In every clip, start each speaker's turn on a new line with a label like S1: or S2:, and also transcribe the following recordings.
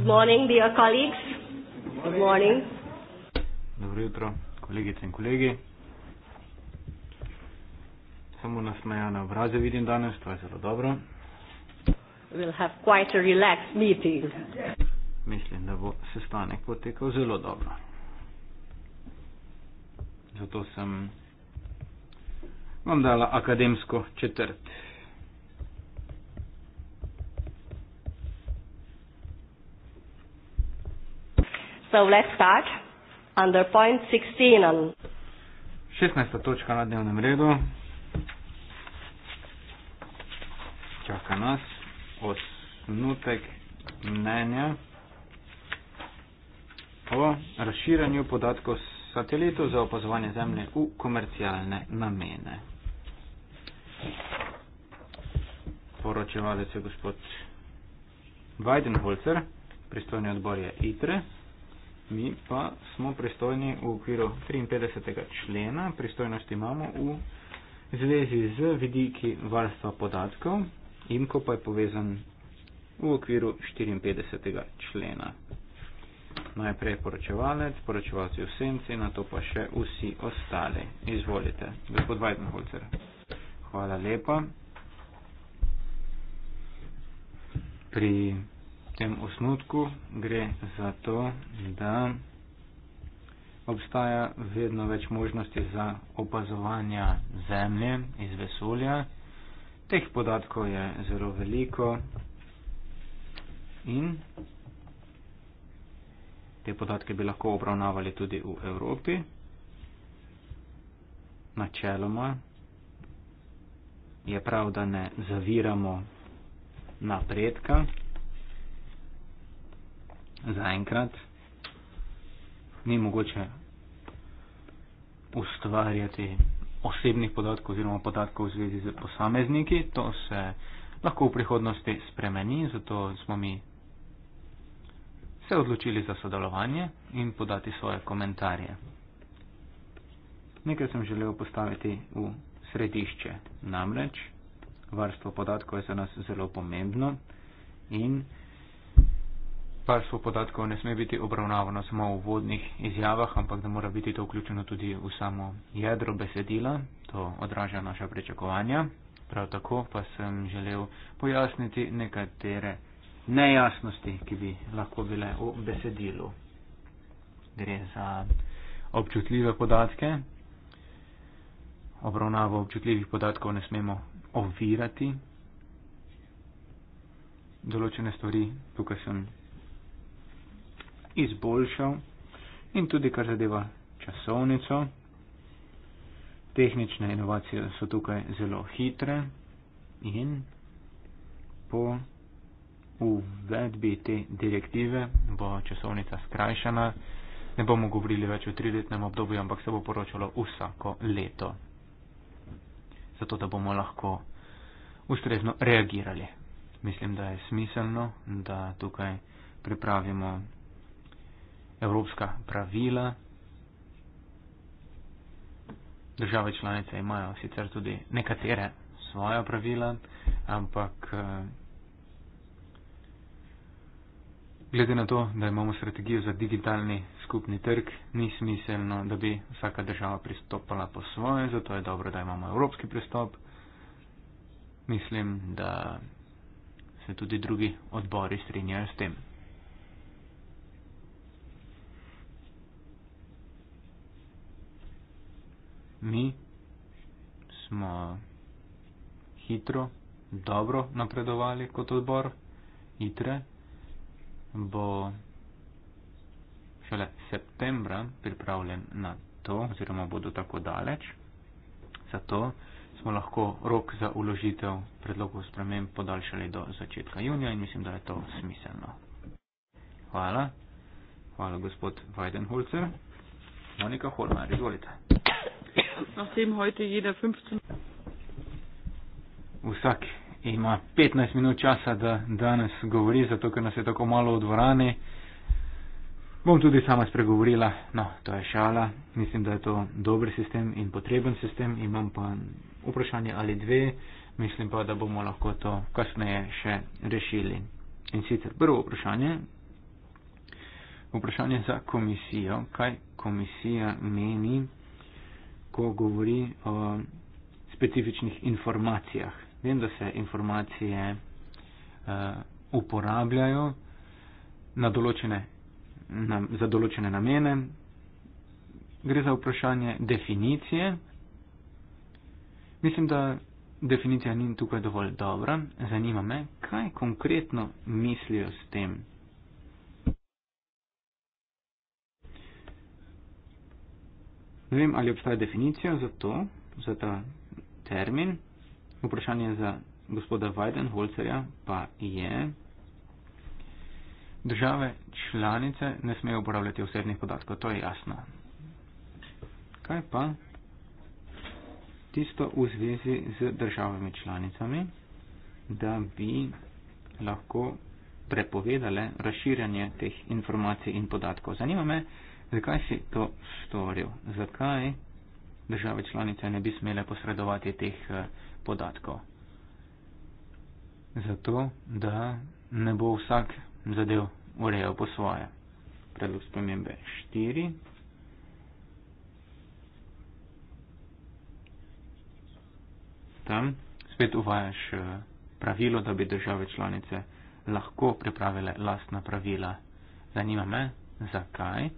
S1: Good morning, dear colleagues.
S2: Good morning.
S3: Dobro jutro, kolegice in kolegi. Samo nasmejane obraze vidim danes, to je zelo dobro.
S1: We'll have quite a relaxed meeting.
S3: Mislim, da bo sestanek potekal zelo dobro. Zato sem vam dala akademsko četrt.
S1: let's start under point 16.
S3: Točka na dnevnem redu. Čaka nas osnutek mnenja o razširanju podatkov satelitov za opazovanje zemlje v komercialne namene. Poročevalec je gospod Weidenholzer, pristojni odbor je ITRE mi pa smo pristojni v okviru 53. člena, pristojnosti imamo v zvezi z vidiki varstva podatkov, imko pa je povezan v okviru 54. člena. Najprej poročevalec, poročevalci v senci, na to pa še vsi ostali. Izvolite, gospod Weidenholzer. Hvala lepa. Pri tem osnutku gre za to, da obstaja vedno več možnosti za opazovanje Zemlje iz vesolja. Teh podatkov je zelo veliko in te podatke bi lahko obravnavali tudi v Evropi. Načeloma je prav, da ne zaviramo napredka zaenkrat ni mogoče ustvarjati osebnih podatkov oziroma podatkov v zvezi z posamezniki. To se lahko v prihodnosti spremeni, zato smo mi se odločili za sodelovanje in podati svoje komentarje. Nekaj sem želel postaviti v središče, namreč varstvo podatkov je za nas zelo pomembno in varstvo podatkov ne sme biti obravnavano samo v vodnih izjavah, ampak da mora biti to vključeno tudi v samo jedro besedila, to odraža naša prečakovanja. Prav tako pa sem želel pojasniti nekatere nejasnosti, ki bi lahko bile v besedilu. Gre za občutljive podatke. Obravnavo občutljivih podatkov ne smemo ovirati. Določene stvari tukaj sem izboljšal in tudi kar zadeva časovnico. Tehnične inovacije so tukaj zelo hitre in po uvedbi te direktive bo časovnica skrajšana. Ne bomo govorili več o triletnem obdobju, ampak se bo poročalo vsako leto, zato da bomo lahko ustrezno reagirali. Mislim, da je smiselno, da tukaj pripravimo evropska pravila. Države članice imajo sicer tudi nekatere svoje pravila, ampak eh, glede na to, da imamo strategijo za digitalni skupni trg, ni smiselno, da bi vsaka država pristopala po svoje, zato je dobro, da imamo evropski pristop. Mislim, da se tudi drugi odbori strinjajo s tem. mi smo hitro, dobro napredovali kot odbor, hitre bo šele septembra pripravljen na to, oziroma bodo tako daleč. Zato smo lahko rok za uložitev predlogov sprememb podaljšali do začetka junija in mislim, da je to smiselno. Hvala. Hvala, gospod Weidenholzer. Monika Holmer, izvolite.
S1: Nachdem heute jeder 15.
S3: Vsak ima 15 minut časa, da danes govori, zato ker nas je tako malo v dvorani. Bom tudi sama spregovorila, no, to je šala. Mislim, da je to dober sistem in potreben sistem. Imam pa vprašanje ali dve, mislim pa, da bomo lahko to kasneje še rešili. In sicer prvo vprašanje. Vprašanje za komisijo. Kaj komisija meni ko govori o specifičnih informacijah. Vem, da se informacije uh, uporabljajo na določene, na, za določene namene. Gre za vprašanje definicije. Mislim, da definicija ni tukaj dovolj dobra. Zanima me, kaj konkretno mislijo s tem. Ne vem, ali obstaja definicija za to, za ta termin. Vprašanje za gospoda Weidenholzerja pa je, države članice ne smejo uporabljati osebnih podatkov, to je jasno. Kaj pa tisto v zvezi z državami članicami, da bi lahko prepovedale razširjanje teh informacij in podatkov? Zanima me, Zakaj si to storil? Zakaj države članice ne bi smele posredovati teh eh, podatkov? Zato, da ne bo vsak zadev urejal po svoje. Predlog spremembe 4. Tam spet uvajaš eh, pravilo, da bi države članice lahko pripravile lastna pravila. Zanima me, zakaj?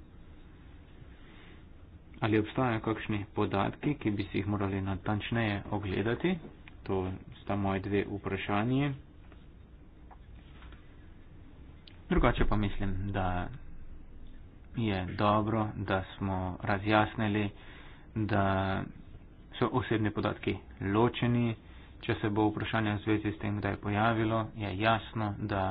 S3: ali obstajajo kakšni podatki, ki bi si jih morali natančneje ogledati. To sta moje dve vprašanje. Drugače pa mislim, da je dobro, da smo razjasnili, da so osebni podatki ločeni. Če se bo vprašanje v zvezi s tem, da je pojavilo, je jasno, da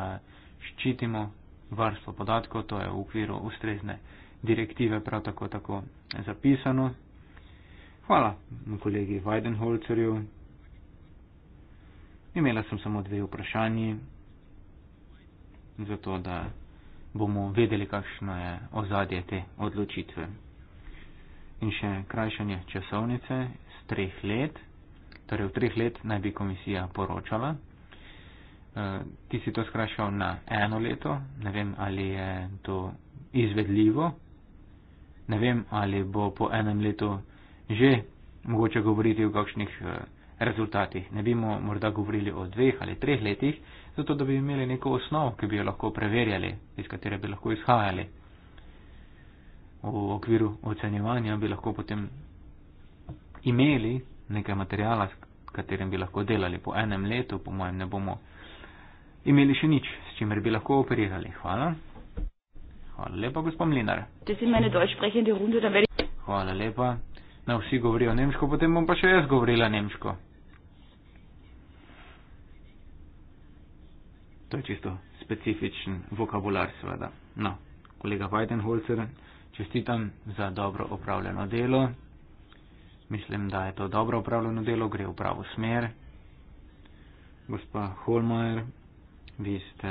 S3: ščitimo varstvo podatkov, to je v okviru ustrezne direktive prav tako, tako zapisano. Hvala kolegi Weidenholzerju. Imela sem samo dve vprašanji, zato da bomo vedeli, kakšno je ozadje te odločitve. In še krajšanje časovnice z treh let. Torej, v treh let naj bi komisija poročala. E, ti si to skrajšal na eno leto. Ne vem, ali je to izvedljivo, ne vem, ali bo po enem letu že mogoče govoriti o kakšnih eh, rezultatih. Ne bi mu morda govorili o dveh ali treh letih, zato da bi imeli neko osnov, ki bi jo lahko preverjali, iz katere bi lahko izhajali. V okviru ocenjevanja bi lahko potem imeli nekaj materijala, s katerim bi lahko delali po enem letu, po mojem ne bomo imeli še nič, s čimer bi lahko operirali. Hvala. Hvala lepa, gospod Mlinar. Hvala lepa. Na no, vsi govorijo nemško, potem bom pa še jaz govorila nemško. To je čisto specifičen vokabular, seveda. No, kolega Weidenholzer, čestitam za dobro opravljeno delo. Mislim, da je to dobro opravljeno delo, gre v pravo smer. Gospa Holmeier, vi ste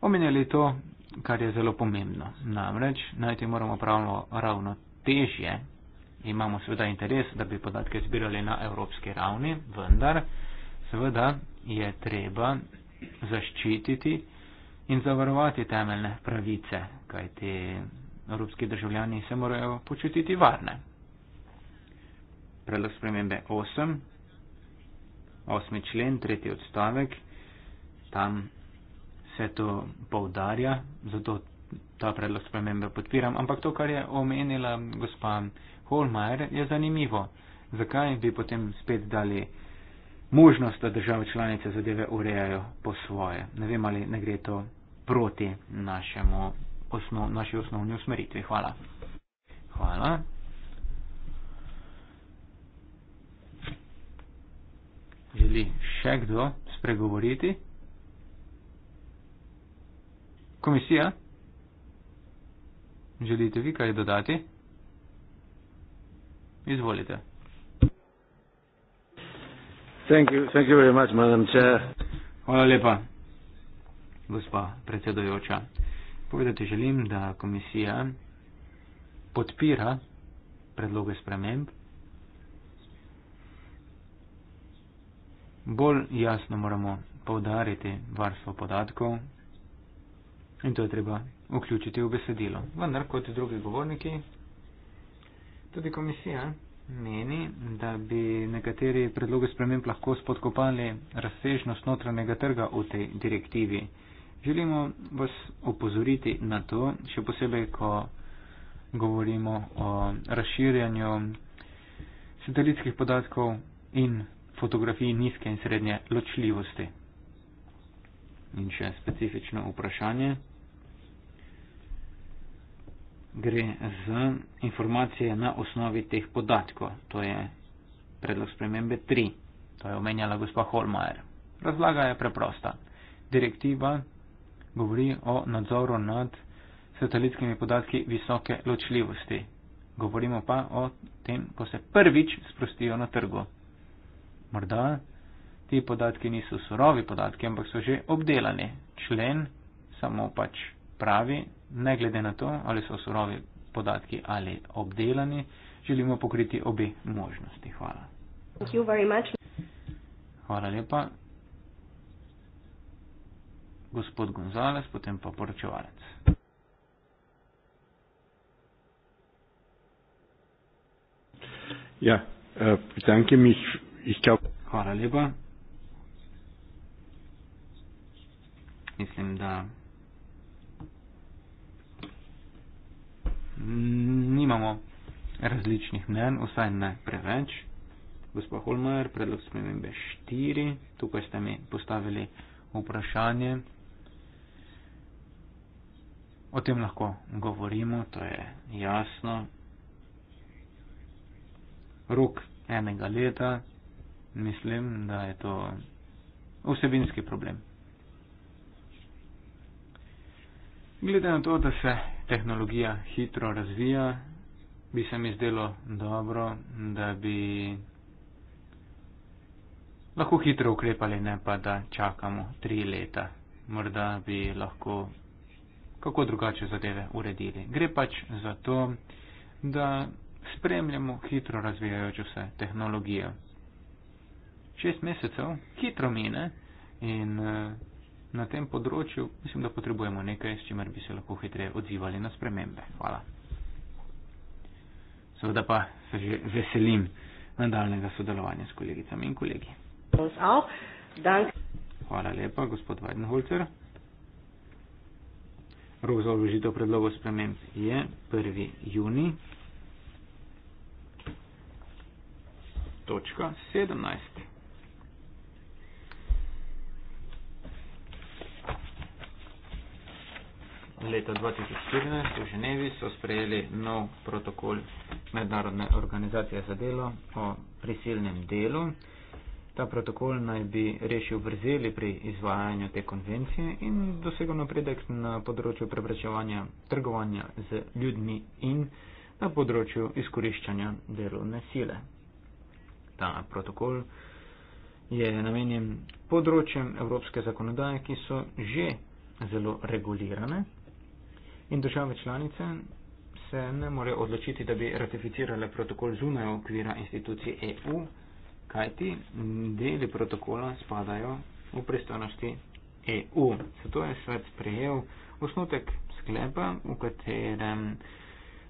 S3: omenjali to, kar je zelo pomembno. Namreč najti moramo pravno ravno težje. Imamo seveda interes, da bi podatke zbirali na evropski ravni, vendar seveda je treba zaščititi in zavarovati temeljne pravice, kajti evropski državljani se morajo počutiti varne. Predlog spremembe 8, 8. člen, tretji odstavek, tam vse to poudarja, zato ta predlog spremembe podpiram. Ampak to, kar je omenila gospa Holmajer, je zanimivo. Zakaj bi potem spet dali možnost, da države članice zadeve urejajo po svoje? Ne vem, ali ne gre to proti našemu. Osno, naši osnovni usmeritvi. Hvala. Hvala. Želi še kdo spregovoriti? Komisija, želite vi kaj dodati? Izvolite.
S4: Thank you, thank you very much, madam chair.
S3: Hvala lepa, gospa predsedojoča. Povedati želim, da komisija podpira predloge sprememb. Bolj jasno moramo povdariti varstvo podatkov, in to je treba vključiti v besedilo. Vendar, kot drugi govorniki, tudi komisija meni, da bi nekateri predlogi sprememb lahko spodkopali razsežnost notranjega trga v tej direktivi. Želimo vas opozoriti na to, še posebej, ko govorimo o razširjanju satelitskih podatkov in fotografiji nizke in srednje ločljivosti. In še specifično vprašanje gre za informacije na osnovi teh podatkov. To je predlog spremembe 3. To je omenjala gospa Holmajer. Razlaga je preprosta. Direktiva govori o nadzoru nad satelitskimi podatki visoke ločljivosti. Govorimo pa o tem, ko se prvič sprostijo na trgu. Morda ti podatki niso surovi podatki, ampak so že obdelani. Člen samo pač pravi, ne glede na to, ali so surovi podatki ali obdelani, želimo pokriti obe možnosti. Hvala. Hvala lepa. Gospod Gonzales, potem pa poročevalec. Ja, pitanke eh, mi jih izčel. Hvala lepa. Mislim, da nimamo različnih mnen, vsaj ne preveč. Gospod Holmer, predlog spremembe 4, tukaj ste mi postavili vprašanje. O tem lahko govorimo, to je jasno. Rok enega leta, mislim, da je to vsebinski problem. Glede na to, da se tehnologija hitro razvija, bi se mi zdelo dobro, da bi lahko hitro ukrepali, ne pa da čakamo tri leta. Morda bi lahko kako drugače zadeve uredili. Gre pač za to, da spremljamo hitro razvijajočo se tehnologijo. Šest mesecev, hitro mine in eh, na tem področju, mislim, da potrebujemo nekaj, s čimer bi se lahko hitreje odzivali na spremembe. Hvala. Seveda pa se že veselim nadaljnega sodelovanja s kolegicami in kolegi. Hvala lepa, gospod Weidenholzer. Rok za vložitev predlogov sprememb je 1. juni. Točka 17. leta 2014 v Ženevi so sprejeli nov protokol Mednarodne organizacije za delo o prisilnem delu. Ta protokol naj bi rešil vrzeli pri izvajanju te konvencije in dosegel napredek na področju preprečevanja trgovanja z ljudmi in na področju izkoriščanja delovne sile. Ta protokol je namenjen področjem evropske zakonodaje, ki so že zelo regulirane in države članice se ne more odločiti, da bi ratificirale protokol zunaj okvira institucij EU, kajti deli protokola spadajo v pristojnosti EU. Zato je svet sprejel osnutek sklepa, v katerem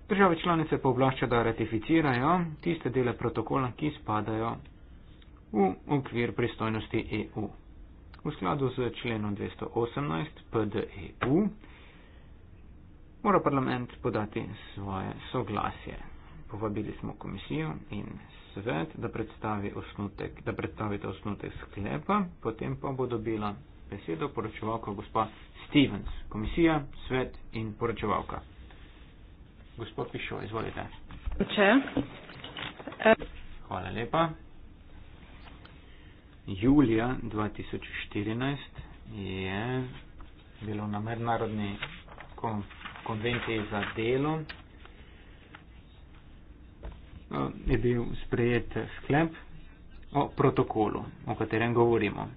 S3: države članice povlašča, da ratificirajo tiste dele protokola, ki spadajo v okvir pristojnosti EU. V skladu z členom 218 PDEU mora parlament podati svoje soglasje. Povabili smo komisijo in svet, da predstavi osnutek, da predstavite osnutek sklepa, potem pa bo dobila besedo poročevalka gospa Stevens. Komisija, svet in poročevalka. Gospod Pišo, izvolite. Če. E. Hvala lepa. Julija 2014 je bilo na mednarodni konferenci konvencije za delo, eh, je bil sprejet sklep o protokolu, o katerem govorimo.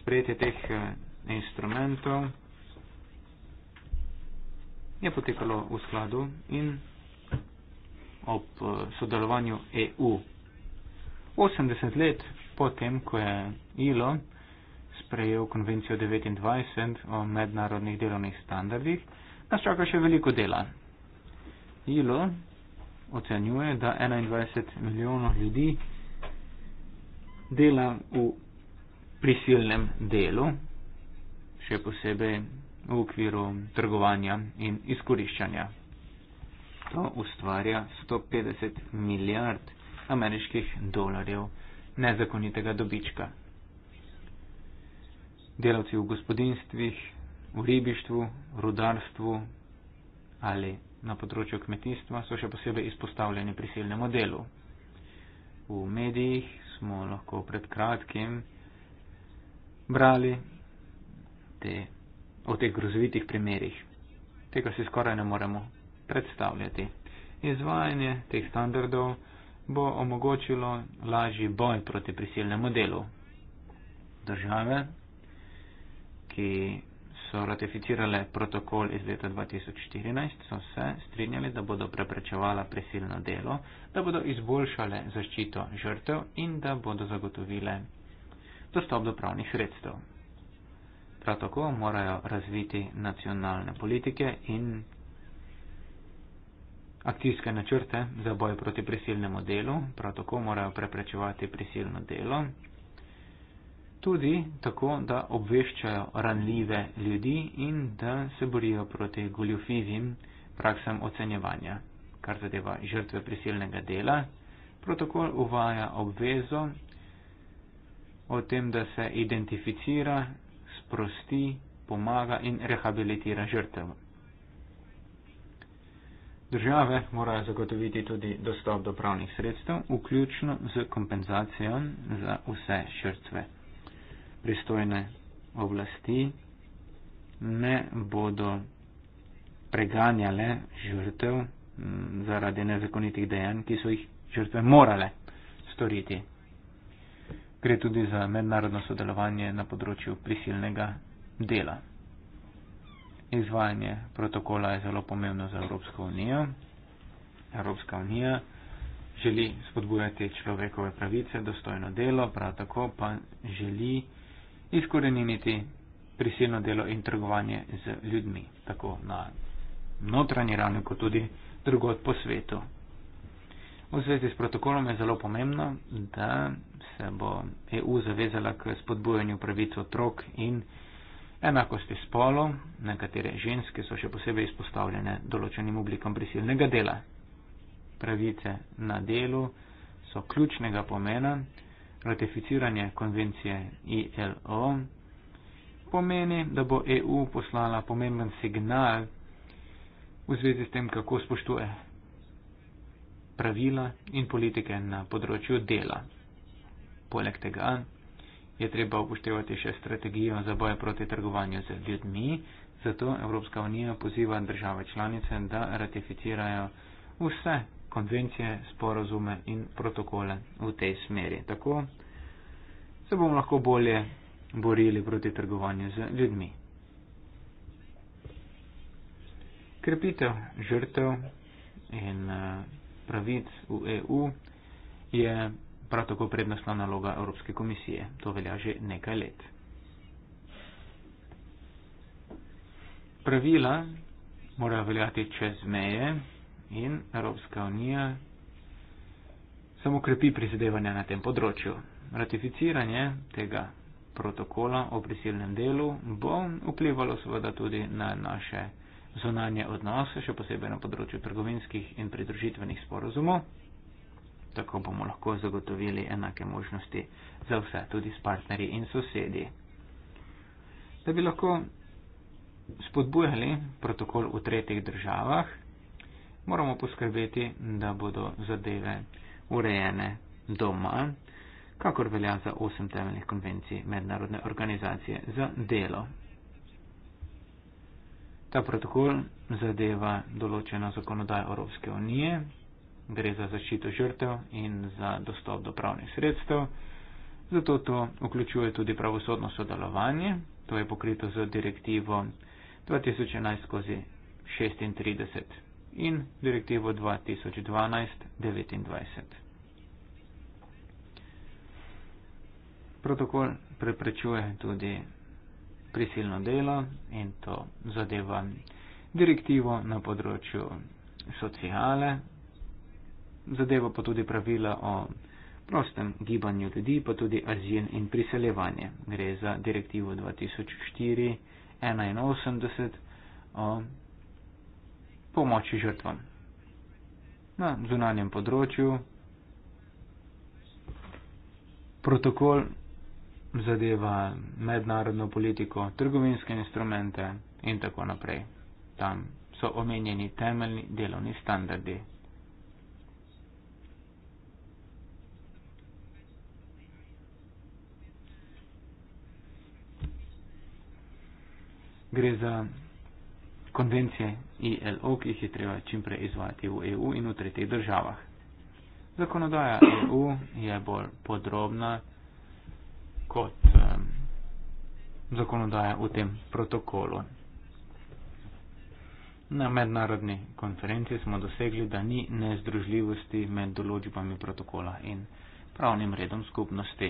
S3: Sprejetje teh eh, instrumentov je potekalo v skladu in ob eh, sodelovanju EU. 80 let potem, ko je ILO sprejel konvencijo 29 o mednarodnih delovnih standardih, nas čaka še veliko dela. ILO ocenjuje, da 21 milijonov ljudi
S4: dela v
S3: prisilnem delu, še posebej v okviru trgovanja in izkoriščanja. To ustvarja 150 milijard ameriških dolarjev nezakonitega dobička. Delavci v gospodinstvih v ribištvu, rudarstvu ali na področju kmetijstva so še posebej izpostavljeni prisilnemu delu. V medijih smo lahko pred kratkim brali te, o teh grozovitih primerih. Tega si skoraj ne moremo predstavljati.
S4: Izvajanje
S3: teh standardov bo omogočilo lažji boj proti prisilnemu delu. Države, ki so ratificirale protokol iz leta 2014, so se strinjali, da bodo preprečevala prisilno delo, da bodo izboljšale zaščito žrtev in da bodo zagotovile dostop do pravnih sredstev. Prav tako morajo razviti nacionalne politike in akcijske načrte za boj proti prisilnemu delu, prav tako morajo preprečevati prisilno delo tudi tako, da obveščajo ranljive ljudi in da se borijo proti goljofivim praksam ocenjevanja, kar zadeva žrtve prisilnega dela. Protokol uvaja obvezo o tem, da se identificira, sprosti, pomaga in rehabilitira žrtev. Države morajo zagotoviti tudi dostop do pravnih sredstev, vključno z kompenzacijo za vse žrtve pristojne oblasti ne bodo preganjale žrtev mm, zaradi nezakonitih dejanj, ki so jih žrtve morale storiti. Gre tudi za mednarodno sodelovanje na področju prisilnega dela. Izvajanje protokola je zelo pomembno za Evropsko unijo. Evropska unija želi spodbujati človekove pravice, dostojno delo, prav tako pa želi izkoreniniti prisilno delo in trgovanje z ljudmi, tako na notranji ravni, kot tudi drugot po svetu. V zvezi s protokolom je zelo pomembno, da se bo EU zavezala k spodbujanju pravic otrok in enakosti spolo, nekatere ženske so še posebej izpostavljene določenim oblikam prisilnega dela. Pravice na delu so ključnega pomena, ratificiranje konvencije ILO pomeni, da bo EU poslala pomemben signal v zvezi s tem, kako spoštuje pravila in politike na področju dela. Poleg tega je treba upoštevati še strategijo za boje proti trgovanju z ljudmi, zato Evropska unija poziva države članice, da ratificirajo vse konvencije, sporazume in protokole v tej smeri. Tako se bomo lahko bolje borili proti trgovanju z ljudmi. Krepitev žrtev in eh, pravic v EU je prav tako prednostna naloga Evropske komisije. To velja že nekaj let. Pravila morajo veljati čez meje, in Evropska unija samo krepi prizadevanja na tem področju. Ratificiranje tega protokola o prisilnem delu bo vplivalo seveda tudi na naše zunanje odnose, še posebej na področju trgovinskih in pridružitvenih sporozumov. Tako bomo lahko zagotovili enake možnosti za vse, tudi s partnerji in sosedi. Da bi lahko spodbujali protokol v tretjih državah, moramo poskrbeti, da bodo zadeve urejene doma, kakor velja za osem temeljnih konvencij Mednarodne organizacije za delo. Ta protokol zadeva določeno zakonodajo Evropske unije, gre za zaščito žrtev in za dostop do pravnih sredstev, zato to vključuje tudi pravosodno sodelovanje, to je pokrito z direktivo 2011 skozi 36 in direktivo 2012-29. Protokol preprečuje tudi prisilno delo in to zadeva direktivo na področju sociale, zadeva pa tudi pravila o prostem gibanju ljudi, pa tudi azil in priseljevanje. Gre za direktivo 2004-81 o pomoči žrtvam. Na zunanjem področju protokol zadeva mednarodno politiko, trgovinske instrumente in tako naprej. Tam so omenjeni temeljni delovni standardi. Gre za konvencije ILO, ki jih je treba čimprej izvajati v EU in v tretjih državah. Zakonodaja EU je bolj podrobna kot um, zakonodaja v tem protokolu. Na mednarodni konferenci smo dosegli, da ni nezdružljivosti med določbami protokola in pravnim redom skupnosti.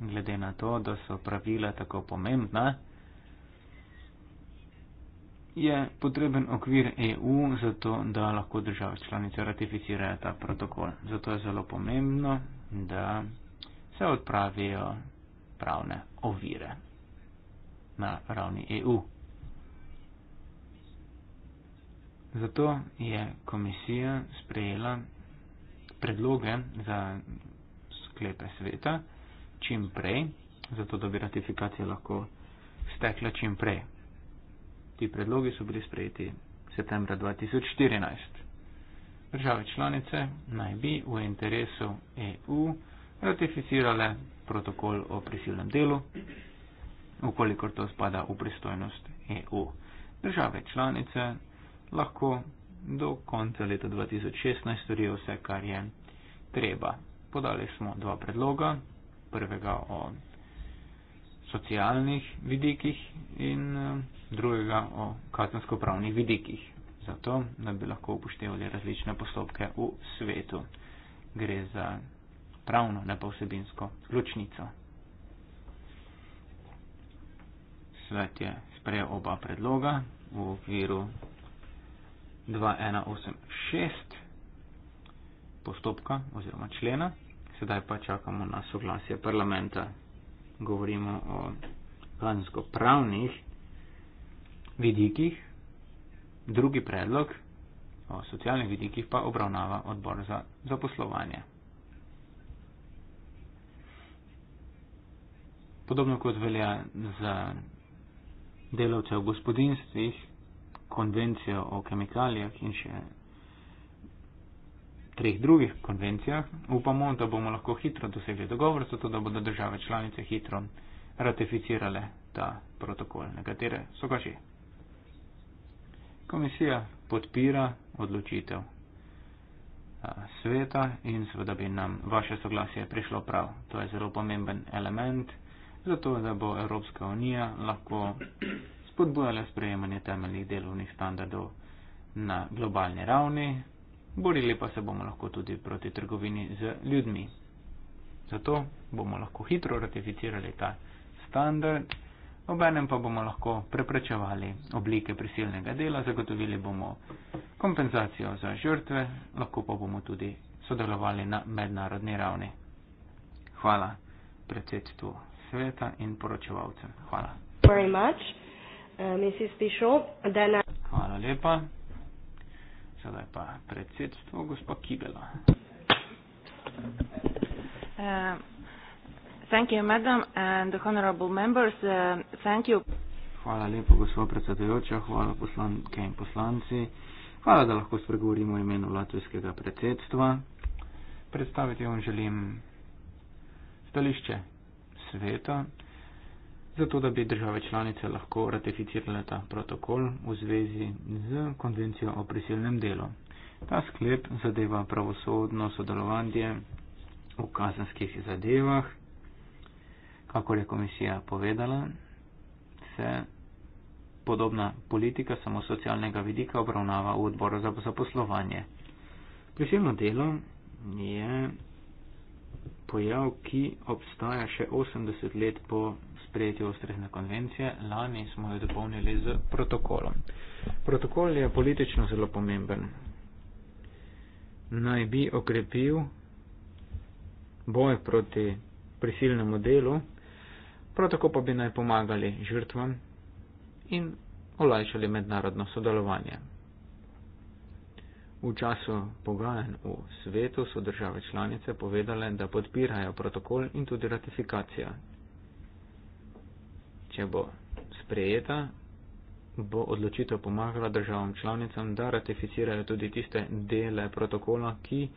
S3: Glede na to, da so pravila tako pomembna, je potreben okvir EU, zato da lahko države članice ratificirajo ta protokol. Zato je zelo pomembno, da se odpravijo pravne ovire na ravni EU. Zato je komisija sprejela predloge za sklepe sveta čim prej, zato da bi ratifikacija lahko stekla čim prej. Ti predlogi so bili sprejeti septembra 2014. Države članice naj bi v interesu EU ratificirale protokol o prisilnem delu, ukolikor to spada v pristojnost EU. Države članice lahko do konca leta 2016 storijo vse, kar je treba. Podali smo dva predloga. Prvega o socialnih vidikih in eh, drugega o kazensko-pravnih vidikih. Zato, da bi lahko upoštevali različne postopke v svetu. Gre za pravno, ne pa vsebinsko ključnico. Svet je sprejel oba predloga v okviru 2186 postopka oziroma člena. Sedaj pa čakamo na soglasje parlamenta govorimo o kazensko-pravnih vidikih, drugi predlog o socialnih vidikih pa obravnava odbor za zaposlovanje. Podobno kot velja za delavce v gospodinstvih, konvencijo o kemikalijah in še treh drugih konvencijah. Upamo, da bomo lahko hitro dosegli dogovor, zato da bodo države članice hitro ratificirale ta protokol, nekatere so ga že. Komisija podpira odločitev a, sveta in seveda bi nam vaše soglasje prišlo prav. To je zelo pomemben element, zato da bo Evropska unija lahko spodbujala sprejemanje temeljnih delovnih standardov na globalni ravni, borili pa se bomo lahko tudi proti trgovini z ljudmi. Zato bomo lahko hitro ratificirali ta standard, obenem pa bomo lahko preprečevali oblike prisilnega dela, zagotovili bomo kompenzacijo za žrtve, lahko pa bomo tudi sodelovali na mednarodni ravni. Hvala predsedstvu sveta in poročevalcem. Hvala.
S1: Uh,
S3: Hvala lepa. Sedaj pa predsedstvo, gospa Kigela. Uh,
S1: eh, thank you, madam, and honorable members. Uh, thank you.
S3: Hvala lepo, gospod predsedujoča, hvala poslanke in poslanci. Hvala, da lahko spregovorimo o imenu latvijskega predsedstva. Predstaviti vam želim stališče sveta zato da bi države članice lahko ratificirale ta protokol v zvezi z konvencijo o prisilnem delu. Ta sklep zadeva pravosodno sodelovanje v kazanskih zadevah, kakor je komisija povedala, se podobna politika samo socialnega vidika obravnava v odboru za zaposlovanje. Prisilno delo je pojav, ki obstaja še 80 let po sprejeti ustrezne konvencije, lani smo jo dopolnili z protokolom. Protokol je politično zelo pomemben. Naj bi okrepil boj proti prisilnemu delu, prav tako pa bi naj pomagali žrtvam in olajšali mednarodno sodelovanje. V času pogajanj v svetu so države članice povedale, da podpirajo protokol in tudi ratifikacija resolucija bo sprejeta, bo odločitev pomagala državam članicam, da ratificirajo tudi tiste dele protokola, ki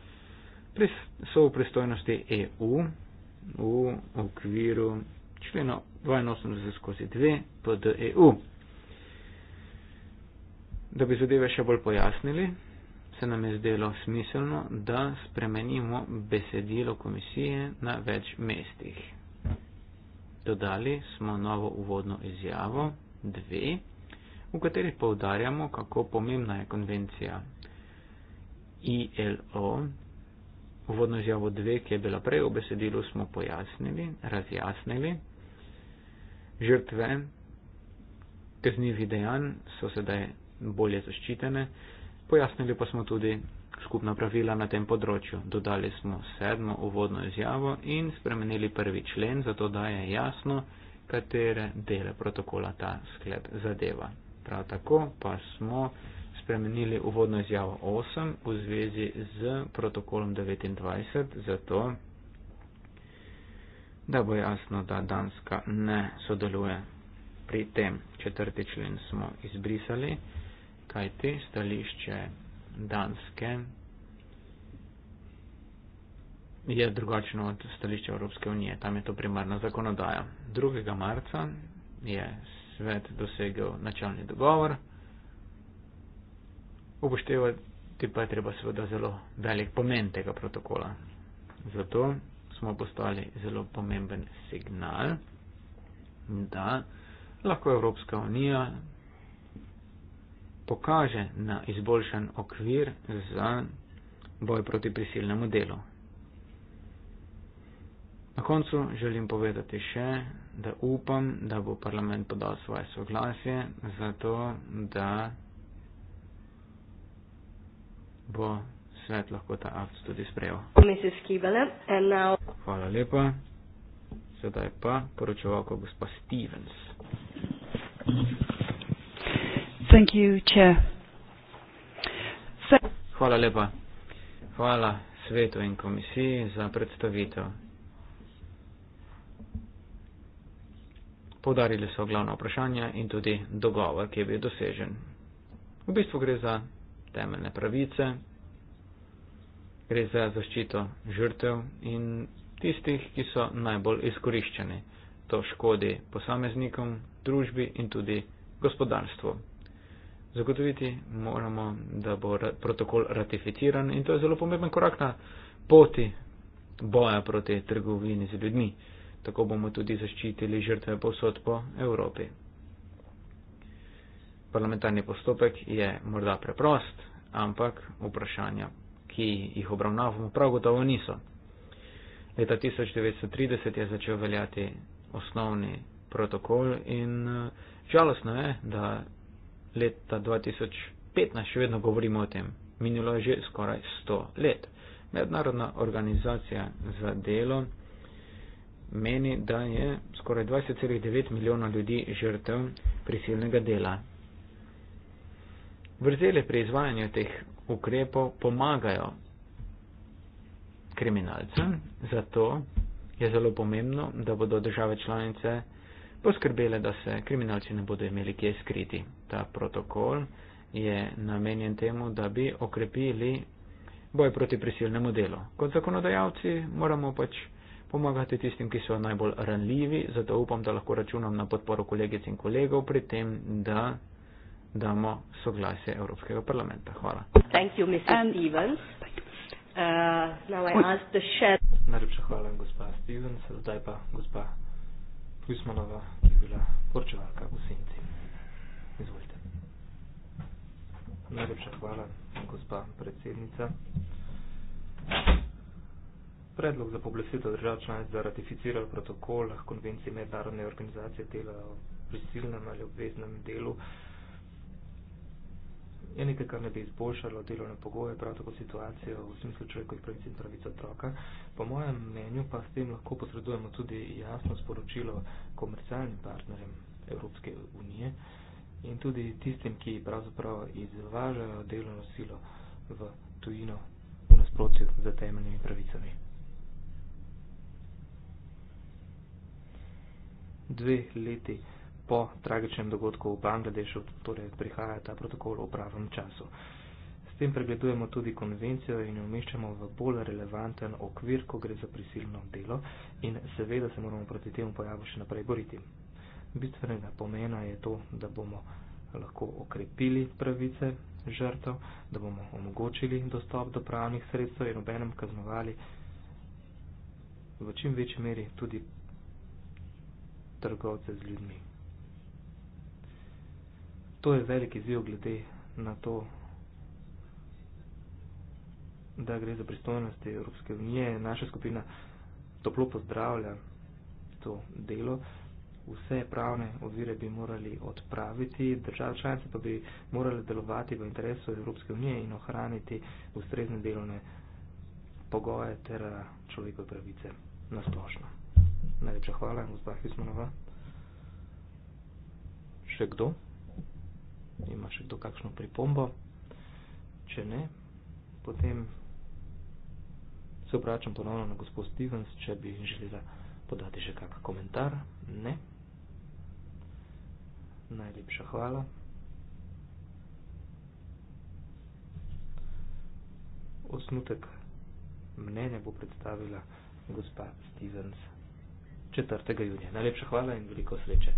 S3: so v pristojnosti EU v okviru člena 82 skozi 2 pod EU. Da bi zadeve še bolj pojasnili, se nam je zdelo smiselno, da spremenimo besedilo komisije na več mestih dodali smo novo uvodno izjavo 2, v kateri povdarjamo, kako pomembna je konvencija ILO. Uvodno izjavo 2, ki je bila prej v besedilu, smo pojasnili, razjasnili. Žrtve krznivih dejanj so sedaj bolje zaščitene. Pojasnili pa smo tudi, skupna pravila na tem področju. Dodali smo sedmo uvodno izjavo in spremenili prvi člen, zato da je jasno, katere dele protokola ta sklep zadeva. Prav tako pa smo spremenili uvodno izjavo 8 v zvezi z protokolom 29, zato da bo jasno, da Danska ne sodeluje pri tem. Četrti člen smo izbrisali, kajti stališče Danske je drugačno od stališča Evropske unije, tam je to primarna zakonodaja. 2. marca je svet dosegel načalni dogovor, upoštevati pa je treba seveda zelo velik pomen tega protokola. Zato smo postali zelo pomemben signal, da lahko Evropska unija pokaže na izboljšan okvir za boj proti prisilnemu delu. Na koncu želim povedati še, da upam, da bo parlament podal svoje soglasje za to, da bo svet lahko ta akt tudi sprejel. Hvala lepa. Sedaj pa poročevalko gospa Stevens. Thank
S1: you. Thank you, Chair.
S3: So Hvala lepa. Hvala svetu in komisiji za predstavitev. Podarili so glavna vprašanja in tudi dogovor, ki je bil dosežen. V bistvu gre za temeljne pravice, gre za zaščito žrtev in tistih, ki so najbolj izkoriščeni. To škodi posameznikom, družbi in tudi gospodarstvu zagotoviti, moramo, da bo ra protokol ratificiran in to je zelo pomemben korak na poti boja proti trgovini z ljudmi. Tako bomo tudi zaščitili žrtve povsod po Evropi. Parlamentarni postopek je morda preprost, ampak vprašanja, ki jih obravnavamo, prav gotovo niso. Leta 1930 je začel veljati osnovni protokol in eh, žalostno je, da leta 2015 še vedno govorimo o tem. Minilo je že skoraj 100 let. Mednarodna organizacija za delo meni, da je skoraj 20,9 milijona ljudi žrtev prisilnega dela. Vrzele pri izvajanju teh ukrepov pomagajo kriminalcem, zato je zelo pomembno, da bodo države članice poskrbele, da se kriminalci ne bodo imeli kje skriti. Ta protokol je namenjen temu, da bi okrepili boj proti prisilnemu delu. Kot zakonodajalci moramo pač pomagati tistim, ki so najbolj ranljivi, zato upam, da lahko računam na podporo kolegic in kolegov pri tem, da damo soglasje Evropskega parlamenta. Hvala.
S1: Uh, Najlepša hvala,
S4: gospa Stevens. Zdaj pa gospa Pusmanova, ki je bila porčevalka v Senci. Izvolite. Najlepša hvala, gospa predsednica. Predlog za poblesedo držav članic za ratificiral protokol konvencije mednarodne organizacije dela o prisilnem ali obveznem delu je nekaj, kar ne bi izboljšalo delovne pogoje, prav tako situacijo v smislu človekovih pravic in pravic otroka. Po mojem mnenju pa s tem lahko posredujemo tudi jasno sporočilo komercialnim partnerjem Evropske unije in tudi tistim, ki pravzaprav izvažajo delovno silo v tujino v nasprotju z temeljnimi pravicami. Dve leti po tragičnem dogodku v Bangladešu, torej prihaja ta protokol v pravem času. S tem pregledujemo tudi konvencijo in jo umeščamo v bolj relevanten okvir, ko gre za prisilno delo in seveda se moramo proti temu pojavu še naprej boriti. Bistvenega pomena je to, da bomo lahko okrepili pravice žrtev, da bomo omogočili dostop do pravnih sredstev in obenem kaznovali v čim večji meri tudi trgovce z ljudmi to je veliki izziv glede na to, da gre za pristojnosti Evropske unije. Naša skupina toplo pozdravlja to delo. Vse pravne ovire bi morali odpraviti, države članice pa bi morali delovati v interesu Evropske unije in ohraniti ustrezne delovne pogoje ter eh, človekove pravice na splošno. Najlepša hvala, gospod Hismanova. Še kdo? ima še kdo kakšno pripombo. Če ne, potem se obračam ponovno na gospod Stevens, če bi želela podati še kak komentar. Ne. Najlepša hvala. Osnutek mnenja bo predstavila gospa Stevens 4. junija. Najlepša hvala in veliko sreče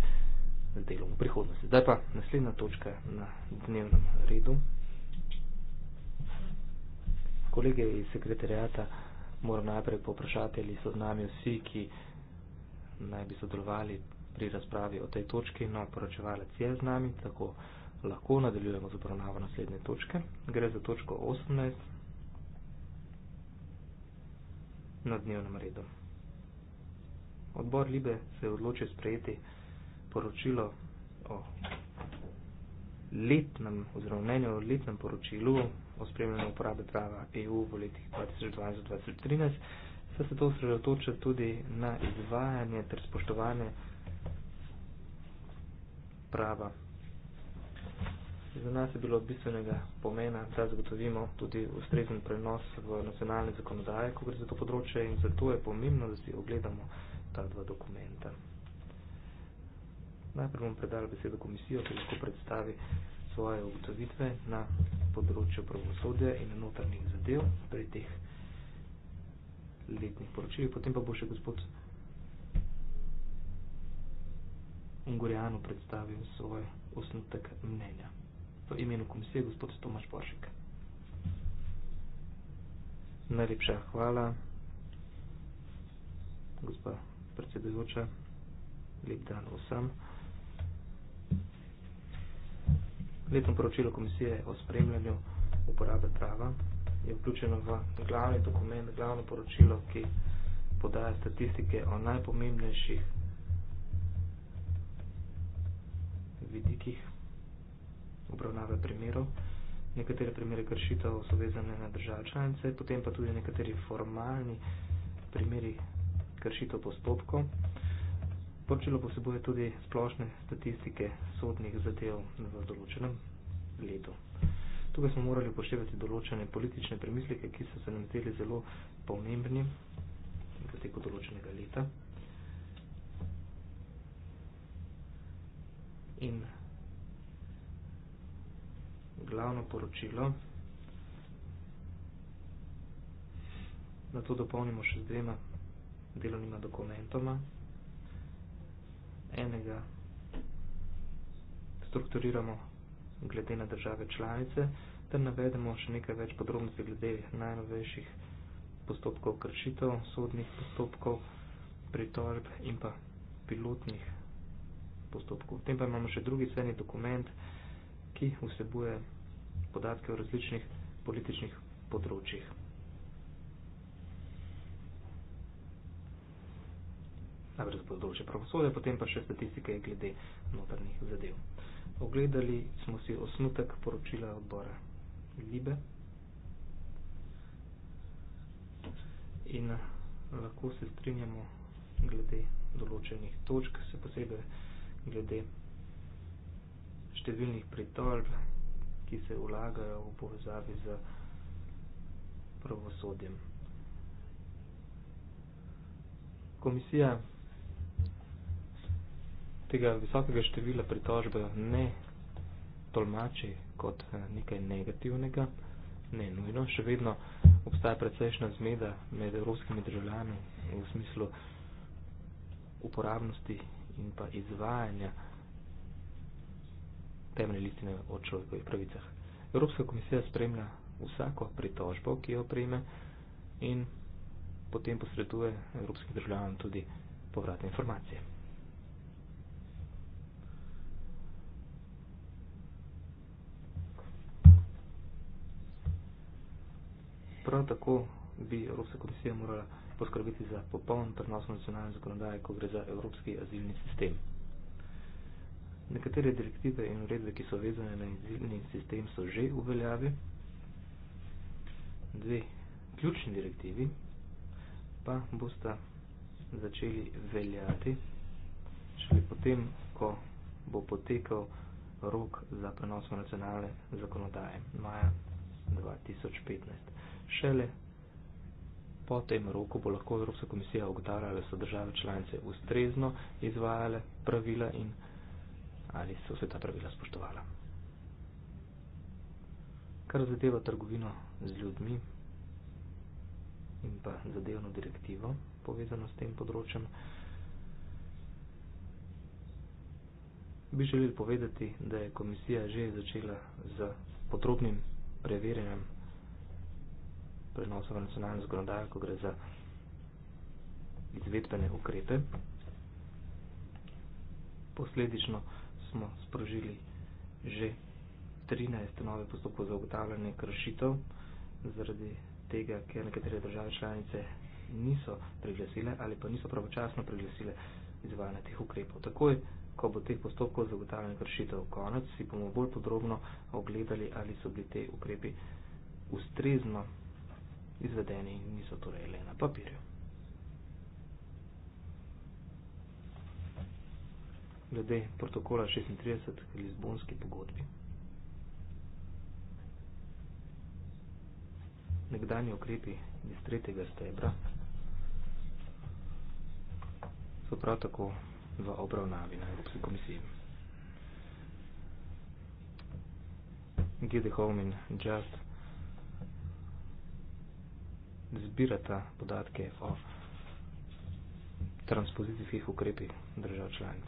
S4: delu v prihodnosti. Zdaj pa naslednja točka na dnevnem redu. Kolege iz sekretarijata moram najprej poprašati, ali so z nami vsi, ki naj bi sodelovali pri razpravi o tej točki, no poročevalec je z nami, tako lahko nadaljujemo z obravnavo naslednje točke. Gre za točko 18 na dnevnem redu. Odbor Libe se je odločil sprejeti poročilo o letnem, oziroma mnenju o letnem poročilu o spremljanju uporabe prava EU v letih 2012-2013, se se to osredotoča tudi na izvajanje ter spoštovanje prava. Za nas je bilo bistvenega pomena, da zagotovimo tudi ustrezen prenos v nacionalne zakonodaje, ko gre za to področje in zato je pomembno, da si ogledamo ta dva dokumenta. Najprej bom predala besedo komisijo, ki lahko predstavi svoje ugotovitve na področju pravosodja in notranjih zadev pri teh letnih poročilih. Potem pa bo še gospod Ungorjano predstavil svoj osnutek mnenja. V imenu komisije gospod Tomaš Boršek. Najlepša hvala, gospa predsedujoča. Lep dan vsem. Letno poročilo komisije o spremljanju uporabe prava je vključeno v glavni dokument, glavno poročilo, ki podaja statistike o najpomembnejših vidikih obravnave primerov. Nekatere primere kršitev so vezane na države članice, potem pa tudi nekateri formalni primeri kršitev postopkov. Poročilo poseboje tudi splošne statistike sodnih zadev v določenem letu. Tukaj smo morali upoštevati določene politične premisleke, ki so se nam zdeli zelo pomembni v teku določenega leta. In glavno poročilo na to dopolnimo še z dvema delovnima dokumentoma, enega strukturiramo glede na države članice, ter navedemo še nekaj več podrobnosti glede najnovejših postopkov kršitev, sodnih postopkov, pritožb in pa pilotnih postopkov. Potem pa imamo še drugi ceni dokument, ki vsebuje podatke o različnih političnih področjih. najprej za področje pravosodja, potem pa še statistike glede notrnih zadev. Ogledali smo si osnutek poročila odbora Libe in eh, lahko se strinjamo glede določenih točk, se posebej glede številnih pritožb, ki se ulagajo v povezavi z pravosodjem. Komisija tega visokega števila pritožbe ne tolmači kot eh, nekaj negativnega, ne nujno, še vedno obstaja precejšna zmeda med evropskimi državljani v smislu uporabnosti in pa izvajanja temne listine o človekovih pravicah. Evropska komisija spremlja vsako pritožbo, ki jo prejme in potem posreduje evropskim državljanom tudi povratne informacije. Prav tako bi Evropska komisija morala poskrbeti za popoln prenos nacionalne zakonodaje, ko gre za evropski azilni sistem. Nekatere direktive in uredbe, ki so vezane na azilni sistem, so že v veljavi. Dve ključni direktivi pa bosta začeli veljati šele potem, ko bo potekal rok za prenos nacionalne zakonodaje maja 2015. Šele po tem roku bo lahko Evropska komisija ugotavljala, da so države članice ustrezno izvajale pravila in ali so se ta pravila spoštovala. Kar zadeva trgovino z ljudmi in pa zadevno direktivo povezano s tem področjem, bi želeli povedati, da je komisija že začela z podrobnim preverjanjem prenosu v nacionalno zakonodajo, ko gre za izvedbene ukrepe. Posledično smo sprožili že 13 nove postopkov za ugotavljanje kršitev, zaradi tega, ker nekatere države članice niso priglasile ali pa niso pravočasno priglasile izvajanje teh ukrepov. Takoj, ko bo teh postopkov za ugotavljanje kršitev konec, si bomo bolj podrobno ogledali, ali so bili te ukrepi ustrezno izvedeni in niso torej le na papirju. Glede protokola 36 k Lizbonski pogodbi. Nekdani ukrepi iz 3. stebra so prav tako v obravnavi na Evropski komisiji. Gide Homin Just zbirata podatke o transpozicijskih ukrepih držav članic.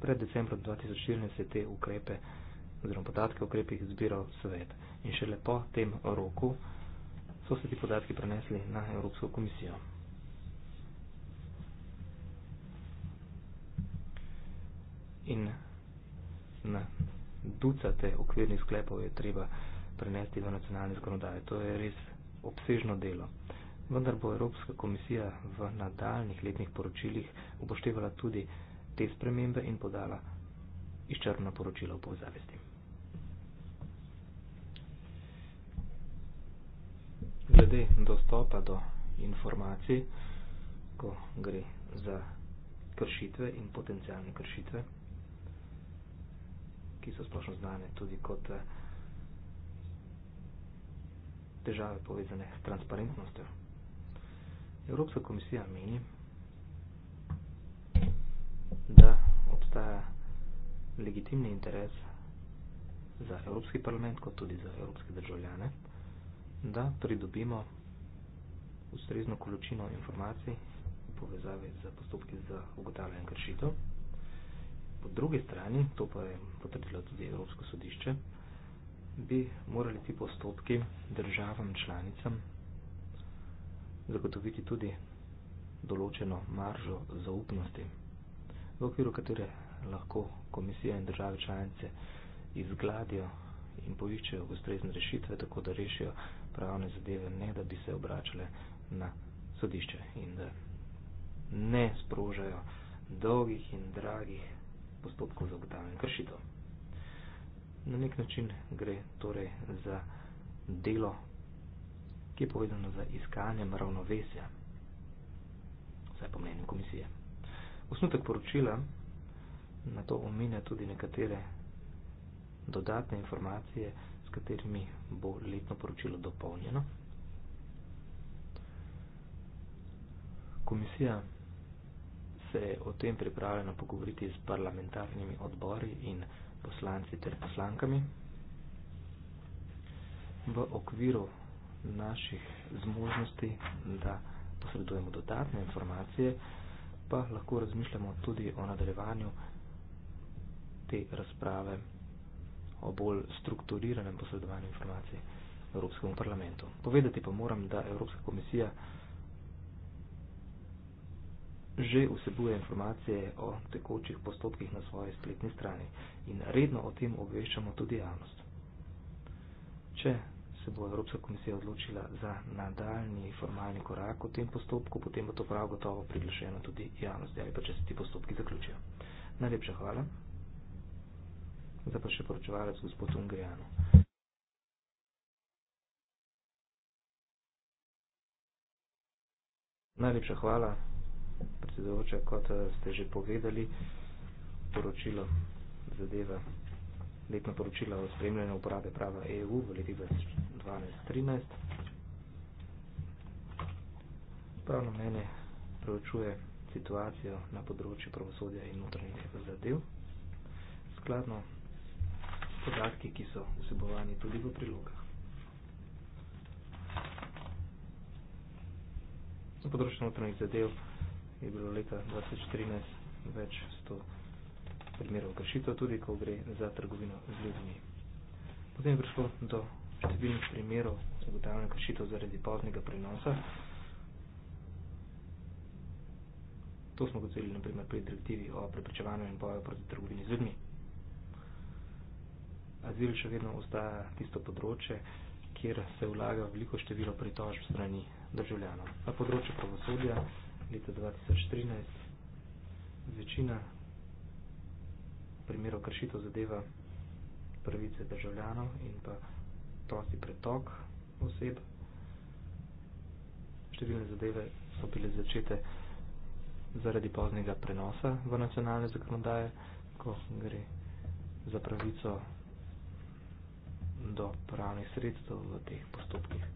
S4: Pred decembrom 2014 je te ukrepe oziroma podatke o ukrepih zbiral svet in šele po tem roku so se ti podatki prenesli na Evropsko komisijo. In na ducate okvirnih sklepov je treba prenesti v nacionalne zakonodaje. To je res obsežno delo. Vendar bo Evropska komisija v nadaljnih letnih poročilih upoštevala tudi te spremembe in podala izčrpno poročilo v povzavesti. Glede dostopa do informacij, ko gre za kršitve in potencijalne kršitve, ki so splošno znane tudi kot eh, težave povezane s transparentnostjo. Evropska komisija meni, da obstaja legitimni interes za Evropski parlament, kot tudi za evropske državljane, da pridobimo ustrezno količino informacij v povezavi z postopki za ugotavljanje kršitev. Po drugi strani, to pa je potrdilo tudi Evropsko sodišče, bi morali ti postopki državam članicam zagotoviti tudi določeno maržo zaupnosti, v okviru katere lahko komisija in države članice izgladijo in poiščejo ustrezne rešitve, tako da rešijo pravne zadeve, ne da bi se obračale na sodišče in da ne sprožajo dolgih in dragih postopkov za ugotavljanje kršitev. Na nek način gre torej za delo, ki je povezano z iskanjem ravnovesja, vsaj po mnenju komisije. Osnutek poročila na to omenja tudi nekatere dodatne informacije, s katerimi bo letno poročilo dopolnjeno. Komisija se je o tem pripravljena pogovoriti s parlamentarnimi odbori in odbori poslanci ter poslankami. V okviru naših zmožnosti, da posredujemo dodatne informacije, pa lahko razmišljamo tudi o nadaljevanju te razprave o bolj strukturiranem posredovanju informacij Evropskemu parlamentu. Povedati pa moram, da Evropska komisija že vsebuje informacije o tekočih postopkih na svoji spletni strani in redno o tem obveščamo tudi javnost. Če se bo Evropska komisija odločila za nadaljni formalni korak v tem postopku, potem bo to prav gotovo priglašeno tudi javnosti ali pa če se ti postopki zaključijo. Najlepša hvala. Zdaj pa še poročevalec gospod Ungrijanu. Najlepša hvala predsedovoča, kot eh, ste že povedali, poročilo zadeva, letno poročilo o spremljanju uprave prava EU v letih 2012-2013. Pravno mene preučuje situacijo na področju pravosodja in notranjih zadev. Skladno podatki, ki so vsebovani tudi v prilogah. Na področju notranjih zadev je bilo leta 2014 več 100 primerov kršitev, tudi ko gre za trgovino z ljudmi. Potem je prišlo do številnih primerov zagotavljanja kršitev zaradi poznega prenosa. To smo gotovili naprimer pri direktivi o preprečevanju in boju proti trgovini z ljudmi. Azil še vedno ostaja tisto področje, kjer se vlaga veliko število pritožb strani državljanov. Na področju pravosodja leta 2013. Večina primerov kršitev zadeva pravice državljanov in pa prosti pretok oseb. Številne zadeve so bile začete zaradi poznega prenosa v nacionalne zakonodaje, ko gre za pravico do pravnih sredstev v teh postopkih.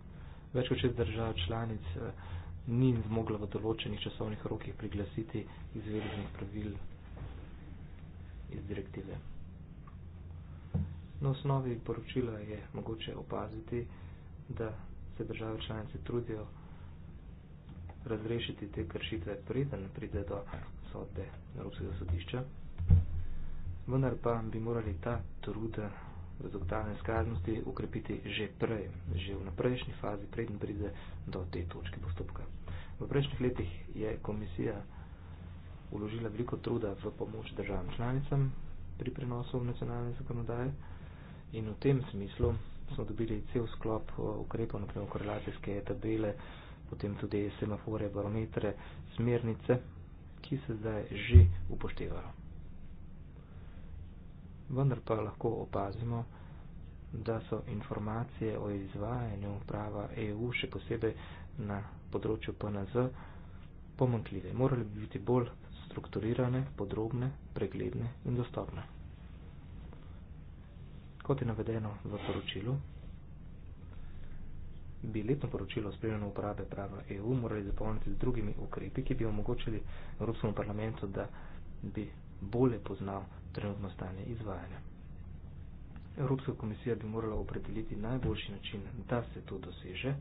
S4: Več kot šest držav članic eh, ni zmogla v določenih časovnih rokih priglasiti izvedbenih pravil iz direktive. Na osnovi poročila je mogoče opaziti, da se države članice trudijo razrešiti te kršitve preden pride do sodbe Evropskega sodišča, vendar pa bi morali ta truda v zagotavljanje skladnosti ukrepiti že prej, že v naprejšnji fazi, preden pride do te točke postopka. V prejšnjih letih je komisija uložila veliko truda v pomoč državam članicam pri prenosu nacionalne zakonodaje in v tem smislu smo dobili cel sklop eh, ukrepov, naprimer korelacijske tabele, potem tudi semafore, barometre, smernice, ki se zdaj že upoštevajo vendar pa lahko opazimo, da so informacije o izvajanju prava EU, še posebej na področju PNZ, pomankljive. Morali bi biti bolj strukturirane, podrobne, pregledne in dostopne. Kot je navedeno v poročilu, bi letno poročilo o spremljanju uporabe prava EU morali zapolniti z drugimi ukrepi, ki bi omogočili Evropskemu parlamentu, da bi bolje poznal trenutno stanje izvajanja. Evropska komisija bi morala opredeliti najboljši način, da se to doseže,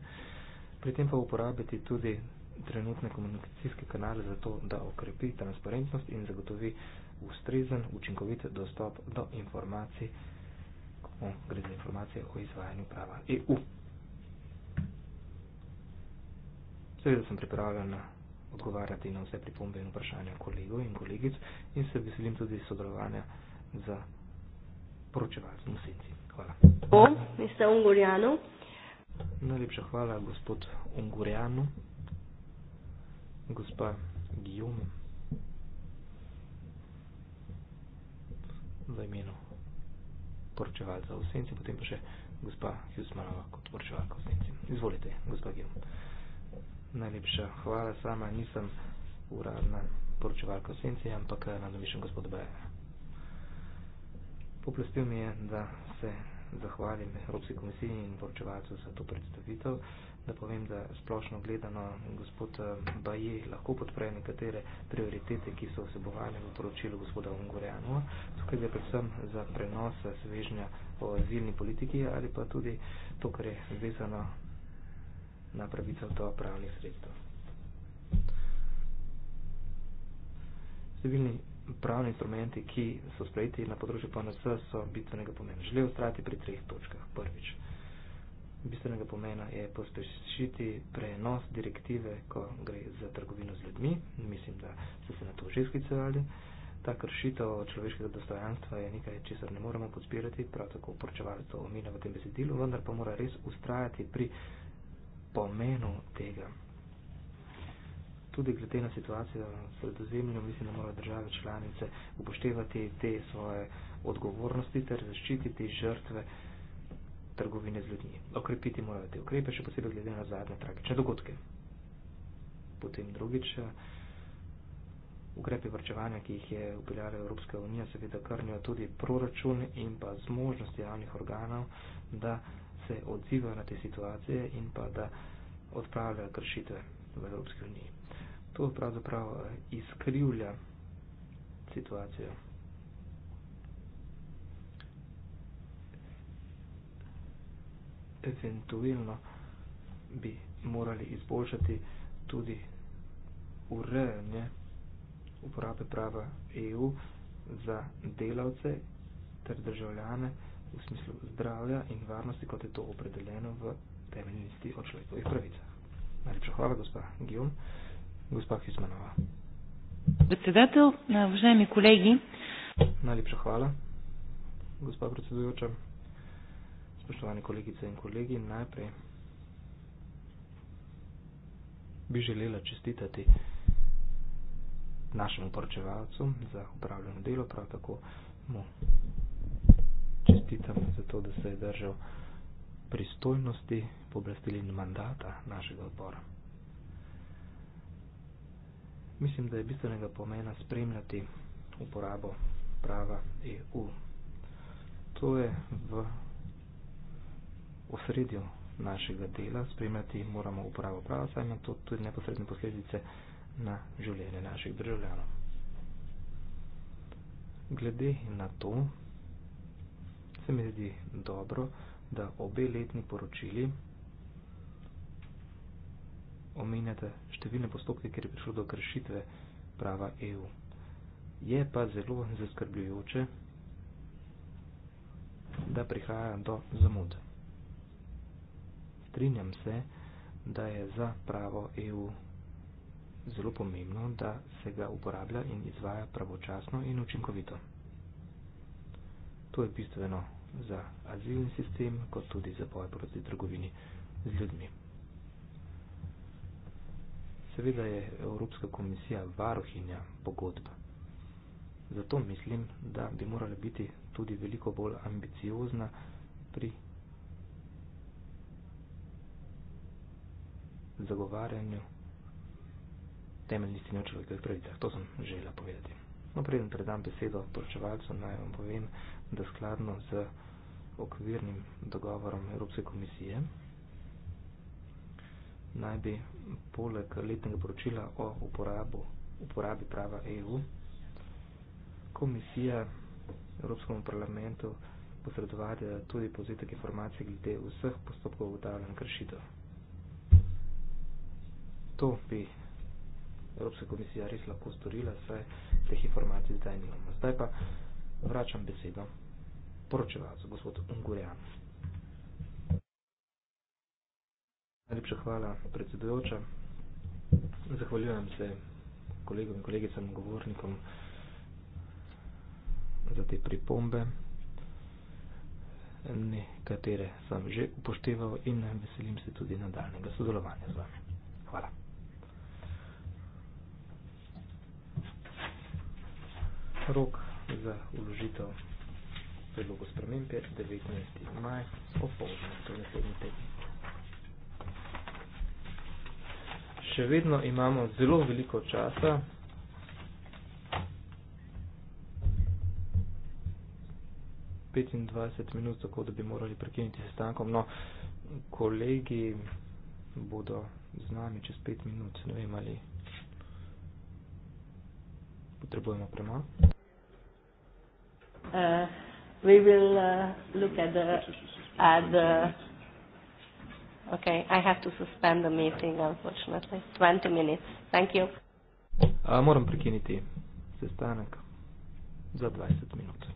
S4: pri tem pa uporabiti tudi trenutne komunikacijske kanale za to, da okrepi transparentnost in zagotovi ustrezen, učinkovit dostop do informacij, ko gre za informacije o izvajanju prava EU. Seveda sem pripravljen na odgovarjati na vse pripombe in vprašanja kolegov in kolegic in se veselim tudi sodelovanja z poročevalcem v senci. Hvala. O,
S1: mister Ungurjanu.
S4: Najlepša hvala, gospod Ungurjanu. Gospa Guillaume. V imenu poročevalca v senci, potem pa še gospa Hjusmanova kot poročevalka v senci. Izvolite, gospa Guillaume. Najlepša hvala, sama nisem uradna poročevalka osence, ampak eh, nadomišem gospod Breja. Poplastil mi je, da se zahvalim Evropski komisiji in poročevalcu za to predstavitev, da povem, da splošno gledano gospod eh, Baje lahko podpre nekatere prioritete, ki so vsebovane v poročilu gospoda Ungorjanu. Tukaj gre predvsem za prenos svežnja o azilni politiki ali pa tudi to, kar je vezano na pravico do pravnih sredstev. Številni pravni instrumenti, ki so sprejeti na področju PNS, so bistvenega pomena. Želijo ustrati pri treh točkah. Prvič, bistvenega pomena je pospešiti prenos direktive, ko gre za trgovino z ljudmi. Mislim, da so se na to že sklicevali. Ta kršitev človeškega dostojanstva je nekaj, česar ne moremo podpirati, prav tako porčevalstvo omenja v tem besedilu, vendar pa mora res ustrajati pri pomenu tega. Tudi glede na situacijo s sredozemljem, mislim, da morajo države članice upoštevati te svoje odgovornosti ter zaščititi žrtve trgovine z ljudmi. Okrepiti morajo te ukrepe, še posebej glede na zadnje tragične dogodke. Potem drugič, eh, ukrepe vrčevanja, ki jih je upeljala Evropska unija, seveda krnijo tudi proračun in pa zmožnosti javnih organov, da se odziva na te situacije in pa da odpravlja kršitve v Evropski uniji. To pravzaprav eh, izkrivlja situacijo. Eventualno bi morali izboljšati tudi urejanje uporabe prava EU za delavce ter državljane v smislu zdravja in varnosti, kot je to opredeljeno v temeljni listi o človekovih pravicah. Najlepša hvala, gospa Gijom. Gospa Hizmanova.
S1: Predsedatelj, vžajmi kolegi.
S4: Najlepša hvala, gospa predsedujoča. Spoštovani kolegice in kolegi, najprej bi želela čestitati našemu poročevalcu za upravljeno delo, prav tako mu čestitam za to, da se je držal pristojnosti, poblastili in mandata našega odbora. Mislim, da je bistvenega pomena spremljati uporabo prava EU. To je v osredju našega dela, spremljati moramo uporabo prava, saj ima to tudi neposredne posledice na življenje naših državljanov. Glede na to, se mi zdi dobro, da obe letni poročili omenjate številne postopke, ker je prišlo do kršitve prava EU. Je pa zelo zaskrbljujoče, da prihaja do zamud. Strinjam se, da je za pravo EU zelo pomembno, da se ga uporablja in izvaja pravočasno in učinkovito. To je bistveno za azilni sistem, kot tudi za boj proti trgovini z ljudmi. Seveda je Evropska komisija varuhinja pogodb. Zato mislim, da bi morala biti tudi veliko bolj ambiciozna pri zagovarjanju temeljnih stenov človekovih pravic. To sem želela povedati. No, preden predam besedo poročevalcu, naj vam povem, da skladno z okvirnim dogovorom Evropske komisije, naj bi poleg letnega poročila o uporabu, uporabi prava EU, komisija Evropskemu parlamentu posredovala tudi povzetek informacij glede vseh postopkov ugotavljanja kršitev. To bi Evropska komisija res lahko storila, saj teh informacij zdaj nimamo. Zdaj pa vračam besedo poročeval za gospod Ungurjan. Najlepša hvala, predsedujoča. Zahvaljujem se kolegom in kolegicam govornikom za te pripombe, nekatere sem že upošteval in veselim se tudi nadaljnega sodelovanja z vami. Hvala. Rok za uložitev predlogu sprememb je 19. maj opoldne to torej naslednji teden. Še vedno imamo zelo veliko časa. petindvajset minut, tako da bi morali prekiniti sestankom. No, kolegi bodo z nami čez pet minut, ne vem ali potrebujemo premalo.
S1: Uh we will uh, look at the at the okay i have to suspend the meeting unfortunately 20 minutes thank you
S4: a moram prekiniti sestanak za 20 minuta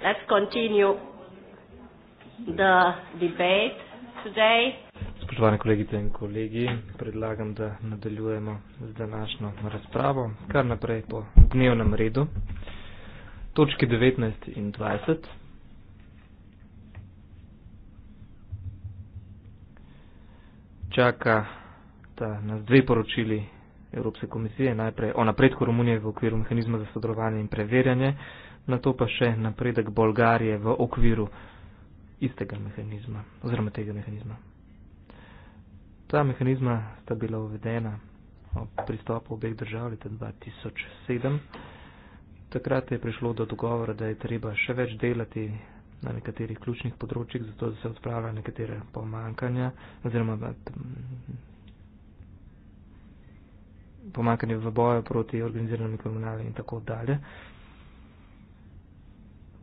S1: Let's continue the debate today.
S4: Spoštovane kolegice in kolegi, predlagam, da nadaljujemo z današnjo razpravo kar naprej po dnevnem redu. Točki 19 in 20. Čaka nas dve poročili Evropske komisije, najprej o napredku Romunije v okviru mehanizma za sodelovanje in preverjanje, na to pa še napredek Bolgarije v okviru istega mehanizma oziroma tega mehanizma. Ta mehanizma sta bila uvedena ob pristopu obeh držav leta 2007. Takrat je prišlo do dogovora, da je treba še več delati na nekaterih ključnih področjih, zato da se odpravlja nekatere pomankanja oziroma mm, pomankanje v boju proti organiziranim kriminalom in tako dalje.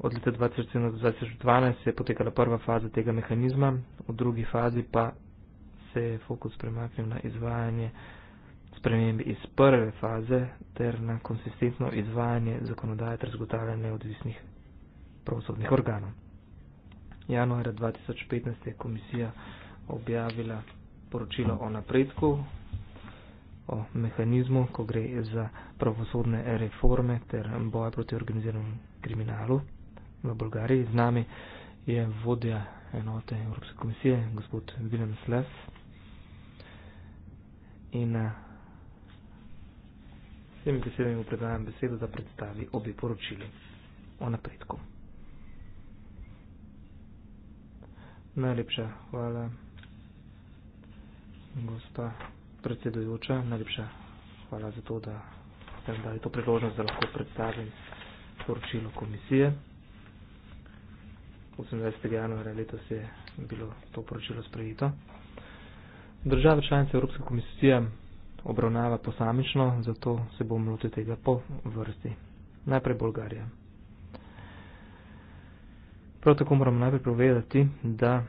S4: Od leta 2012 se je potekala prva faza tega mehanizma, v drugi fazi pa se je fokus premaknil na izvajanje spremembe iz prve faze ter na konsistentno izvajanje zakonodaje ter zagotavljanje neodvisnih pravosodnih organov. Januarja 2015 je komisija objavila poročilo o napredku, o mehanizmu, ko gre za pravosodne reforme ter boja proti organiziranemu kriminalu v Bolgariji. Z nami je vodja enote Evropske komisije, gospod Viljan Sles. In eh, s temi besedami mu predajam besedo, da predstavi obi poročili o napredku. Najlepša hvala, gospa predsedujoča. Najlepša hvala za to, da ste mi dali to priložnost, da lahko predstavim poročilo komisije. 28. januarja letos je bilo to poročilo sprejeto. Država članica Evropske komisije obravnava posamično, zato se bom lotil tega po vrsti. Najprej Bolgarija. Prav tako moram najprej povedati, da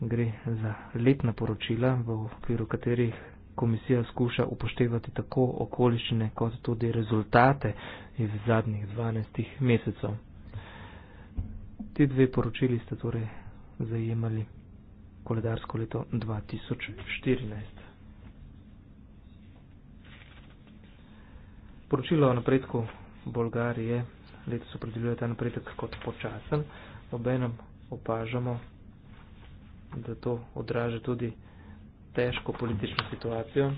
S4: gre za letna poročila, v okviru katerih komisija skuša upoštevati tako okoliščine kot tudi rezultate iz zadnjih 12 mesecev. Te dve poročili ste torej zajemali koledarsko leto 2014. Poročilo o napredku Bolgarije letos opredeljuje ta napredek kot počasen, obenem opažamo, da to odraža tudi težko politično situacijo.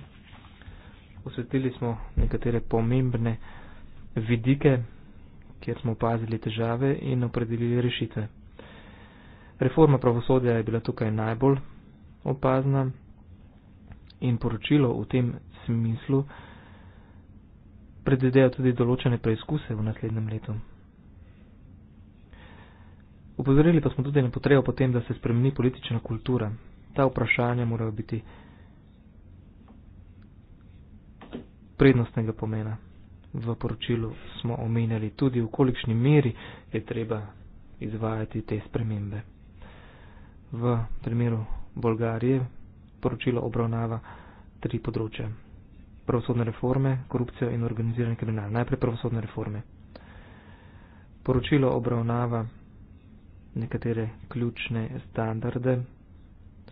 S4: Osvetili smo nekatere pomembne vidike kjer smo opazili težave in opredelili rešitve. Reforma pravosodja je bila tukaj najbolj opazna in poročilo v tem smislu predvideva tudi določene preizkuse v naslednjem letu. Upozorili pa smo tudi na potrebo potem, da se spremeni politična kultura. Ta vprašanja morajo biti prednostnega pomena v poročilu smo omenjali tudi, v kolikšni meri je treba izvajati te spremembe. V primeru Bolgarije poročilo obravnava tri področje. Pravosodne reforme, korupcijo in organizirani kriminal. Najprej pravosodne reforme. Poročilo obravnava nekatere ključne standarde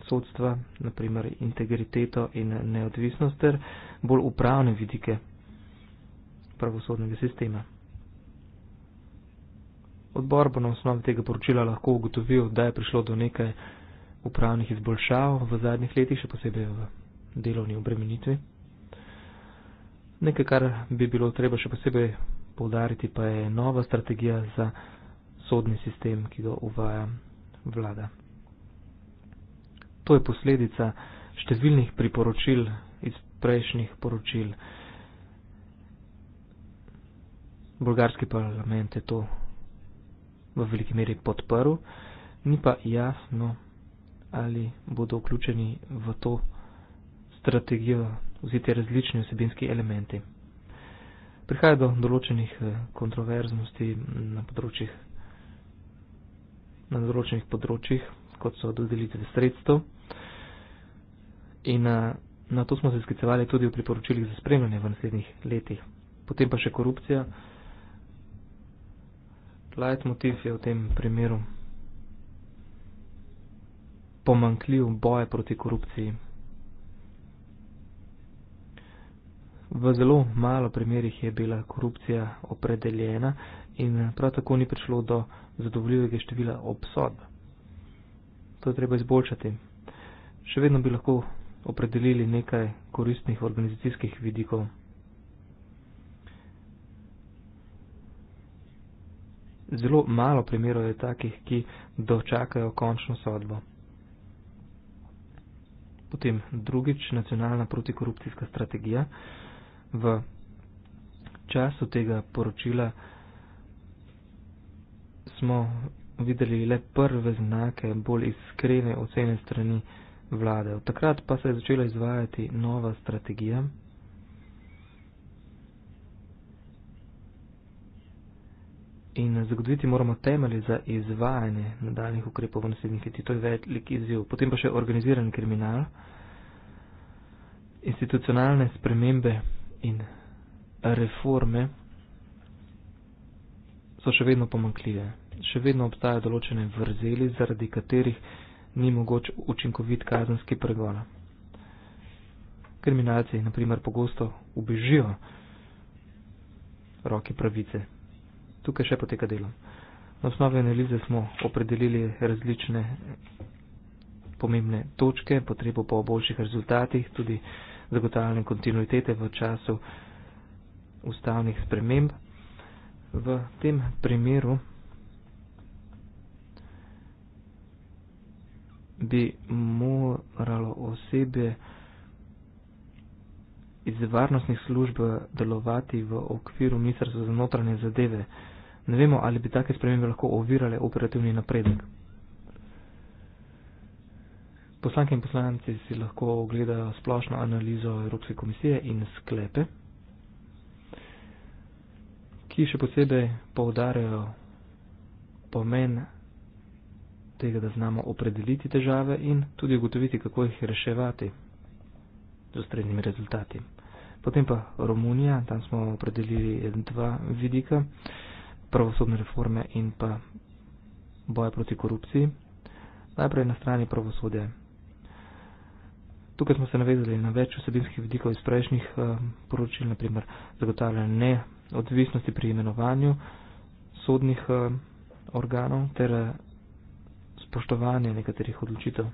S4: sodstva, naprimer integriteto in neodvisnost ter bolj upravne vidike pravosodnega sistema. Odbor bo na osnovi tega poročila lahko ugotovil, da je prišlo do nekaj upravnih izboljšav v zadnjih letih, še posebej v delovni obremenitvi. Nekaj, kar bi bilo treba še posebej povdariti, pa je nova strategija za sodni sistem, ki ga uvaja vlada. To je posledica številnih priporočil iz prejšnjih poročil bolgarski parlament je to v veliki meri podprl, ni pa jasno, ali bodo vključeni v to strategijo vsi ti različni vsebinski elementi. Prihaja do določenih eh, kontroverznosti na področjih, na določenih področjih, kot so dodelitve sredstev. In na, eh, na to smo se skicevali tudi v priporočilih za spremljanje v naslednjih letih. Potem pa še korupcija. Leitmotiv je v tem primeru pomankljiv boje proti korupciji. V zelo malo primerih je bila korupcija opredeljena in prav tako ni prišlo do zadovoljivega števila obsodb. To je treba izboljšati. Še vedno bi lahko opredelili nekaj koristnih organizacijskih vidikov. zelo malo primerov je takih, ki dočakajo končno sodbo. Potem drugič, nacionalna protikorupcijska strategija. V času tega poročila smo videli le prve znake bolj iskrene ocene strani vlade. Od takrat pa se je začela izvajati nova strategija. In zagotoviti moramo temelje za izvajanje nadaljnih ukrepov v naslednjih letih. To je velik izziv. Potem pa še organiziran kriminal, institucionalne spremembe in reforme so še vedno pomankljive. Še vedno obstajajo določene vrzeli, zaradi katerih ni mogoč učinkovit kazenski pregon. Kriminalci, naprimer, pogosto ubežijo roke pravice tukaj še poteka delo. Na osnovi analize smo opredelili različne pomembne točke, potrebo po boljših rezultatih, tudi zagotavljanje kontinuitete v času ustavnih sprememb. V tem primeru bi moralo osebe iz varnostnih služb delovati v okviru ministrstva za notranje zadeve. Ne vemo, ali bi take spremembe lahko ovirale operativni napredek. Poslanke in poslanci si lahko ogledajo splošno analizo Evropske komisije in sklepe, ki še posebej poudarjajo pomen tega, da znamo opredeliti težave in tudi ugotoviti, kako jih reševati z ustrednimi rezultati. Potem pa Romunija, tam smo opredelili dva vidika pravosodne reforme in pa boja proti korupciji. Najprej na strani pravosodja. Tukaj smo se navezali na več vsebinskih vidikov iz prejšnjih eh, poročil, naprimer zagotavljanje neodvisnosti pri imenovanju sodnih eh, organov ter eh, spoštovanje nekaterih odločitev.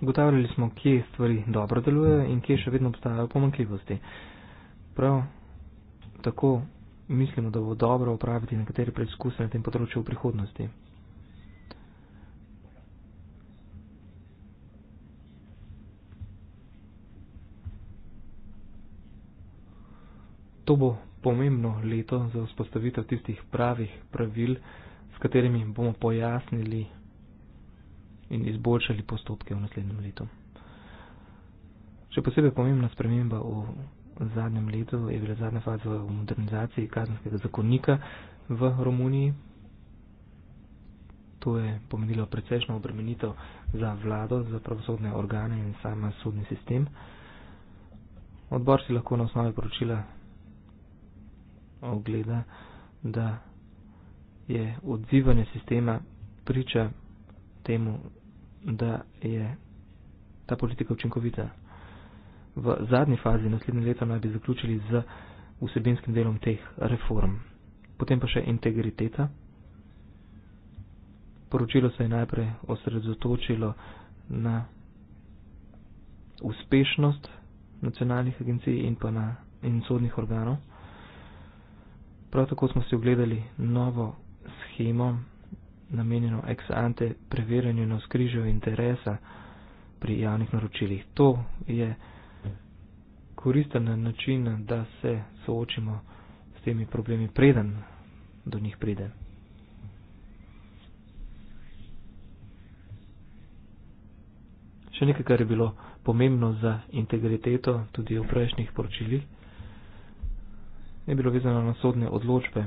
S4: Ugotavljali smo, kje stvari dobro delujejo in kje še vedno obstajajo pomankljivosti prav tako mislimo, da bo dobro upraviti nekatere preizkuse na tem področju v prihodnosti. To bo pomembno leto za vzpostavitev tistih pravih pravil, s katerimi bomo pojasnili in izboljšali postopke v naslednjem letu. Še posebej pomembna sprememba v zadnjem letu je bila zadnja faza v modernizaciji kazenskega zakonika v Romuniji. To je pomenilo precejšno obremenitev za vlado, za pravosodne organe in sama sodni sistem. Odbor si lahko na osnovi poročila ogleda, da je odzivanje sistema priča temu, da je ta politika učinkovita v zadnji fazi naslednje leto naj bi zaključili z vsebinskim delom teh reform. Potem pa še integriteta. Poročilo se je najprej osredotočilo na uspešnost nacionalnih agencij in pa na in sodnih organov. Prav tako smo si ogledali novo schemo namenjeno ex ante preverjanju na skrižju interesa pri javnih naročilih. To je koristen način, da se soočimo s temi problemi, preden do njih pride. Še nekaj, kar je bilo pomembno za integriteto, tudi v prejšnjih poročilih, je bilo vezano na sodne odločbe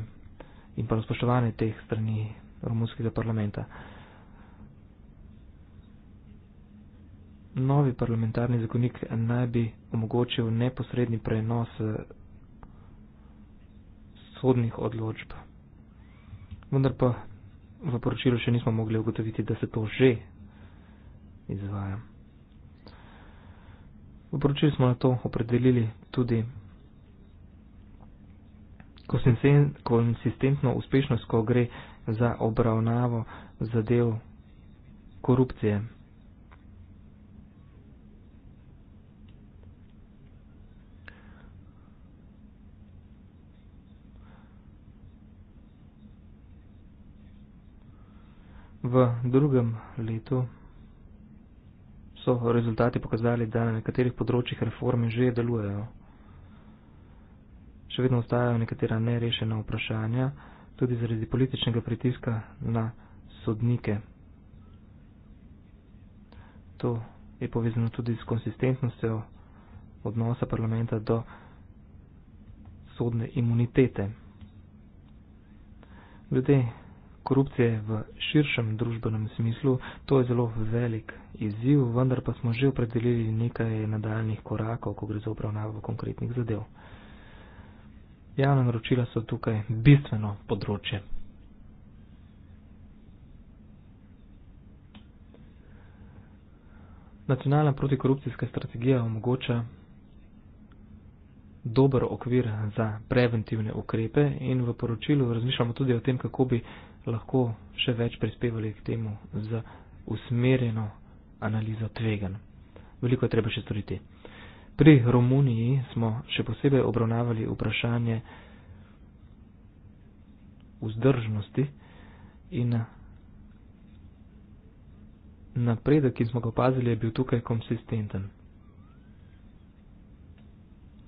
S4: in pa na spoštovanje teh strani romunskega parlamenta. Novi parlamentarni zakonik naj bi omogočil neposredni prenos eh, sodnih odločb. Vendar pa v poročilu še nismo mogli ugotoviti, da se to že izvaja. V poročilu smo na to opredelili tudi konsistentno uspešnost, ko gre za obravnavo zadev korupcije. V drugem letu so rezultati pokazali, da na nekaterih področjih reforme že delujejo. Še vedno ostajajo nekatera nerešena vprašanja, tudi zaradi političnega pritiska na sodnike. To je povezano tudi s konsistentnostjo odnosa parlamenta do sodne imunitete. Glede korupcije v širšem družbenem smislu, to je zelo velik izziv, vendar pa smo že opredelili nekaj nadaljnih korakov, ko gre za obravnavo konkretnih zadev. Javna naročila so tukaj bistveno področje. Nacionalna protikorupcijska strategija omogoča dober okvir za preventivne ukrepe in v poročilu razmišljamo tudi o tem, kako bi lahko še več prispevali k temu z usmerjeno analizo tvegan. Veliko je treba še storiti. Pri Romuniji smo še posebej obravnavali vprašanje vzdržnosti in napredek, ki smo ga opazili, je bil tukaj konsistenten.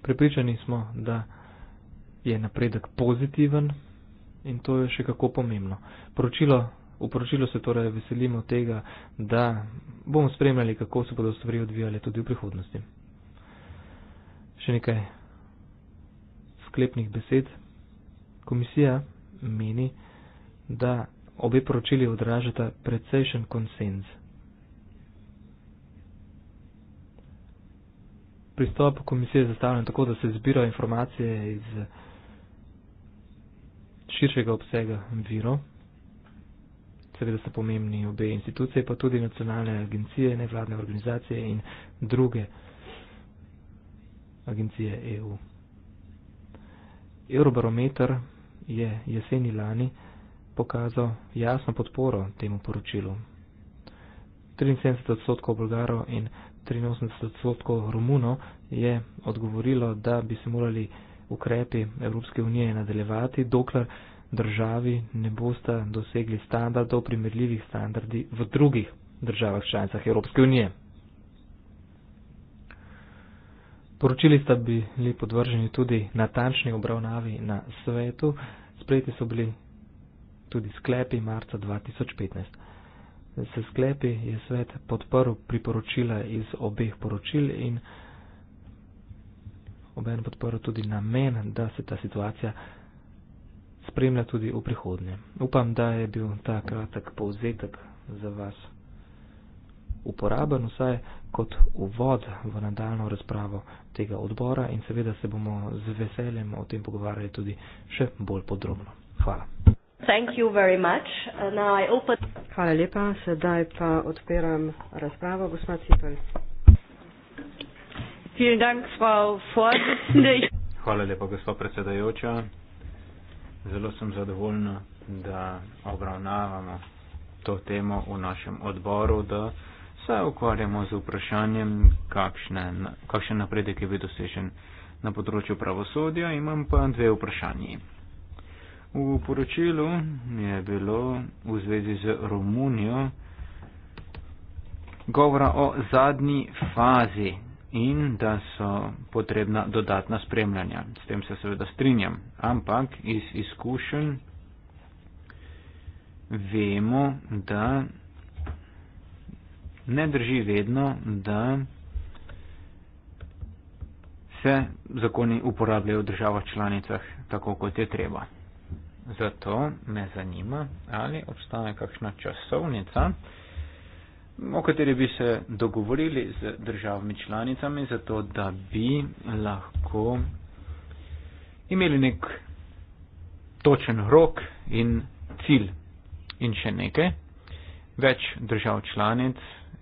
S4: Pripričani smo, da je napredek pozitiven, in to je še kako pomembno. Poročilo, v poročilu se torej veselimo tega, da bomo spremljali, kako se bodo stvari odvijale tudi v prihodnosti. Še nekaj sklepnih besed. Komisija meni, da obe poročili odražata precejšen konsens. Pristop komisije je zastavljen tako, da se zbirajo informacije iz širšega obsega virov. Seveda so pomembni obe institucije, pa tudi nacionalne agencije, nevladne organizacije in druge agencije EU. Eurobarometer je jeseni lani pokazal jasno podporo temu poročilu. 73 odstotkov Bolgarov in 83 odstotkov Romunov je odgovorilo, da bi se morali ukrepi Evropske unije nadaljevati, dokler državi ne boste dosegli standardov primerljivih standardi v drugih državah članicah Evropske unije. Poročili sta bili podvrženi tudi natančni obravnavi na svetu, sprejeti so bili tudi sklepi marca 2015. Se sklepi je svet podprl priporočila iz obeh poročil in obenem podporil tudi namen, da se ta situacija spremlja tudi v prihodnje. Upam, da je bil ta kratek povzetek za vas uporaben vsaj kot uvod v nadaljno razpravo tega odbora in seveda se bomo z veseljem o tem pogovarjali tudi še bolj podrobno.
S1: Hvala. Uh, Hvala lepa, sedaj pa odpiram razpravo, gospod Cipelj.
S3: Hvala lepa, gospod predsedajoča. Zelo sem zadovoljna, da obravnavamo to temo v našem odboru, da se ukvarjamo z vprašanjem, kakšne, kakšen napredek je bil dosežen na področju pravosodja. Imam pa dve vprašanji. V poročilu je bilo v zvezi z Romunijo govora o zadnji fazi in da so potrebna dodatna spremljanja. S tem se seveda strinjam, ampak iz izkušenj vemo, da ne drži vedno, da se zakoni uporabljajo v državah članicah tako, kot je treba. Zato me zanima, ali obstaja kakšna časovnica, o kateri bi se dogovorili z državami članicami, zato da bi lahko imeli nek točen rok in cilj. In še nekaj, več držav članic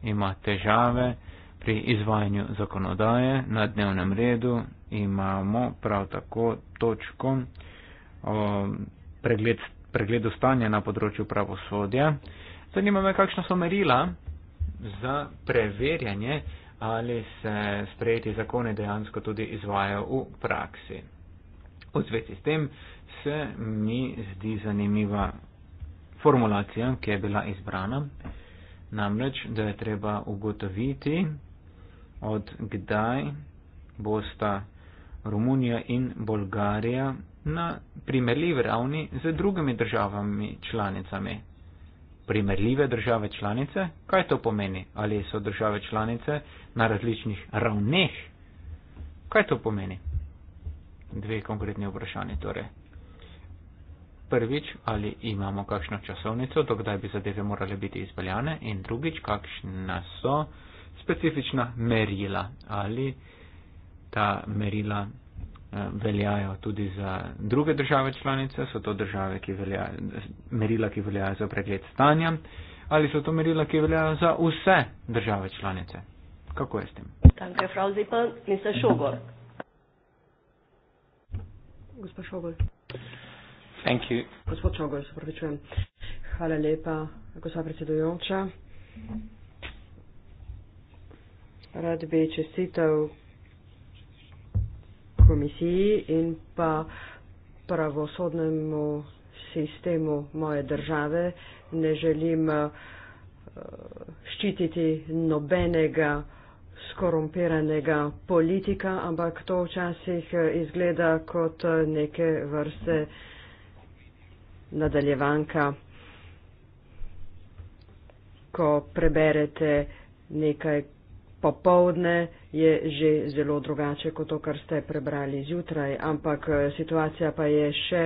S3: ima težave pri izvajanju zakonodaje na dnevnem redu, imamo prav tako točko o pregled, pregledu stanja na področju pravosodja. Zanima me, kakšna so merila, za preverjanje, ali se sprejeti zakone dejansko tudi izvajajo v praksi. V zvezi s tem se mi zdi zanimiva formulacija, ki je bila izbrana, namreč, da je treba ugotoviti, od kdaj bosta Romunija in Bolgarija na primerljivi ravni z drugimi državami članicami primerljive države članice? Kaj to pomeni? Ali so države članice na različnih ravneh? Kaj to pomeni? Dve konkretni vprašanje torej. Prvič, ali imamo kakšno časovnico, dokdaj bi zadeve morale biti izvaljane in drugič, kakšna so specifična merila ali ta merila Eh, veljajo tudi za druge države članice, so to države, ki veljajo, merila, ki veljajo za pregled stanja, ali so to merila, ki veljajo za vse države članice. Kako je s tem?
S1: Tanke, frau Zipel, misel Šogor. Gospod Šogor. Thank you. Gospod Šogor, se pravičujem. Hvala lepa, gospa predsedujoča. Rad bi čestitev komisiji in pa pravosodnemu sistemu moje države ne želim eh, ščititi nobenega skorumpiranega politika, ampak to včasih eh, izgleda kot eh, neke vrste nadaljevanka, ko preberete nekaj popovdne je že zelo drugače kot to, kar ste prebrali zjutraj, ampak eh, situacija pa je še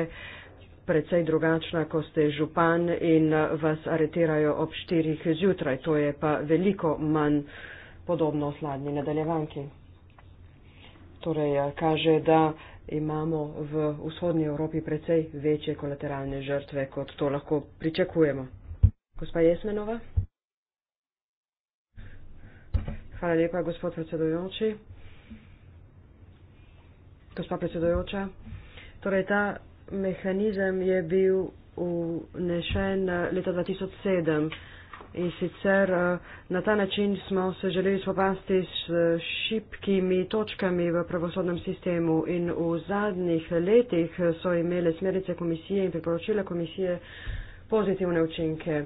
S1: predvsej drugačna, ko ste župan in eh, vas aretirajo ob štirih zjutraj. To je pa veliko manj podobno sladni nadaljevanki. Torej, eh, kaže, da imamo v vzhodnji Evropi predvsej večje kolateralne žrtve, kot to lahko pričakujemo. Gospa Jesmenova? Hvala lepa, gospod predsedujoči. Gospa predsedujoča. Torej, ta mehanizem je bil vnešen eh, leta 2007 in sicer eh, na ta način smo se želeli spopasti s eh, šipkimi točkami v pravosodnem sistemu in v zadnjih letih so imele smernice komisije in priporočila komisije pozitivne učinke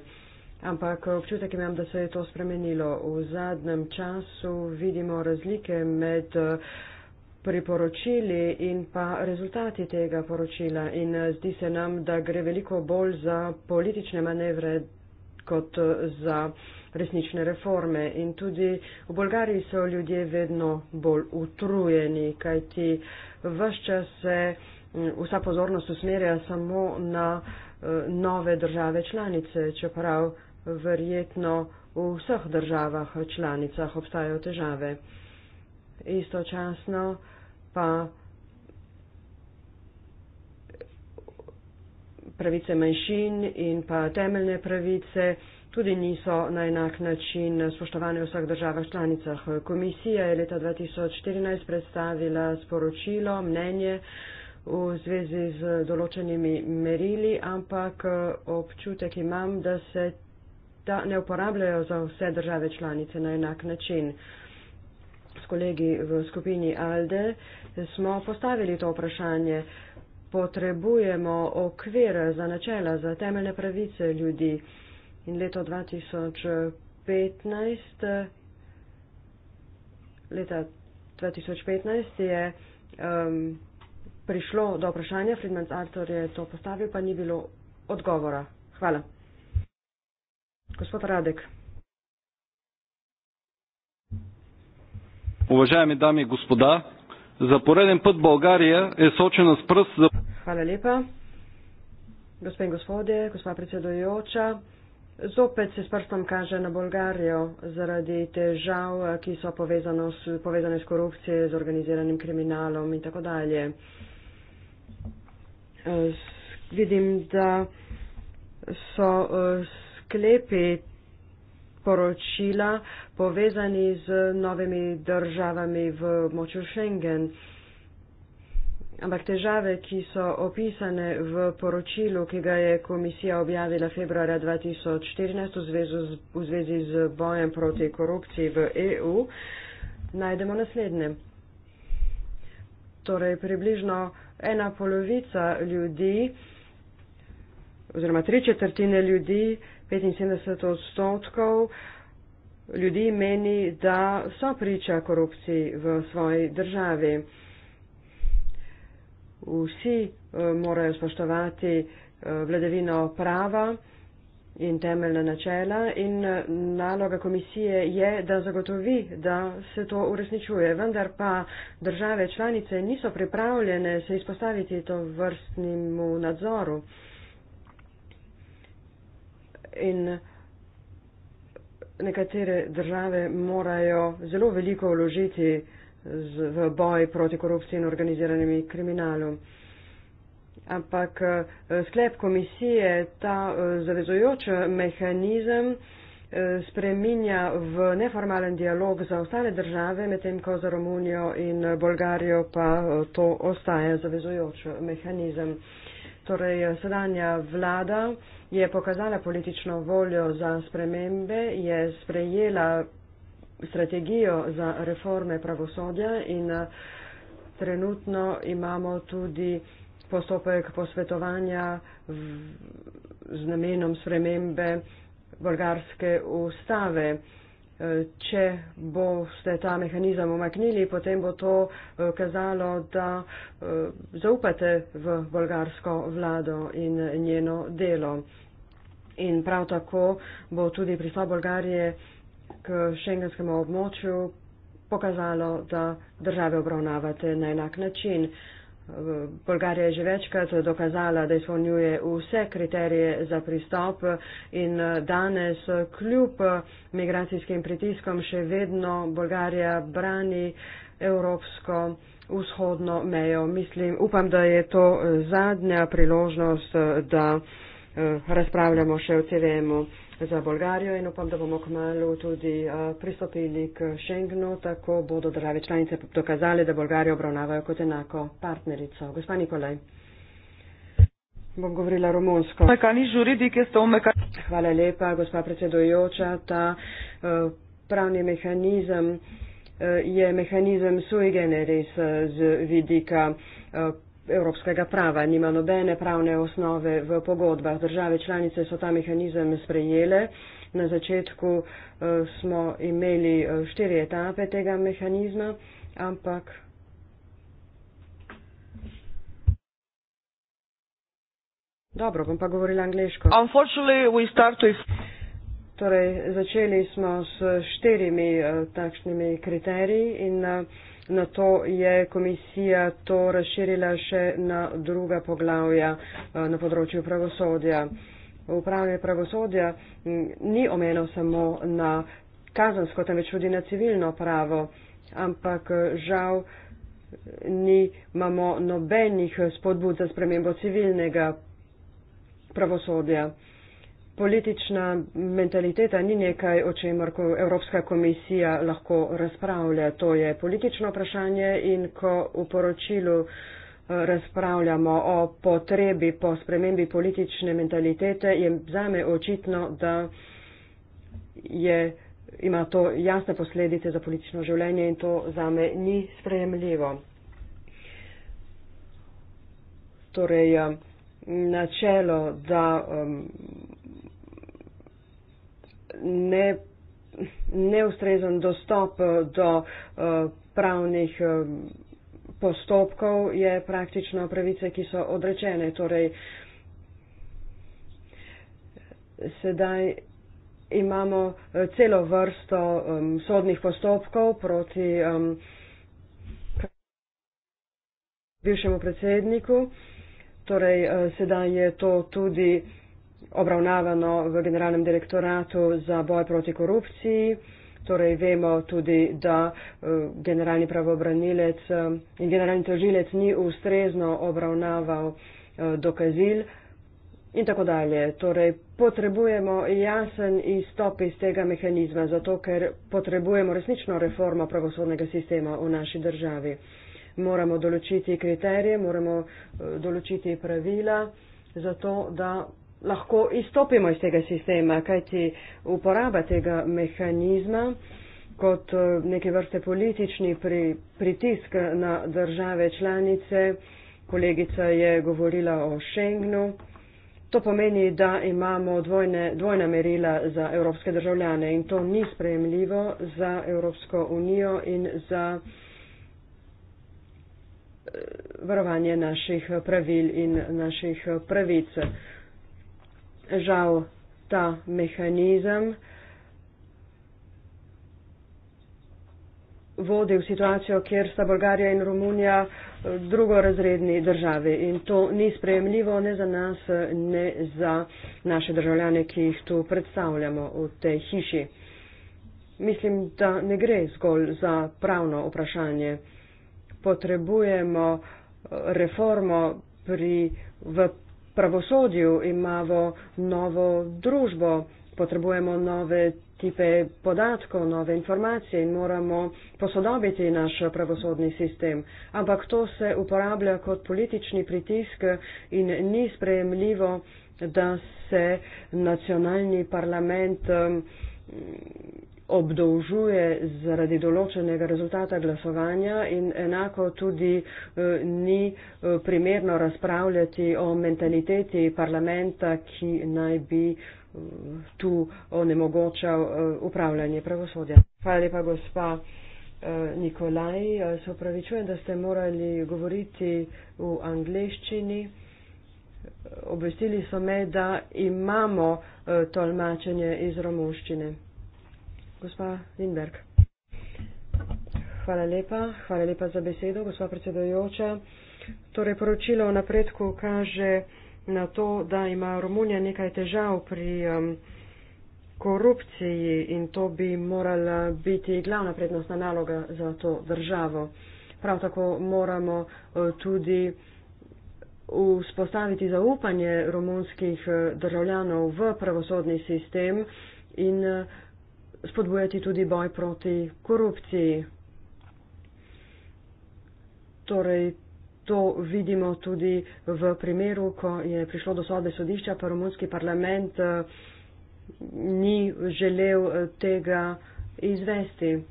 S1: ampak občutek imam, da se je to spremenilo. V zadnjem času vidimo razlike med eh, priporočili in pa rezultati tega poročila in eh, zdi se nam, da gre veliko bolj za politične manevre kot eh, za resnične reforme. In tudi v Bolgariji so ljudje vedno bolj utrujeni, kajti vse čas se mm, vsa pozornost usmerja samo na nove države članice, čeprav verjetno v vseh državah članicah obstajajo težave. Istočasno pa pravice manjšin in pa temeljne pravice tudi niso na enak način spoštovane v vseh državah članicah. Komisija je leta 2014 predstavila sporočilo, mnenje v zvezi z določenimi merili, ampak občutek imam, da se ta ne uporabljajo za vse države članice na enak način. S kolegi v skupini ALDE smo postavili to vprašanje. Potrebujemo okvir za načela, za temeljne pravice ljudi. In leto 2015, leta 2015 je um, prišlo do vprašanja, Friedman's Arthur je to postavil, pa ni bilo odgovora. Hvala. Gospod Radek.
S3: Uvažajami dami in gospoda, za poreden put Bolgarija je soočena s prst za.
S1: Hvala lepa. Gospod in gospode, gospod predsedojoča, zopet se s prstom kaže na Bolgarijo zaradi težav, ki so s, povezane s korupcijo, z organiziranim kriminalom in tako dalje. Vidim, da so. S, sklepi poročila povezani z novimi državami v moču Schengen. Ampak težave, ki so opisane v poročilu, ki ga je komisija objavila februarja 2014 v zvezi, z, v zvezi z bojem proti korupciji v EU, najdemo naslednje. Torej, približno ena polovica ljudi oziroma tri četrtine ljudi 75 odstotkov ljudi meni, da so priča korupciji v svoji državi. Vsi eh, morajo spoštovati eh, vladavino prava in temeljna načela in eh, naloga komisije je, da zagotovi, da se to uresničuje. Vendar pa države članice niso pripravljene se izpostaviti to vrstnemu nadzoru in nekatere države morajo zelo veliko vložiti v boj proti korupciji in organiziranimi kriminalom. Ampak eh, sklep komisije ta eh, zavezojoč mehanizem eh, spreminja v neformalen dialog za ostale države, medtem ko za Romunijo in Bolgarijo pa to ostaja zavezojoč mehanizem. Torej, sedanja vlada je pokazala politično voljo za spremembe, je sprejela strategijo za reforme pravosodja in eh, trenutno imamo tudi postopek posvetovanja v, z namenom spremembe bolgarske ustave če boste ta mehanizem omaknili, potem bo to eh, kazalo, da eh, zaupate v bolgarsko vlado in eh, njeno delo. In prav tako bo tudi prišla Bolgarije k šengenskemu območju pokazalo, da države obravnavate na enak način. Uh, Bolgarija je že večkrat dokazala, da izpolnjuje vse kriterije za pristop in danes kljub migracijskim pritiskom še vedno Bolgarija brani evropsko vzhodno mejo. Mislim, upam, da je to zadnja priložnost, da eh, razpravljamo še o CVM-u za Bolgarijo in upam, da bomo kmalo tudi eh, pristopili k Schengenu, tako bodo države članice dokazali, da Bolgarijo obravnavajo kot enako partnerico. Gospa Nikolaj. Bom govorila romunsko. Hvala lepa, gospa predsedujoča. Ta eh, pravni mehanizem eh, je mehanizem sui generis z vidika evropskega prava, nima nobene pravne osnove v pogodbah. Države članice so ta mehanizem sprejele. Na začetku eh, smo imeli eh, štiri etape tega mehanizma, ampak. Dobro, bom pa govorila angliško. Torej, začeli smo s štirimi eh, takšnimi kriteriji in uh, Na to je komisija to razširila še na druga poglavja eh, na področju pravosodja. Upravljanje pravosodja mm, ni omeno samo na kazansko, temveč tudi na civilno pravo, ampak eh, žal nimamo nobenih spodbud za spremembo civilnega pravosodja politična mentaliteta ni nekaj, o čemer Evropska komisija lahko razpravlja. To je politično vprašanje in ko v poročilu eh, razpravljamo o potrebi po spremembi politične mentalitete, je zame očitno, da je, ima to jasne posledice za politično življenje in to zame ni sprejemljivo. Torej, eh, načelo, da um, ne, neustrezen dostop eh, do eh, pravnih eh, postopkov je praktično pravice, ki so odrečene. Torej, sedaj imamo celo vrsto um, sodnih postopkov proti um, bivšemu predsedniku, torej uh, sedaj je to tudi um, obravnavano v generalnem direktoratu za boj proti korupciji. Torej vemo tudi, da eh, generalni pravobranilec eh, in generalni tožilec ni ustrezno obravnaval eh, dokazil in tako dalje. Torej potrebujemo jasen izstop iz tega mehanizma, zato ker potrebujemo resnično reformo pravosodnega sistema v naši državi. Moramo določiti kriterije, moramo določiti pravila, zato da lahko izstopimo iz tega sistema, kajti uporaba tega mehanizma kot eh, neke vrste politični pri, pritisk na države članice, kolegica je govorila o Schengnu, to pomeni, da imamo dvojne, dvojna merila za evropske državljane in to ni sprejemljivo za Evropsko unijo in za eh, varovanje naših pravil in naših pravic žal ta mehanizem vodi v situacijo, kjer sta Bolgarija in Romunija eh, drugorazredni državi. In to ni sprejemljivo ne za nas, ne za naše državljane, ki jih tu predstavljamo v tej hiši. Mislim, da ne gre zgolj za pravno vprašanje. Potrebujemo eh, reformo pri, v pravosodju, imamo novo družbo, potrebujemo nove tipe podatkov, nove informacije in moramo posodobiti naš pravosodni sistem. Ampak to se uporablja kot politični pritisk in ni sprejemljivo, da se nacionalni parlament. Um, obdolžuje zaradi določenega rezultata glasovanja in enako tudi eh, ni eh, primerno razpravljati o mentaliteti parlamenta, ki naj bi eh, tu onemogočal upravljanje pravosodja. Hvala lepa, gospa Nikolaj. Se upravičujem, da ste morali govoriti v angleščini. Obvestili so me, da imamo tolmačenje iz romovščine. Gospa Lindberg. Hvala lepa. Hvala lepa za besedo, gospa predsedojoča. Torej, poročilo o napredku kaže na to, da ima Romunija nekaj težav pri um, korupciji in to bi morala biti glavna prednostna naloga za to državo. Prav tako moramo uh, tudi vzpostaviti zaupanje romunskih uh, državljanov v pravosodni sistem in uh, spodbujati tudi boj proti korupciji. Torej, to vidimo tudi v primeru, ko je prišlo do sodbe sodišča, pa romunski parlament eh, ni želel eh, tega izvesti.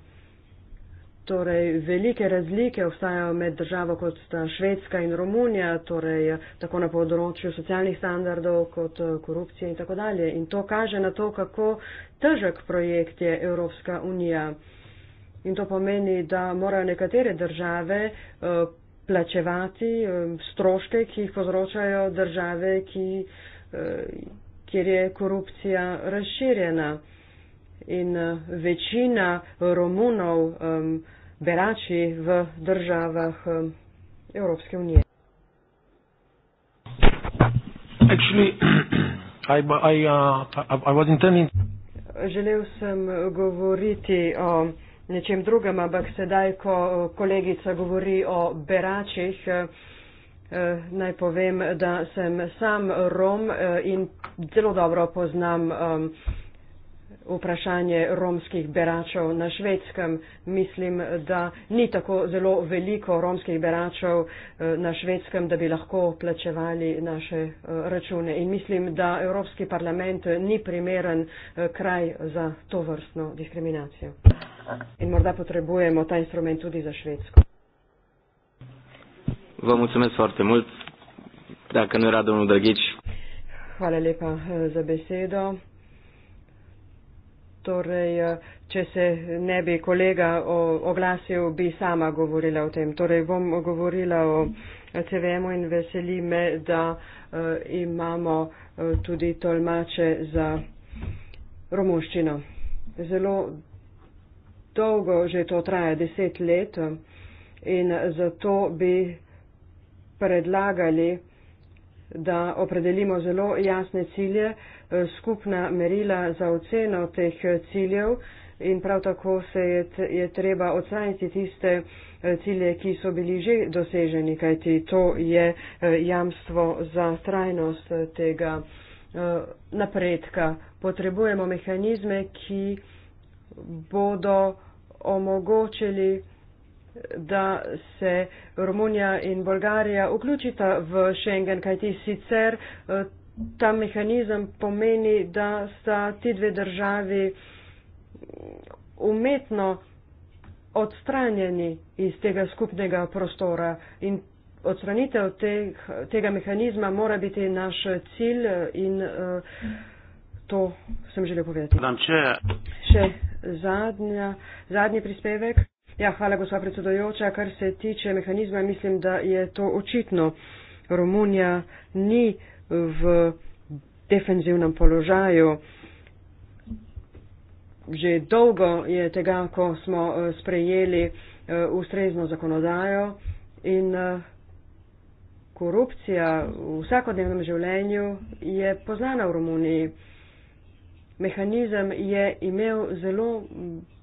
S1: Torej, velike razlike obstajajo med državo kot sta Švedska in Romunija, torej, tako na področju socialnih standardov kot korupcije in tako dalje. In to kaže na to, kako težek projekt je Evropska unija. In to pomeni, da morajo nekatere države eh, plačevati eh, stroške, ki jih povzročajo države, ki, eh, kjer je korupcija razširjena. In večina Romunov um, berači v državah um, Evropske unije.
S4: Actually, I, I, uh, I, I was intending...
S1: Želel sem govoriti o nečem drugem, ampak sedaj, ko kolegica govori o beračih, eh, eh, naj povem, da sem sam Rom eh, in zelo dobro poznam um, vprašanje romskih beračev na švedskem. Mislim, da ni tako zelo veliko romskih beračev eh, na švedskem, da bi lahko plačevali naše eh, račune. In mislim, da Evropski parlament eh, ni primeren kraj za to vrstno diskriminacijo. In morda potrebujemo ta instrument tudi za švedsko. Hvala lepa za besedo. Torej, eh, če se ne bi kolega oglasil, bi sama govorila o tem. Torej, bom govorila o CVM-u in veseli me, da uh, imamo uh, tudi tolmače za romoščino. Zelo dolgo že to traja, deset let in zato bi predlagali, da opredelimo zelo jasne cilje. Uh, skupna merila za oceno teh ciljev in prav tako se je, je treba odstraniti tiste eh, cilje, ki so bili že doseženi, kajti to je eh, jamstvo za trajnost eh, tega napredka. Potrebujemo mehanizme, ki bodo omogočili, da se Romunija in Bolgarija vključita v Schengen, kajti sicer ta mehanizem pomeni, da sta ti dve državi umetno odstranjeni iz tega skupnega prostora. In odstranitev teh, tega mehanizma mora biti naš cilj in uh, to sem želel povedati. Danče. Še zadnja, zadnji prispevek. Ja, hvala, gospa predsedojoča. Kar se tiče mehanizma, mislim, da je to očitno. Romunija ni v defenzivnem položaju. Že dolgo je tega, ko smo eh, sprejeli eh, ustrezno zakonodajo in eh, korupcija v vsakodnevnem življenju je poznana v Romuniji. Mehanizem je imel zelo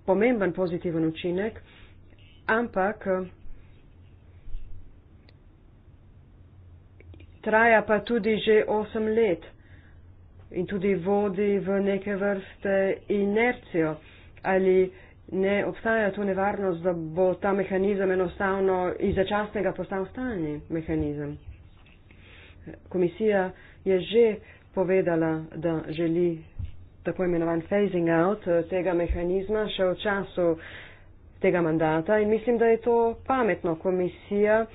S1: pomemben pozitiven učinek, ampak traja pa tudi že osem let in tudi vodi v neke vrste inercijo. Ali ne obstaja tu nevarnost, da bo ta mehanizem enostavno iz začasnega postal stalni mehanizem? Komisija je že povedala, da želi tako imenovan phasing out eh, tega mehanizma še v času tega mandata in mislim, da je to pametno. Komisija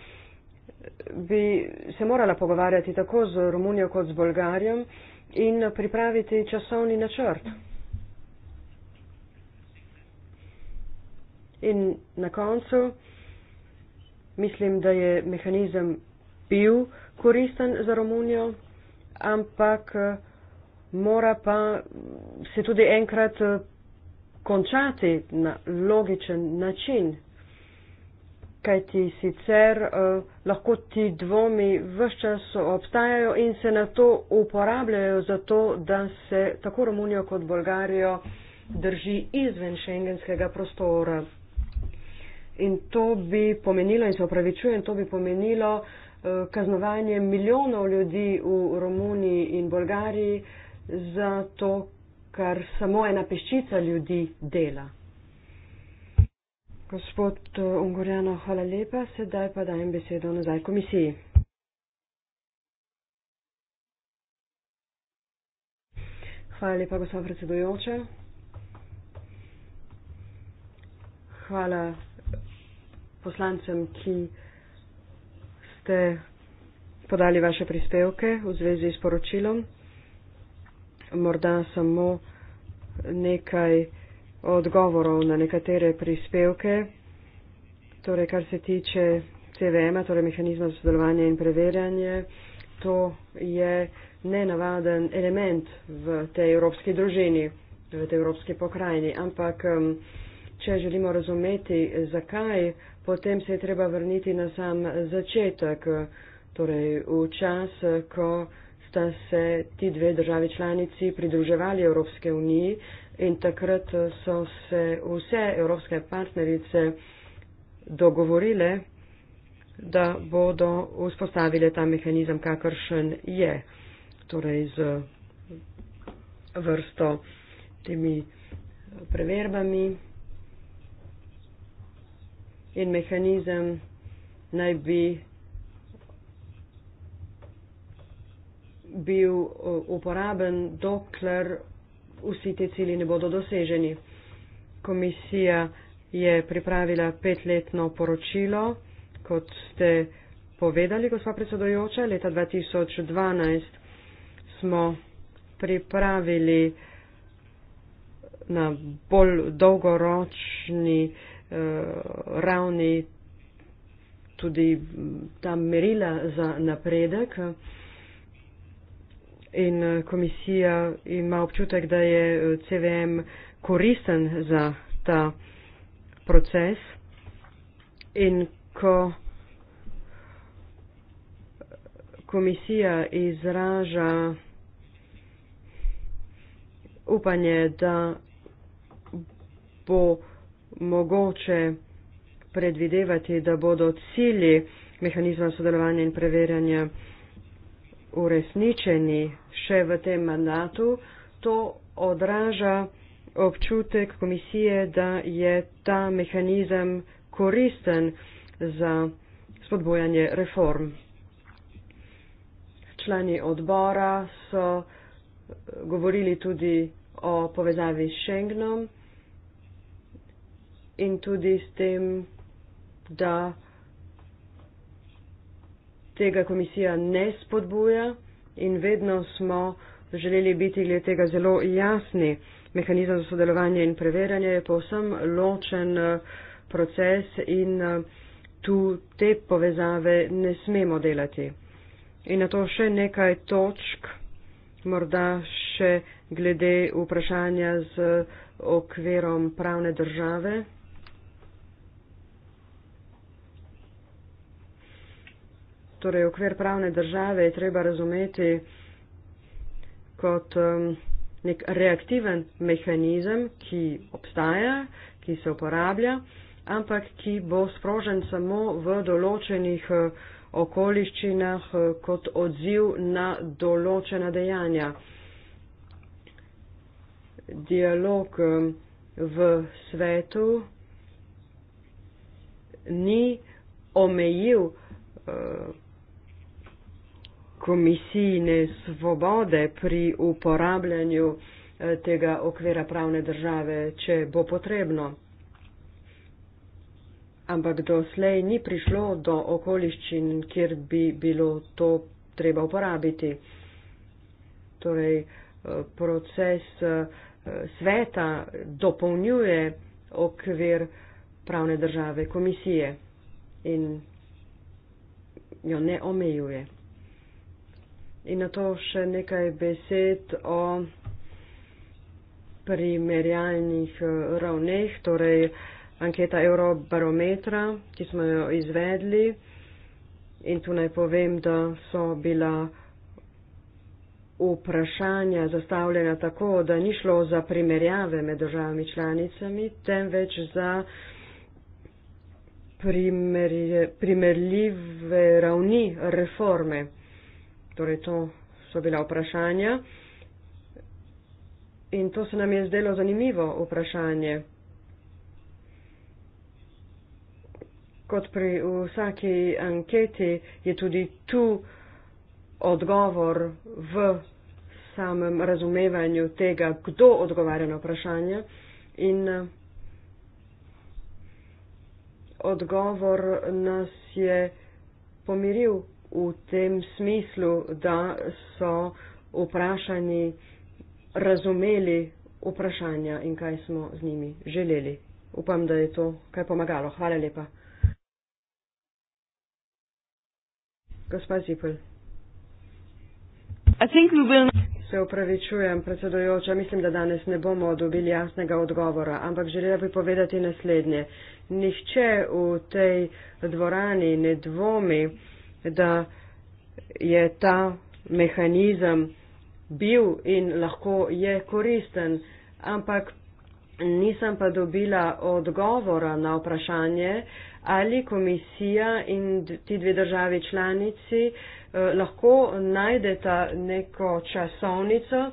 S1: bi se morala pogovarjati tako z Romunijo kot z Bolgarijo in pripraviti časovni načrt. In na koncu mislim, da je mehanizem bil koristen za Romunijo, ampak mora pa se tudi enkrat končati na logičen način kajti sicer uh, lahko ti dvomi vse čas obstajajo in se na to uporabljajo zato, da se tako Romunijo kot Bolgarijo drži izven šengenskega prostora. In to bi pomenilo, in se opravičujem, to bi pomenilo uh, kaznovanje milijonov ljudi v Romuniji in Bolgariji za to, kar samo ena peščica ljudi dela. Gospod eh, Ungorjano, hvala lepa. Sedaj pa dajem besedo nazaj komisiji. Hvala lepa, gospod predsedujoče. Hvala poslancem, ki ste podali vaše prispevke v zvezi s poročilom. Morda samo nekaj odgovorov na nekatere prispevke, torej kar se tiče CVM-a, torej mehanizma za sodelovanje in preverjanje. To je nenavaden element v tej evropski družini, v tej evropski pokrajini. Ampak, če želimo razumeti, zakaj, potem se je treba vrniti na sam začetek, torej v čas, ko sta se ti dve državi članici pridruževali Evropske uniji in takrat so se vse evropske partnerice dogovorile, da bodo vzpostavile ta mehanizem, kakršen je, torej z vrsto temi preverbami. In mehanizem naj bi bil eh, uporaben, dokler vsi ti cili ne bodo doseženi. Komisija je pripravila petletno poročilo, kot ste povedali, gospa predsedojoča, leta 2012 smo pripravili na bolj dolgoročni eh, ravni tudi ta merila za napredek. Eh, in eh, komisija ima občutek, da je eh, CVM koristen za ta proces. In ko komisija izraža upanje, da bo mogoče predvidevati, da bodo cilji mehanizma sodelovanja in preverjanja uresničeni še v tem mandatu, to odraža občutek komisije, da je ta mehanizem koristen za spodbojanje reform. Člani odbora so eh, govorili tudi o povezavi s Schengenom in tudi s tem, da tega komisija ne spodbuja in vedno smo želeli biti glede tega zelo jasni. Mehanizem za sodelovanje in preverjanje je povsem ločen eh, proces in eh, tu te povezave ne smemo delati. In na to še nekaj točk, morda še glede vprašanja z okvirom pravne države. Torej, okvir pravne države je treba razumeti kot um, nek reaktiven mehanizem, ki obstaja, ki se uporablja, ampak ki bo sprožen samo v določenih uh, okoliščinah uh, kot odziv na določena dejanja. Dialog um, v svetu ni omejil uh, komisijne svobode pri uporabljanju eh, tega okvira pravne države, če bo potrebno. Ampak doslej ni prišlo do okoliščin, kjer bi bilo to treba uporabiti. Torej, eh, proces eh, sveta dopolnjuje okvir pravne države komisije in jo ne omejuje. In na to še nekaj besed o primerjalnih eh, ravneh, torej anketa Eurobarometra, ki smo jo izvedli. In tu naj povem, da so bila vprašanja zastavljena tako, da ni šlo za primerjave med državami članicami, temveč za primerje, primerljive ravni reforme. Torej, to so bila vprašanja. In to se nam je zdelo zanimivo vprašanje. Kot pri vsaki anketi je tudi tu odgovor v samem razumevanju tega, kdo odgovarja na vprašanje in odgovor nas je pomiril v tem smislu, da so vprašani razumeli vprašanja in kaj smo z njimi želeli. Upam, da je to kaj pomagalo. Hvala lepa. Gospa Zipel. Will... Se upravičujem, predsedojoča, mislim, da danes ne bomo dobili jasnega odgovora, ampak želela bi povedati naslednje. Nihče v tej dvorani ne dvomi, da je ta mehanizem bil in lahko je koristen, ampak nisem pa dobila odgovora na vprašanje, ali komisija in ti dve državi članici eh, lahko najdeta neko časovnico, eh,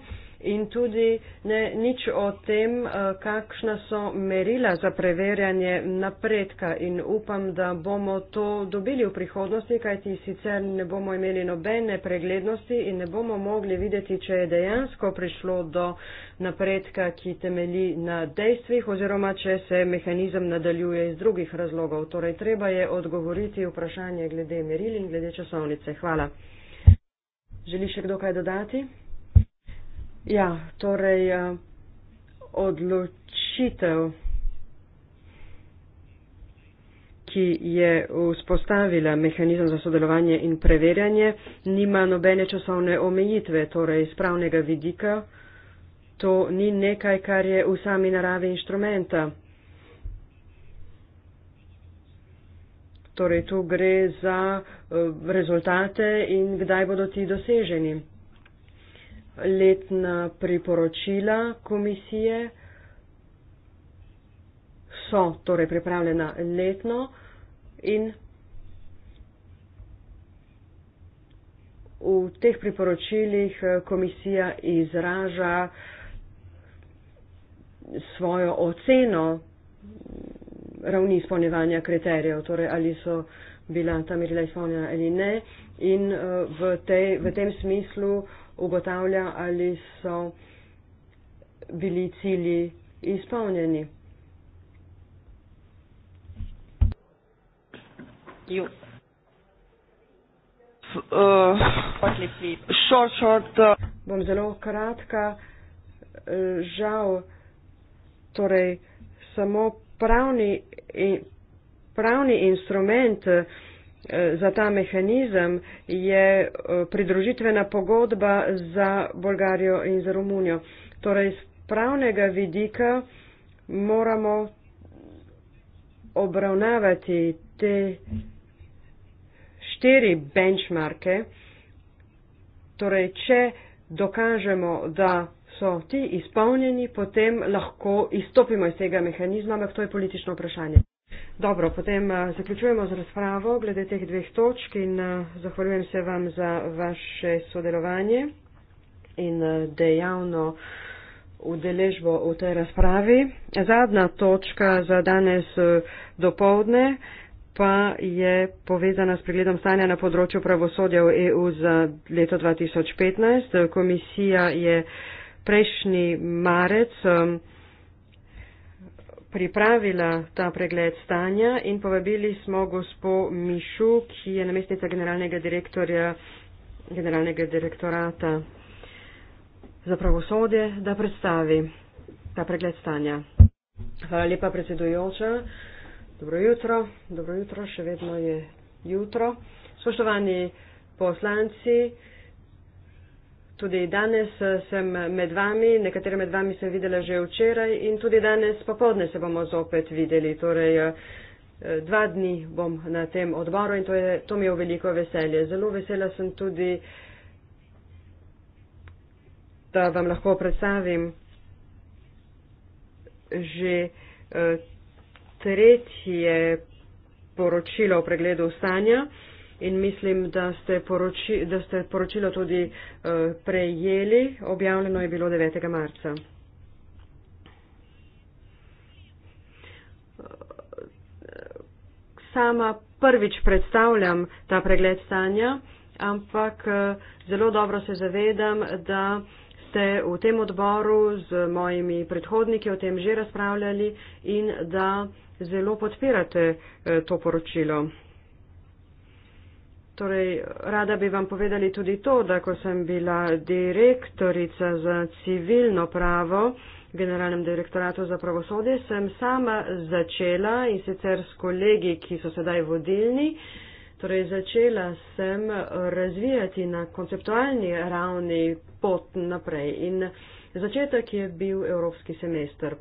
S1: in tudi ne, nič o tem, eh, kakšna so merila za preverjanje napredka in upam, da bomo to dobili v prihodnosti, kajti sicer ne bomo imeli nobene preglednosti in ne bomo mogli videti, če je dejansko prišlo do napredka, ki temeli na dejstvih oziroma če se mehanizem nadaljuje iz drugih razlogov. Torej, treba je odgovoriti vprašanje glede meril in glede časovnice. Hvala. Želi še kdo kaj dodati? Ja, torej eh, odločitev, ki je vzpostavila mehanizem za sodelovanje in preverjanje, nima nobene časovne omejitve, torej iz pravnega vidika. To ni nekaj, kar je v sami naravi inštrumenta. Torej, tu gre za eh, rezultate in kdaj bodo ti doseženi letna priporočila komisije so torej pripravljena letno in v teh priporočilih eh, komisija izraža svojo oceno ravni izpolnjevanja kriterijev, torej ali so bila ta merila izpolnjena ali ne. In eh, v, tej, v tem smislu ugotavlja, ali so bili cilji izpolnjeni. Uh, short, short, uh. Bom zelo kratka, eh, žal, torej samo pravni, pravni instrument. Uh, za ta mehanizem je eh, pridružitvena pogodba za Bolgarijo in za Romunijo. Torej, iz pravnega vidika moramo obravnavati te štiri benchmarke, torej, če dokažemo, da so ti izpolnjeni, potem lahko izstopimo iz tega mehanizma, ampak to je politično vprašanje. Dobro, potem eh, zaključujemo z razpravo glede teh dveh točk in eh, zahvaljujem se vam za vaše sodelovanje in eh, dejavno udeležbo v tej razpravi. Zadnja točka za danes dopovdne pa je povezana s pregledom stanja na področju pravosodja v EU za leto 2015. Komisija je prejšnji marec pripravila ta pregled stanja in povabili smo gospo Mišu, ki je namestnica generalnega direktorja generalnega direktorata za pravosodje, da predstavi ta pregled stanja. Hvala lepa, predsedujoča. Dobro jutro. Dobro jutro, še vedno je jutro. Spoštovani poslanci, Tudi danes eh, sem med vami, nekatere med vami sem videla že včeraj in tudi danes popovdne se bomo zopet videli. Torej, eh, dva dni bom na tem odboru in to, je, to mi je v veliko veselje. Zelo vesela sem tudi, da vam lahko predstavim že eh, tretje poročilo o pregledu stanja in mislim, da ste, poroči, da ste poročilo tudi uh, prejeli. Objavljeno je bilo 9. marca. Eh, sama prvič predstavljam ta pregled stanja, ampak eh, zelo dobro se zavedam, da ste v tem odboru z mojimi predhodniki o tem že razpravljali in da zelo podpirate to poročilo. Torej, rada bi vam povedali tudi to, da ko sem bila direktorica za civilno pravo v Generalnem direktoratu za pravosodje, sem sama začela in sicer s kolegi, ki so sedaj vodilni, torej začela sem razvijati na konceptualni ravni pot naprej. In začetek je bil evropski semester.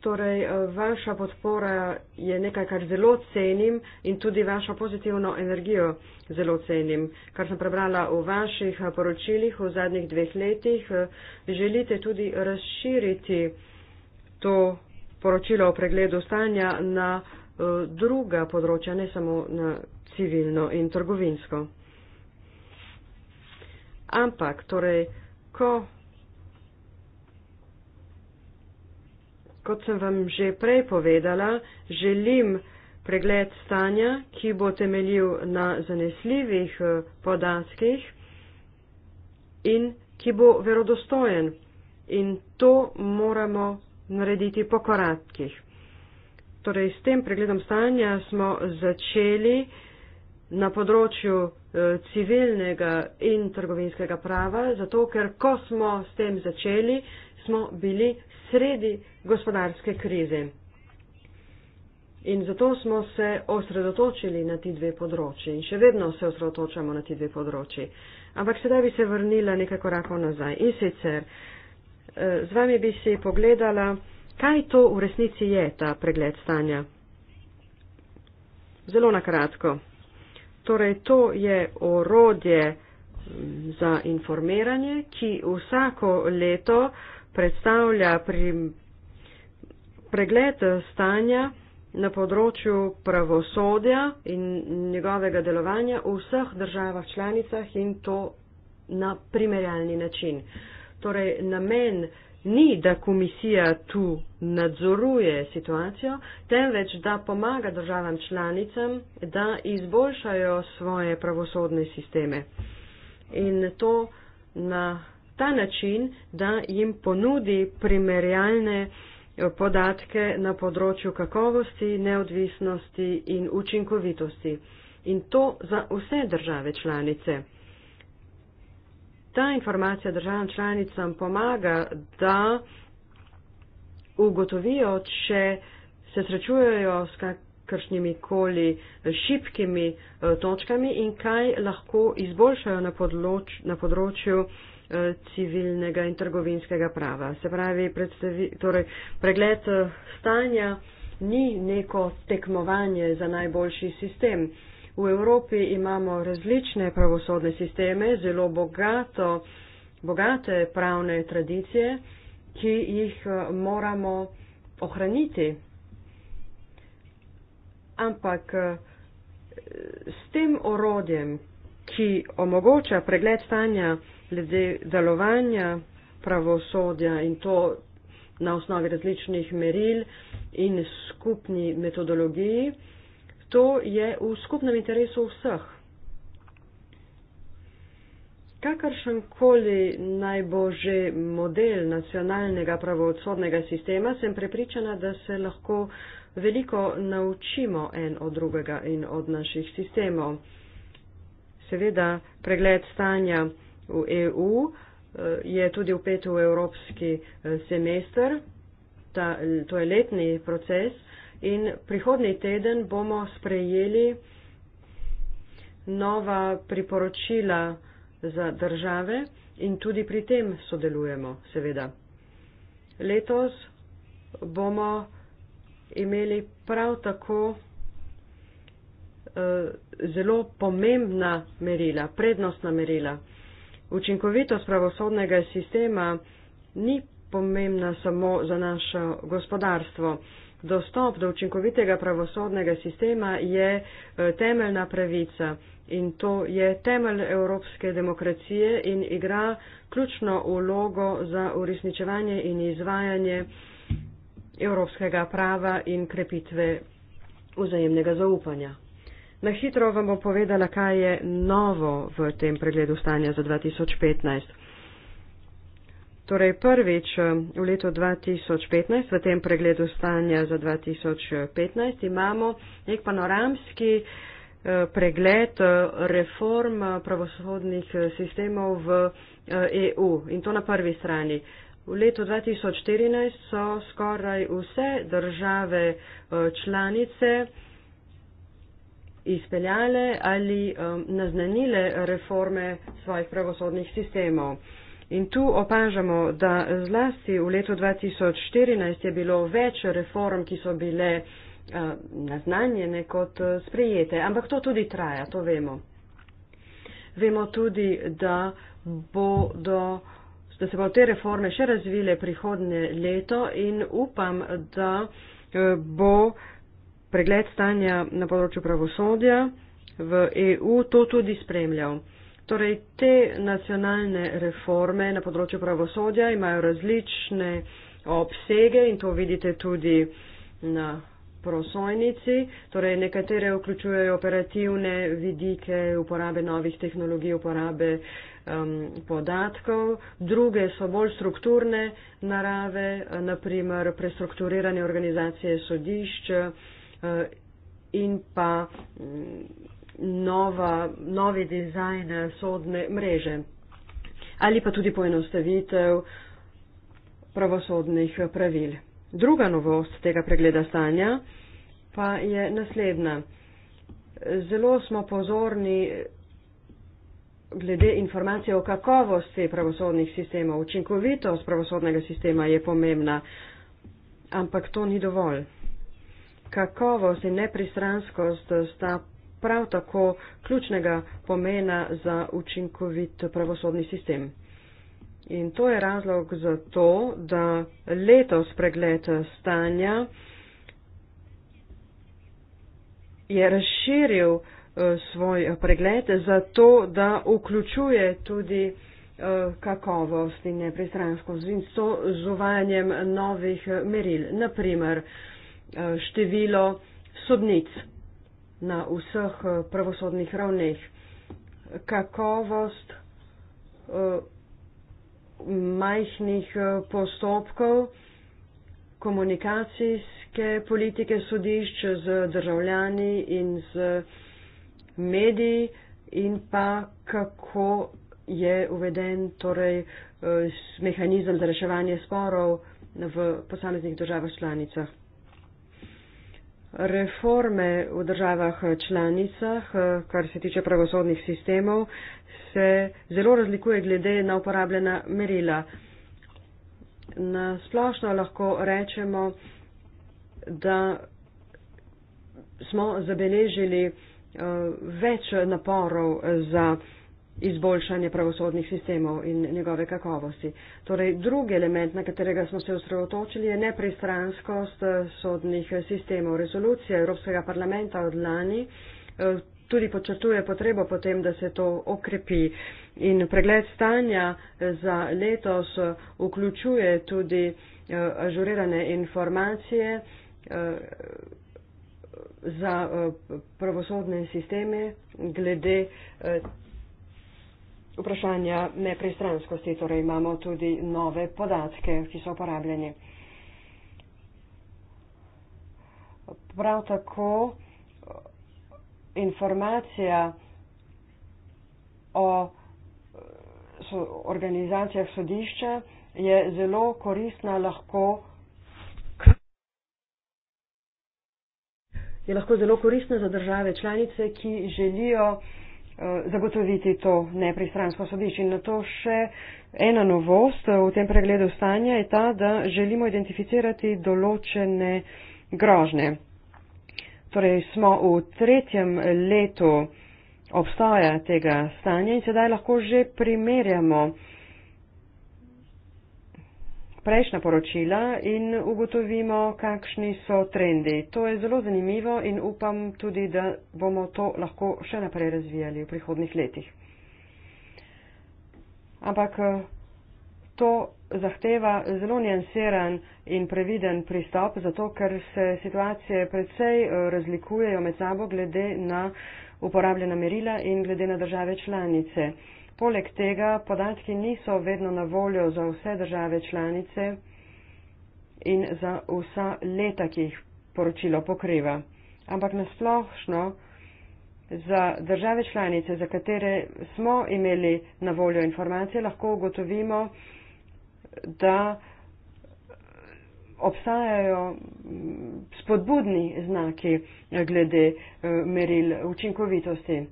S1: Torej, eh, vaša podpora je nekaj, kar zelo cenim in tudi vašo pozitivno energijo zelo cenim. Kar sem prebrala v vaših eh, poročilih v zadnjih dveh letih, eh, želite tudi razširiti to poročilo o pregledu stanja na druga področja, ne samo na civilno in trgovinsko. Ampak, torej, ko Kot sem vam že prej povedala, želim pregled stanja, ki bo temeljil na zanesljivih eh, podatkih in ki bo verodostojen. In to moramo narediti po koratkih. Torej, s tem pregledom stanja smo začeli na področju eh, civilnega in trgovinskega prava, zato ker ko smo s tem začeli, smo bili sredi gospodarske krize. In zato smo se osredotočili na ti dve področji in še vedno se osredotočamo na ti dve področji. Ampak sedaj bi se vrnila nekaj korakov nazaj. In sicer eh, z vami bi si pogledala, kaj to v resnici je ta pregled stanja. Zelo na kratko. Torej, to je orodje mm, za informiranje, ki vsako leto uh, predstavlja pri pregled stanja na področju pravosodja in njegovega delovanja v vseh državah članicah in to na primerjalni način. Torej, namen ni, da komisija tu nadzoruje situacijo, temveč, da pomaga državam članicam, da izboljšajo svoje pravosodne sisteme. In to na ta način, da jim ponudi primerjalne eh, podatke na področju kakovosti, neodvisnosti in učinkovitosti. In to za vse države članice. Ta informacija državam članicam pomaga, da ugotovijo, če se srečujejo s kakršnimi koli šipkimi eh, točkami in kaj lahko izboljšajo na, podloč, na področju Eh, civilnega in trgovinskega prava. Se pravi, predstavi, torej, pregled eh, stanja ni neko tekmovanje za najboljši sistem. V Evropi imamo različne pravosodne sisteme, zelo bogato, bogate pravne tradicije, ki jih eh, moramo ohraniti. Ampak s tem orodjem, ki omogoča pregled stanja, glede delovanja pravosodja in to na osnovi različnih meril in skupni metodologiji, to je v skupnem interesu vseh. Kakršen koli naj bo že model nacionalnega pravosodnega sistema, sem prepričana, da se lahko veliko naučimo en od drugega in od naših sistemov. Seveda, pregled stanja v EU eh, je tudi upet v evropski eh, semester, ta, to je letni proces in prihodnji teden bomo sprejeli nova priporočila za države in tudi pri tem sodelujemo, seveda. Letos bomo imeli prav tako eh, zelo pomembna merila, prednostna merila. Učinkovitost pravosodnega sistema ni pomembna samo za naše gospodarstvo. Dostop do učinkovitega pravosodnega sistema je eh, temeljna pravica in to je temelj evropske demokracije in igra ključno ulogo za uresničevanje in izvajanje evropskega prava in krepitve vzajemnega zaupanja. Na hitro vam bom povedala, kaj je novo v tem pregledu stanja za 2015. Torej, prvič eh, v letu 2015, v tem pregledu stanja za 2015, imamo nek panoramski eh, pregled eh, reform pravosodnih sistemov v EU e in to na prvi strani. V letu 2014 so skoraj vse države članice izpeljale ali um, naznanile reforme svojih pravosodnih sistemov. In tu opažamo, da zlasti v letu 2014 je bilo več reform, ki so bile uh, naznanjene kot uh, sprejete, ampak to tudi traja, to vemo. Vemo tudi, da, bodo, da se bodo te reforme še razvile prihodne leto in upam, da uh, bo pregled stanja na področju pravosodja v EU to tudi spremljal. Torej, te nacionalne reforme na področju pravosodja imajo različne obsege in to vidite tudi na prosojnici. Torej, nekatere vključujejo operativne vidike uporabe novih tehnologij, uporabe um, podatkov, druge so bolj strukturne narave, naprimer prestrukturiranje organizacije sodišča. Eh, in pa mm, nova, novi dizajn sodne mreže ali pa tudi poenostavitev pravosodnih pravil. Druga novost tega pregleda stanja pa je naslednja. Zelo smo pozorni glede informacije o kakovosti pravosodnih sistemov. Učinkovitost pravosodnega sistema je pomembna, ampak to ni dovolj kakovost in nepristranskost sta prav tako ključnega pomena za učinkovit pravosodni sistem. In to je razlog za to, da letos pregled stanja je razširil eh, svoj pregled zato, da vključuje tudi eh, kakovost in nepristranskost in so z uvajanjem novih meril. Naprimer, Eh, število sodnic na vseh eh, pravosodnih ravneh. Kakovost eh, majhnih postopkov, komunikacijske politike sodišč z državljani in z mediji in pa kako je uveden torej, mehanizem za reševanje sporov v posameznih državah članicah. Reforme v državah eh, članicah, eh, kar se tiče pravosodnih sistemov, se zelo razlikuje glede na uporabljena merila. Na splošno lahko rečemo, da smo zabeležili eh, več naporov za izboljšanje pravosodnih sistemov in njegove kakovosti. Torej, drugi element, na katerega smo se osredotočili, je nepristranskost eh, sodnih sistemov. Rezolucija Evropskega parlamenta od lani eh, tudi počrtuje potrebo potem, da se to okrepi. In pregled stanja eh, za letos vključuje tudi ažurirane informacije za pravosodne sisteme glede vprašanja nepristranskosti, torej imamo tudi nove podatke, ki so uporabljeni. Prav tako informacija o organizacijah sodišča je zelo koristna, lahko je lahko zelo koristna za države članice, ki želijo Eh, zagotoviti to nepristransko sodišče. In na to še ena novost eh, v tem pregledu stanja je ta, da želimo identificirati določene grožne. Torej smo v tretjem letu obstoja tega stanja in sedaj lahko že primerjamo prejšnja poročila in ugotovimo, kakšni so trendi. To je zelo zanimivo in upam tudi, da bomo to lahko še naprej razvijali v prihodnih letih. Ampak eh, to zahteva zelo njenseran in previden pristop, zato ker se situacije predvsej eh, razlikujejo med sabo glede na uporabljena merila in glede na države članice. Poleg tega podatki niso vedno na voljo za vse države članice in za vsa leta, ki jih poročilo pokriva, ampak nasplošno za države članice, za katere smo imeli na voljo informacije, lahko ugotovimo, da obstajajo spodbudni znaki glede eh, meril učinkovitosti.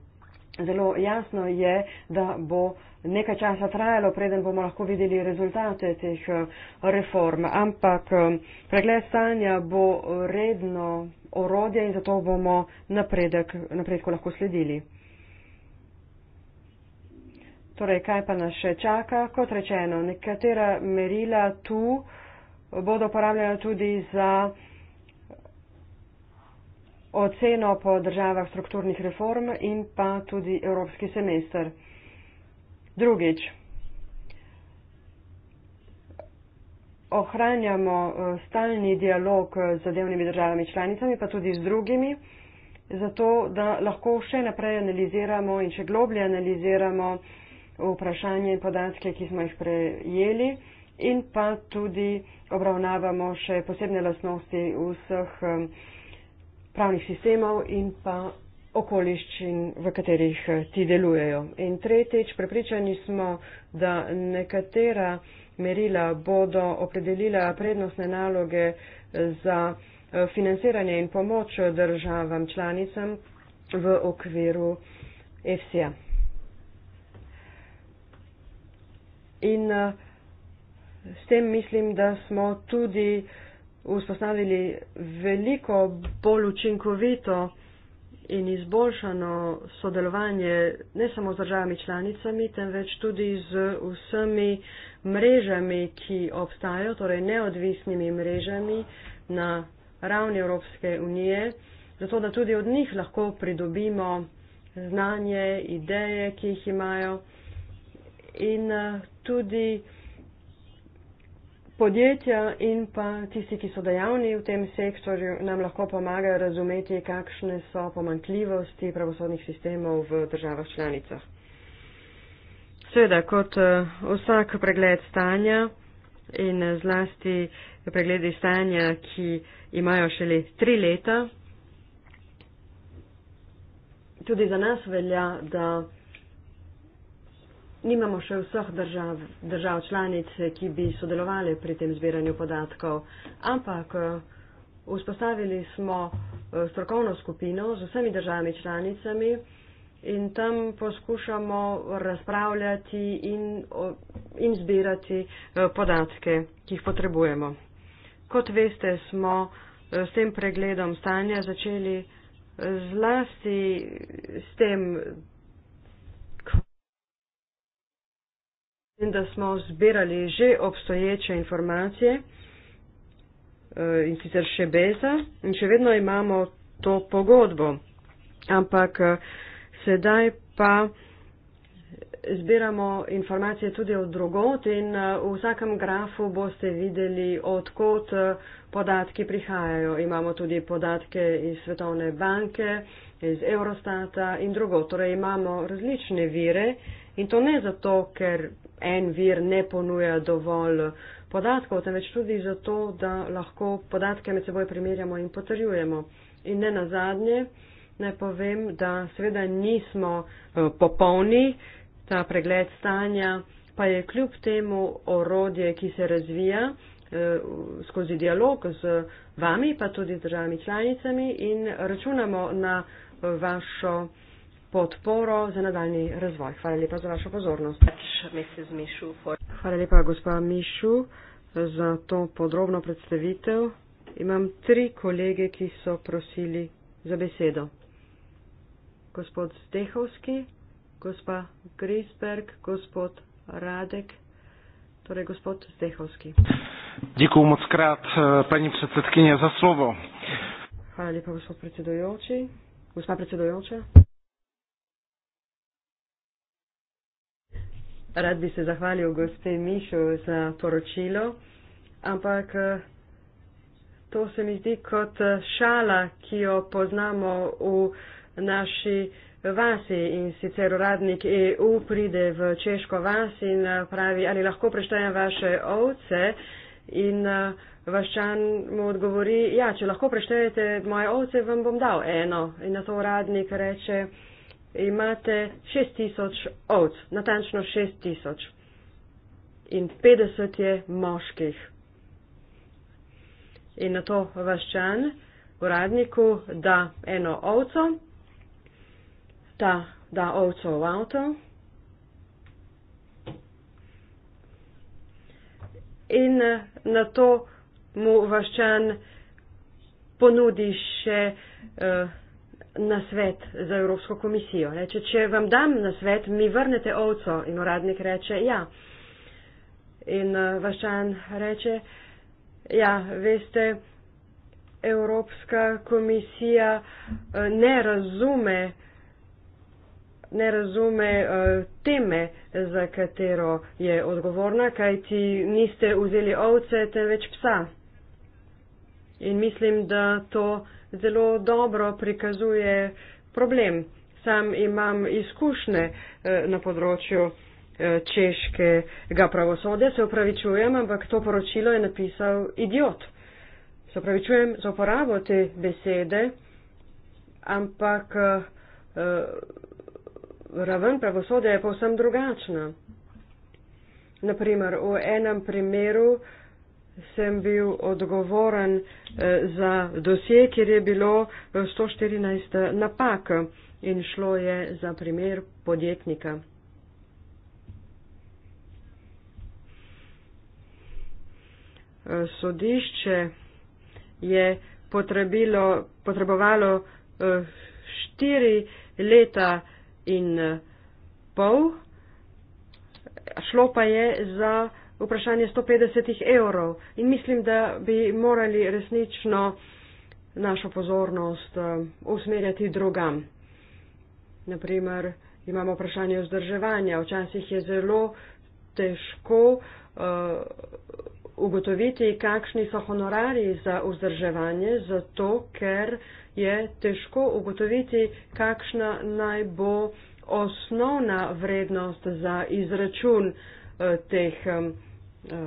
S1: Zelo jasno je, da bo nekaj časa trajalo, preden bomo lahko videli rezultate teh eh, reform, ampak eh, pregled stanja bo redno orodje in zato bomo napredek, napredku lahko sledili. Torej, kaj pa nas še čaka? Kot rečeno, nekatera merila tu bodo uporabljena tudi za oceno po državah strukturnih reform in pa tudi evropski semester. Drugič, ohranjamo eh, stalni dialog z zadevnimi državami članicami, pa tudi z drugimi, zato da lahko še naprej analiziramo in še globlje analiziramo vprašanje in podatke, ki smo jih prejeli in pa tudi obravnavamo še posebne lasnosti vseh um, pravnih sistemov in pa okoliščin, v katerih eh, ti delujejo. In tretjič, prepričani smo, da nekatera merila bodo opredelila prednostne naloge eh, za eh, financiranje in pomoč državam članicam v okviru EFSI-ja. In s tem mislim, da smo tudi uh, vzpostavili veliko bolj učinkovito in izboljšano sodelovanje ne samo z državami članicami, temveč tudi z vsemi mrežami, ki obstajajo, torej neodvisnimi mrežami na ravni Evropske unije, zato da tudi od njih lahko pridobimo znanje, ideje, ki jih imajo in eh, tudi podjetja in pa tisti, ki so dejavni v tem sektorju, nam lahko pomagajo razumeti, kakšne so pomankljivosti pravosodnih sistemov v državah članicah. Seveda, kot eh, vsak pregled stanja in eh, zlasti pregledi stanja, ki imajo šele tri leta, tudi za nas velja, da nimamo še vseh držav, držav članic, ki bi sodelovali pri tem zbiranju podatkov, ampak eh, vzpostavili smo eh, strokovno skupino z vsemi državami članicami in tam poskušamo razpravljati in, in zbirati eh, podatke, ki jih potrebujemo. Kot veste, smo s tem pregledom stanja začeli zlasti s tem, in da smo zbirali že obstoječe informacije eh, in sicer še beza in še vedno imamo to pogodbo. Ampak eh, sedaj pa zbiramo informacije tudi od drugot in eh, v vsakem grafu boste videli, odkot podatki prihajajo. Imamo tudi podatke iz Svetovne banke, iz Eurostata in drugo. Torej imamo različne vire in to ne zato, ker en vir ne ponuja dovolj podatkov, temveč tudi zato, da lahko podatke med seboj primerjamo in potrjujemo. In ne nazadnje, naj povem, da seveda nismo eh, popolni, ta pregled stanja pa je kljub temu orodje, ki se razvija eh, skozi dialog z vami, pa tudi z državami članicami in računamo na eh, vašo podporo za nadaljni razvoj. Hvala lepa za vašo pozornost. Hvala lepa, gospa Mišu, za to podrobno predstavitev. Imam tri kolege, ki so prosili za besedo. Gospod Stehovski, gospa Grisberg, gospod Radek. Torej, gospod Stehovski.
S4: Krat, za slovo.
S1: Hvala lepa, gospod predsedujoči. Gospa predsedujoča. Rad bi se zahvalil gospe Mišu za poročilo, ampak eh, to se mi zdi kot eh, šala, ki jo poznamo v naši vasi in sicer uradnik EU pride v Češko vas in eh, pravi, ali lahko preštejem vaše ovce in vaščan mu odgovori, ja, če lahko preštejete moje ovce, vam bom dal eno. In na to uradnik reče, imate 6000 ovc, natančno 6000. In 50 je moških. In na to vaščan uradniku da eno ovco, ta da ovco v avto. In eh, na to mu vaščan ponudi še uh, na svet za Evropsko komisijo. Reče, če vam dam na svet, mi vrnete ovco in uradnik reče, ja. In uh, eh, vaščan reče, ja, veste, Evropska komisija uh, ne razume, ne razume uh, teme, za katero je odgovorna, kaj ti niste vzeli ovce, temveč psa. In mislim, da to zelo dobro prikazuje problem. Sam imam izkušnje eh, na področju eh, češkega pravosodja, se upravičujem, ampak to poročilo je napisal idiot. Se upravičujem za uporabo te besede, ampak eh, raven pravosodja je povsem drugačna. Naprimer, v enem primeru uh, sem bil odgovoren eh, za dosje, kjer je bilo 114 eh, eh, napak in šlo je za primer podjetnika. Sodišče je potrebovalo štiri leta in pol, šlo pa je za vprašanje 150 evrov in mislim, da bi morali resnično našo pozornost eh, usmerjati drugam. Naprimer, imamo vprašanje vzdrževanja. Včasih je zelo težko uh, ugotoviti, kakšni so honorari za vzdrževanje, zato ker je težko ugotoviti, kakšna naj bo osnovna vrednost za izračun uh, Eh, teh, eh,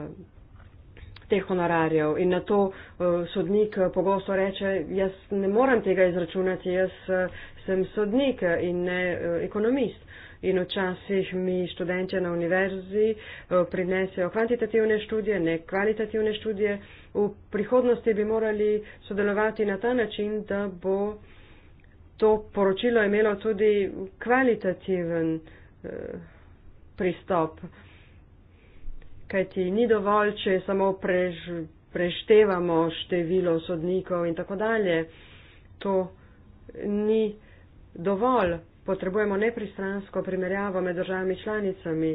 S1: teh honorarjev. In na to eh, sodnik pogosto reče, jaz ne morem tega izračunati, jaz sem sodnik in ne ekonomist. In včasih mi študentje na univerzi prinesejo kvantitativne študije, ne kvalitativne študije. V prihodnosti bi morali sodelovati na ta način, da bo to poročilo imelo tudi kvalitativen pristop kajti ni dovolj, če samo prež, preštevamo število sodnikov in tako dalje. To ni dovolj. Potrebujemo nepristransko primerjavo med državami članicami.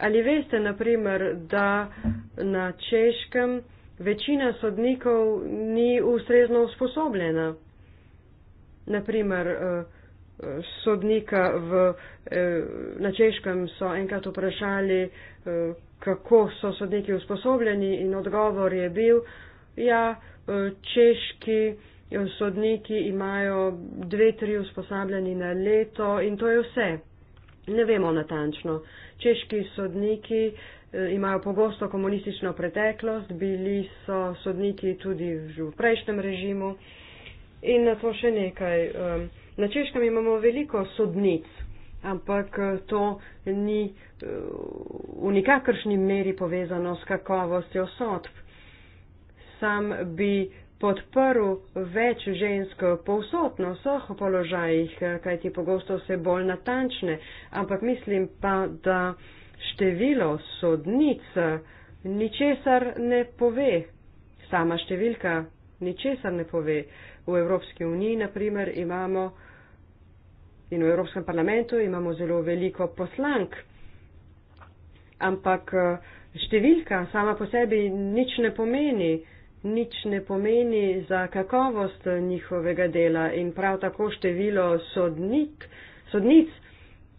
S1: Ali veste, naprimer, da na češkem večina sodnikov ni ustrezno usposobljena? Naprimer, eh, eh, sodnika v, eh, na češkem so enkrat vprašali, Eh, kako so sodniki usposobljeni in odgovor je bil, ja, eh, češki eh, sodniki imajo dve, tri usposabljeni na leto in to je vse. Ne vemo natančno. Češki sodniki imajo pogosto komunistično preteklost, bili so sodniki tudi v prejšnjem režimu. In na to še nekaj. Na češkem imamo veliko sodnic, ampak eh, to ni eh, v nikakršni meri povezano s kakovostjo sodb. Sam bi podprl več žensk povsod na vseh položajih, eh, kajti pogosto so bolj natančne, ampak mislim pa, da število sodnic ničesar ne pove. Sama številka ničesar ne pove. V Evropski uniji, naprimer, imamo in v Evropskem parlamentu imamo zelo veliko poslank, ampak eh, številka sama po sebi nič ne pomeni, nič ne pomeni za kakovost eh, njihovega dela in prav tako število sodnik, sodnic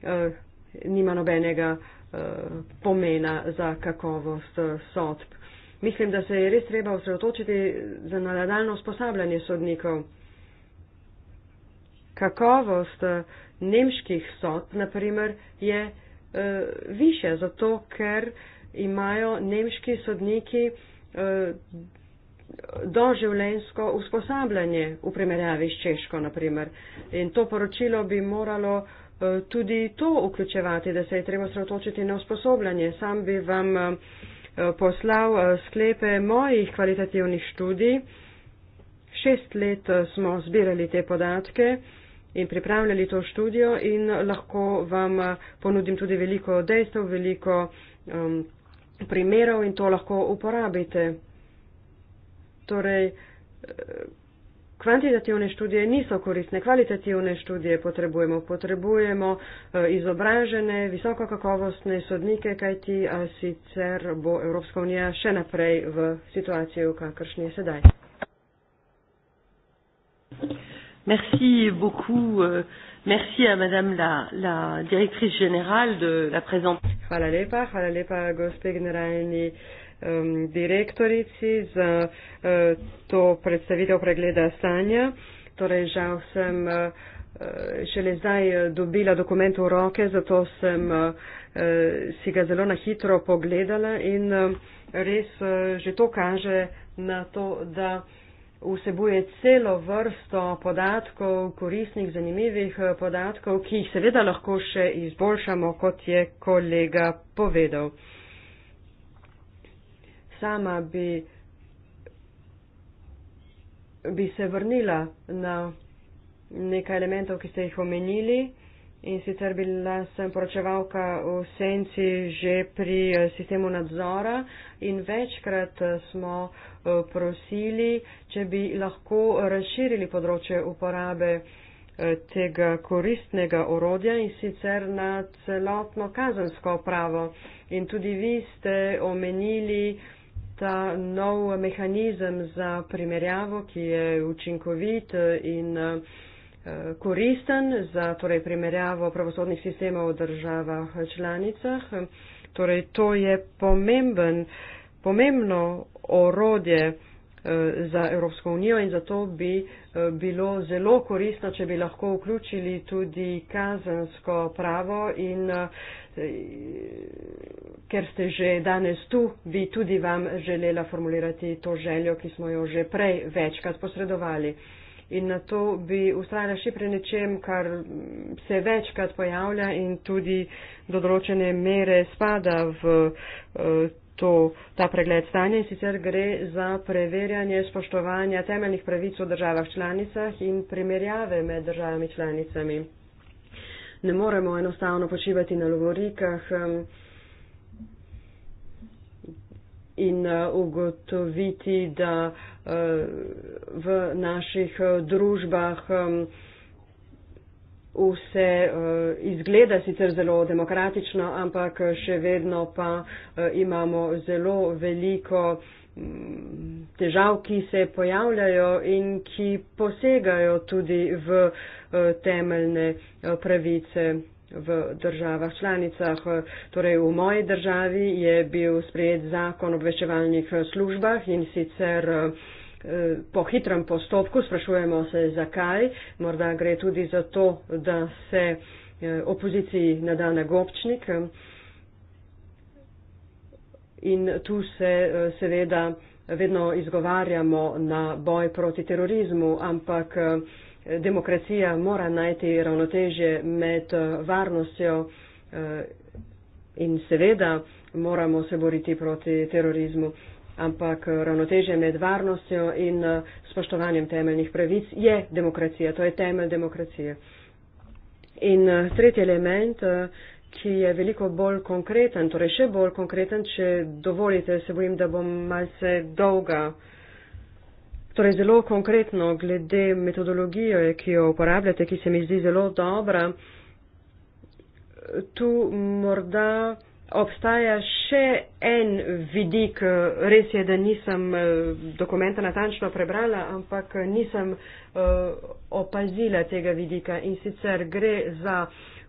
S1: eh, nima nobenega eh, pomena za kakovost eh, sodb. Mislim, da se je res treba osredotočiti za nadaljno usposabljanje sodnikov kakovost eh, nemških sod, naprimer, je uh, eh, više, zato ker imajo nemški sodniki uh, eh, doživljensko usposabljanje v primerjavi s Češko, naprimer. In to poročilo bi moralo uh, tudi to vključevati, da se je treba sredotočiti na usposabljanje. Sam bi vam uh, poslal uh, sklepe mojih kvalitativnih študij. Šest let smo zbirali te podatke in pripravljali to študijo in lahko vam eh, ponudim tudi veliko dejstev, veliko um, primerov in to lahko uporabite. Torej, eh, kvantitativne študije niso koristne, kvalitativne študije potrebujemo. Potrebujemo eh, izobražene, visoko kakovostne sodnike, kajti sicer bo Evropska unija še naprej v situacijo, kakršni je sedaj. Thank you. Merci beaucoup. Euh, merci à Madame la, la Directrice Générale de la présente. Hvala lepa, hvala lepa, gospe generalni um, direktorici za uh, to predstavitev pregleda stanja. Torej, žal sem uh, uh šele zdaj uh, dobila dokument v roke, zato sem uh, uh, si ga zelo na hitro pogledala in uh, res uh, že to kaže na to, da vsebuje celo vrsto podatkov, korisnih, zanimivih eh, podatkov, ki jih seveda lahko še izboljšamo, kot je kolega povedal. Sama bi, bi se vrnila na nekaj elementov, ki ste jih omenili. In sicer bila sem poročevalka v senci že pri eh, sistemu nadzora in večkrat eh, smo uh, Eh, prosili, če bi lahko razširili področje uporabe eh, tega koristnega orodja in sicer na celotno kazensko pravo. In tudi vi ste omenili ta nov mehanizem za primerjavo, ki je učinkovit eh, in koristen za torej, primerjavo pravosodnih sistemov v državah članicah. Torej, to je pomemben, pomembno orodje eh, za Evropsko unijo in zato bi eh, bilo zelo koristno, če bi lahko vključili tudi kazensko pravo in eh, ker ste že danes tu, bi tudi vam želela formulirati to željo, ki smo jo že prej večkrat posredovali. In na to bi ustrajala še pri nečem, kar se večkrat pojavlja in tudi do določene mere spada v to, ta pregled stanja in sicer gre za preverjanje spoštovanja temeljnih pravic v državah članicah in primerjave med državami članicami. Ne moremo enostavno počivati na logorikah um, in uh, ugotoviti, da uh, v naših uh, družbah um, vse uh, izgleda sicer zelo demokratično, ampak še vedno pa uh, imamo zelo veliko mm, težav, ki se pojavljajo in ki posegajo tudi v eh, temeljne pravice v državah članicah. Torej v moji državi je bil sprejet zakon o obveščevalnih službah in sicer po hitrem postopku, sprašujemo se zakaj, morda gre tudi za to, da se eh, opoziciji nada na gobčnik. In tu se eh, seveda vedno izgovarjamo na boj proti terorizmu, ampak eh, demokracija mora najti ravnotežje med varnostjo in seveda moramo se boriti proti terorizmu ampak eh, ravnoteže med varnostjo in eh, spoštovanjem temeljnih pravic je demokracija, to je temelj demokracije. In eh, tretji element, ki je veliko bolj konkreten, torej še bolj konkreten, če dovolite, se bojim, da bom malce dolga. Torej zelo konkretno glede metodologije, ki jo uporabljate, ki se mi zdi zelo dobra, tu morda obstaja še en vidik, res je, da nisem eh, dokumenta natančno prebrala, ampak eh, nisem eh, opazila tega vidika in sicer gre za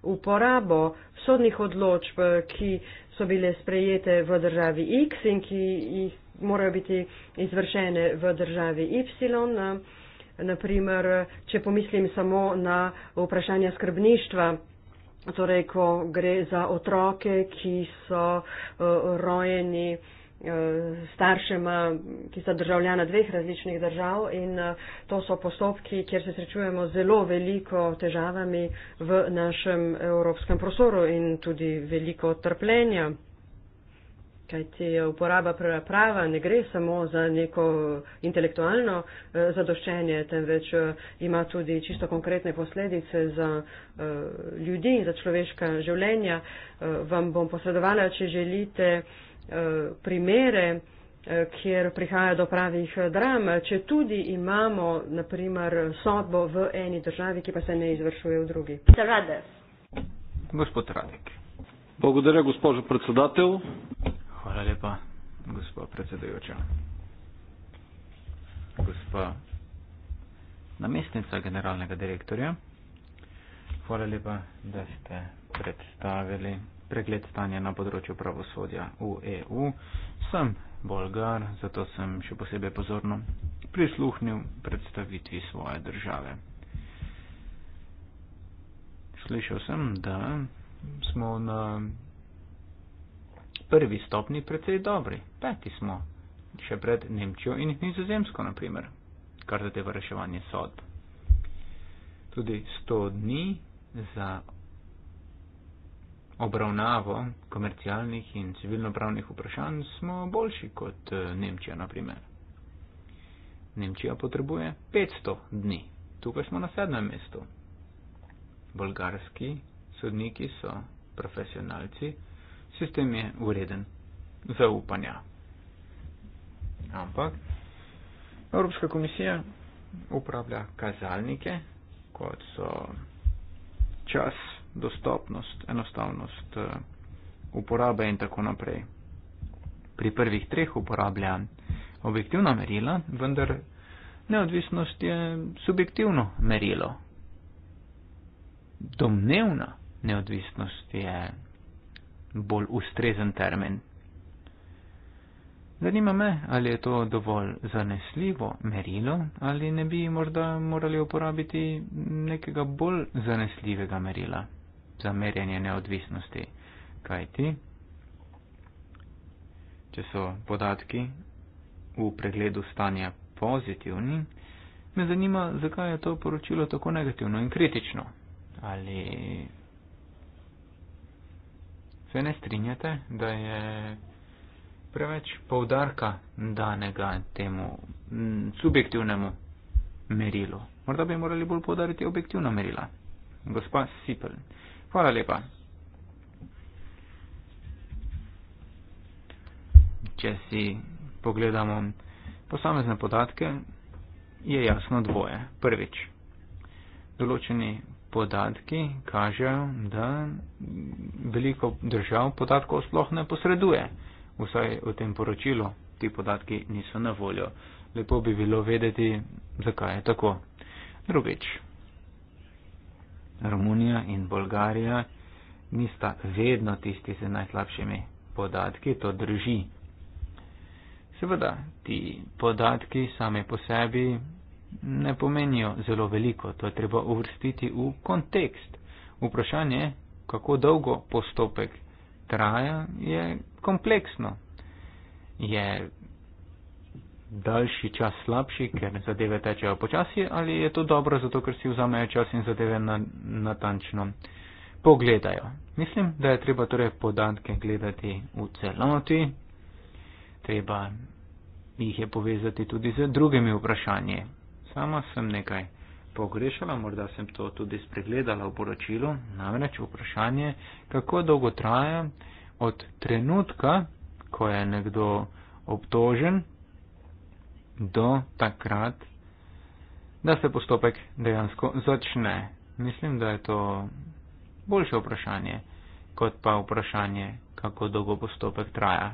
S1: uporabo sodnih odločb, ki so bile sprejete v državi X in ki jih morajo biti izvršene v državi Y. Naprimer, če pomislim samo na vprašanje skrbništva, torej, ko gre za otroke, ki so uh, rojeni eh, staršema, ki sta državljana dveh različnih držav in eh, to so postopki, kjer se srečujemo zelo veliko težavami v našem evropskem prostoru in tudi veliko trpljenja kajti uporaba prava ne gre samo za neko intelektualno eh, zadoščenje, temveč eh, ima tudi čisto konkretne posledice za eh, ljudi in za človeška življenja. Vam bom posredovala, če želite, primere, kjer prihaja do pravih dram, če tudi imamo, naprimer, sodbo v eni državi, ki pa se ne izvršuje v drugi.
S3: Gospod Radek. Благодаря, госпожо председател. Hvala lepa, gospod predsedujoča. Gospa namestnica generalnega direktorja, hvala lepa, da ste predstavili pregled stanja na področju pravosodja v EU. Sem bolgar, zato sem še posebej pozorno prisluhnil predstavitvi svoje države. Slišal sem, da smo na prvi stopni precej dobri, peti smo, še pred Nemčijo in Nizozemsko, naprimer, kar zadeva reševanje sodb. Tudi 100 dni za obravnavo komercialnih in civilno-pravnih vprašanj smo boljši kot eh, Nemčija, naprimer. Nemčija potrebuje 500 dni, tukaj smo na sedmem mestu. Bolgarski sodniki so profesionalci, sistem je ureden zaupanja. Ampak Evropska komisija uporablja kazalnike, kot so čas, dostopnost, enostavnost eh, uporabe in tako naprej. Pri prvih treh uporablja objektivna merila, vendar neodvisnost je subjektivno merilo. Domnevna neodvisnost je bolj ustrezen termin. Zanima me, ali je to dovolj zanesljivo merilo, ali ne bi morda morali uporabiti nekega bolj zanesljivega merila za merjenje neodvisnosti. Kaj ti? Če so podatki v pregledu stanja pozitivni, me zanima, zakaj je to poročilo tako negativno in kritično. Ali se ne strinjate, da je preveč povdarka danega temu subjektivnemu merilu. Morda bi morali bolj povdariti objektivna merila. Gospa Sipel, hvala lepa. Če si pogledamo posamezne podatke, je jasno dvoje. Prvič, določeni podatki kažejo, da veliko držav podatkov sploh ne posreduje. Vsaj v tem poročilu ti podatki niso na voljo. Lepo bi bilo vedeti, zakaj je tako. Drugič, Romunija in Bolgarija nista vedno tisti z najslabšimi podatki, to drži. Seveda, ti podatki sami po sebi ne pomenijo zelo veliko, to je treba uvrstiti v kontekst. Vprašanje, kako dolgo postopek traja, je kompleksno. Je daljši čas slabši, ker zadeve tečejo počasi, ali je to dobro, zato ker si vzamejo čas in zadeve natančno pogledajo. Mislim, da je treba torej podatke gledati v celoti, treba jih je povezati tudi z drugimi vprašanji. Sama sem nekaj pogrešala, morda sem to tudi spregledala v poročilu, namreč vprašanje, kako dolgo traja od trenutka, ko je nekdo obtožen, do takrat, da se postopek dejansko začne. Mislim, da je to boljše vprašanje, kot pa vprašanje, kako dolgo postopek traja.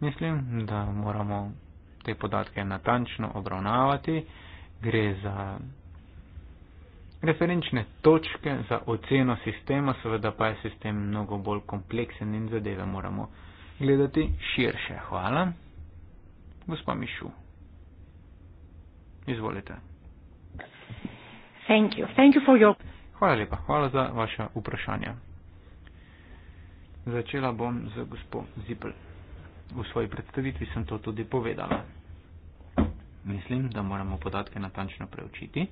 S3: Mislim, da moramo te podatke natančno obravnavati. Gre za referenčne točke za oceno sistema, seveda pa je sistem mnogo bolj kompleksen in zadeve moramo gledati širše. Hvala. Gospa Mišu, izvolite.
S1: Thank you. Thank you for your...
S3: Hvala lepa, hvala za vaše vprašanje. Začela bom z gospod Zipel. V svoji predstavitvi sem to tudi povedala. Mislim, da moramo podatke natančno preučiti.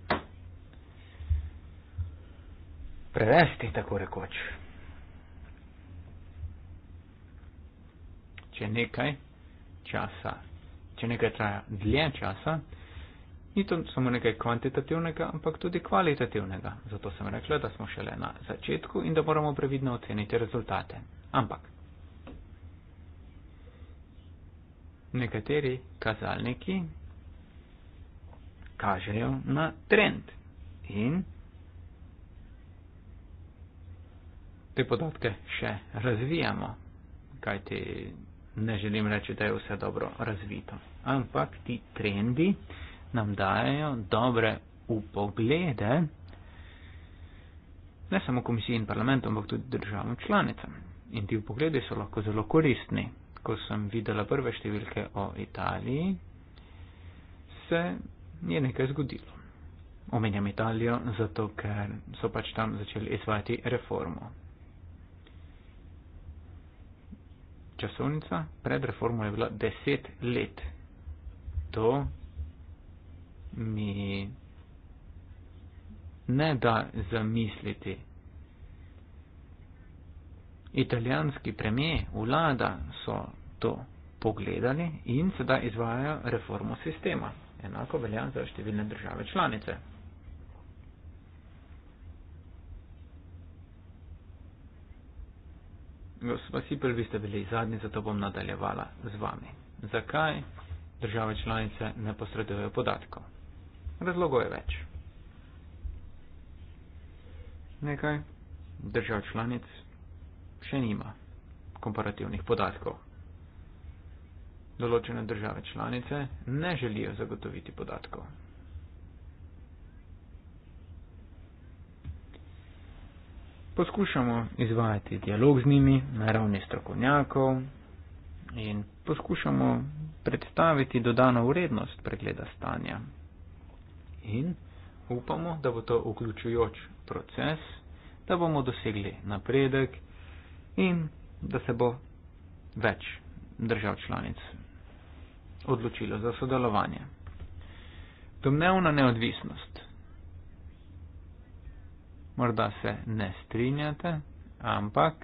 S3: Prevesti, tako rekoč. Če nekaj časa, če nekaj traja dlje časa, ni to samo nekaj kvantitativnega, ampak tudi kvalitativnega. Zato sem rekla, da smo šele na začetku in da moramo previdno oceniti rezultate. Ampak. Nekateri kazalniki kažejo na trend in te podatke še razvijamo, kajti ne želim reči, da je vse dobro razvito, ampak ti trendi nam dajo dobre upoglede ne samo komisiji in parlamentu, ampak tudi državam članicam. In ti upogledi so lahko zelo koristni. Ko sem videla prve številke o Italiji, se je nekaj zgodilo. Omenjam Italijo, zato ker so pač tam začeli izvajati reformo. Časovnica pred reformo je bila deset let. To mi ne da zamisliti. Italijanski premije, vlada so to pogledali in sedaj izvajajo reformo sistema enako velja za številne države članice. Gospa Sipel, vi ste bili zadnji, zato bom nadaljevala z vami. Zakaj države članice ne posredujejo podatkov? Razlogov je več. Nekaj držav članic še nima komparativnih podatkov določene države članice ne želijo zagotoviti podatkov. Poskušamo izvajati dialog z njimi na ravni strokovnjakov in poskušamo predstaviti dodano vrednost pregleda stanja. In upamo, da bo to vključujoč proces, da bomo dosegli napredek in da se bo več držav članic odločilo za sodelovanje. Domnevna neodvisnost. Morda se ne strinjate, ampak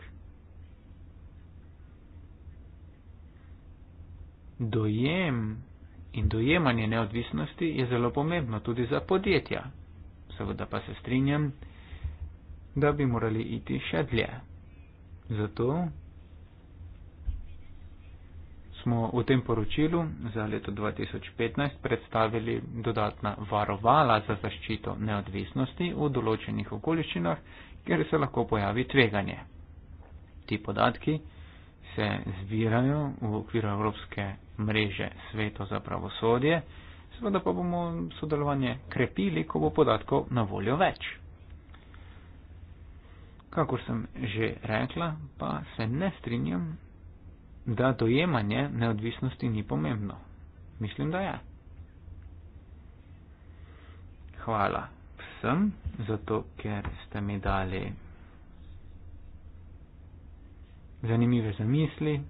S3: dojem in dojemanje neodvisnosti je zelo pomembno tudi za podjetja. Seveda pa se strinjam, da bi morali iti še dlje. Zato smo v tem poročilu za leto 2015 predstavili dodatna varovala za zaščito neodvisnosti v določenih okoliščinah, kjer se lahko pojavi tveganje. Ti podatki se zbirajo v okviru Evropske mreže Sveto za pravosodje, seveda pa bomo sodelovanje krepili, ko bo podatkov na voljo več. Kakor sem že rekla, pa se ne strinjam da dojemanje neodvisnosti ni pomembno. Mislim, da je. Hvala vsem, zato ker ste mi dali zanimive zamisli,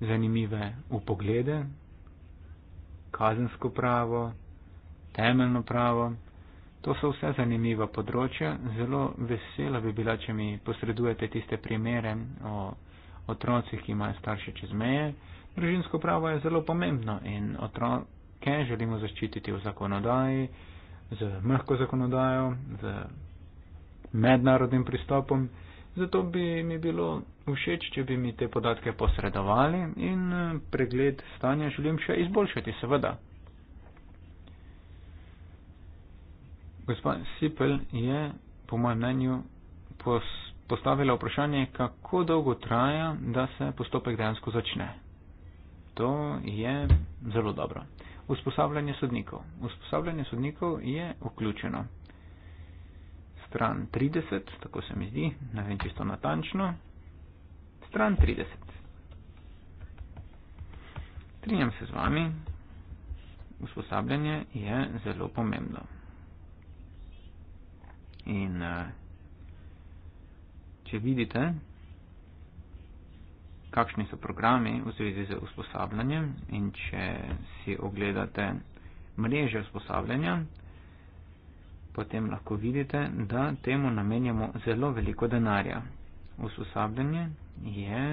S3: zanimive upoglede, kazensko pravo, temeljno pravo. To so vse zanimiva področja. Zelo vesela bi bila, če mi posredujete tiste primere o otrocih, ki imajo starše čez meje. Družinsko pravo je zelo pomembno in otroke želimo zaščititi v zakonodaji, z mehko zakonodajo, z mednarodnim pristopom. Zato bi mi bilo všeč, če bi mi te podatke posredovali in eh, pregled stanja želim še izboljšati, seveda. Gospod Sipel je, po mojem mnenju, postavila vprašanje, kako dolgo traja, da se postopek dejansko začne. To je zelo dobro. Usposabljanje sodnikov. Usposabljanje sodnikov je vključeno. Stran 30, tako se mi zdi, ne vem čisto natančno. Stran 30. Strinjam se z vami, usposabljanje je zelo pomembno. In uh, če vidite, kakšni so programi v zvezi z usposabljanjem in če si ogledate mreže usposabljanja, potem lahko vidite, da temu namenjamo zelo veliko denarja. Usposabljanje je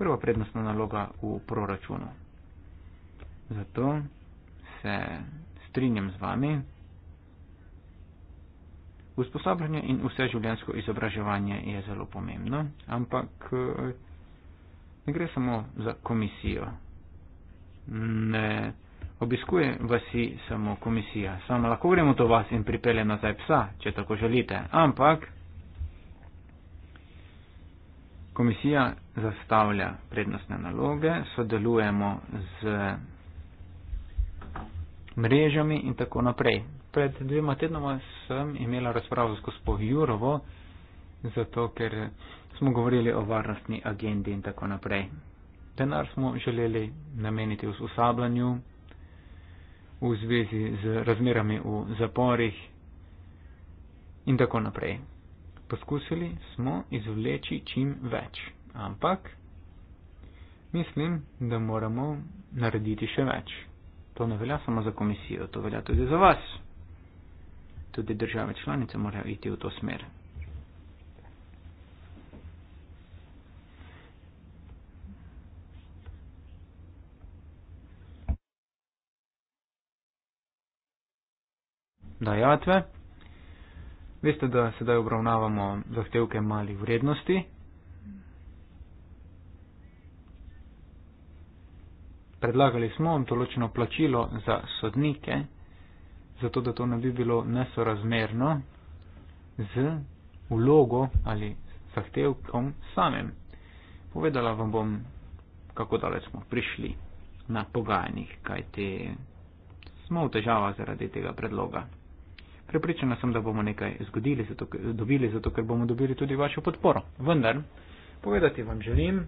S3: prva prednostna naloga v proračunu. Zato se strinjam z vami, usposabljanje in vse življensko izobraževanje je zelo pomembno, ampak eh, ne gre samo za komisijo. Ne obiskuje vasi samo komisija. Samo lahko gremo do vas in pripelje nazaj psa, če tako želite. Ampak komisija zastavlja prednostne naloge, sodelujemo z mrežami in tako naprej pred dvema tednoma sem imela razpravo z gospo Jurovo, zato ker smo govorili o varnostni agendi in tako naprej. Denar smo želeli nameniti usposabljanju v zvezi z razmerami v zaporih in tako naprej. Poskusili smo izvleči čim več, ampak mislim, da moramo narediti še več. To ne velja samo za komisijo, to velja tudi za vas tudi države članice morajo iti v to smer. Dajatve. Veste, da sedaj obravnavamo zahtevke malih vrednosti. Predlagali smo določeno plačilo za sodnike, zato da to ne bi bilo nesorazmerno z vlogo ali zahtevkom samem. Povedala vam bom, kako daleč smo prišli na pogajanjih, kaj te smo v težava zaradi tega predloga. Prepričana sem, da bomo nekaj zgodili, zato, dobili, zato ker bomo dobili tudi vašo podporo. Vendar, povedati vam želim,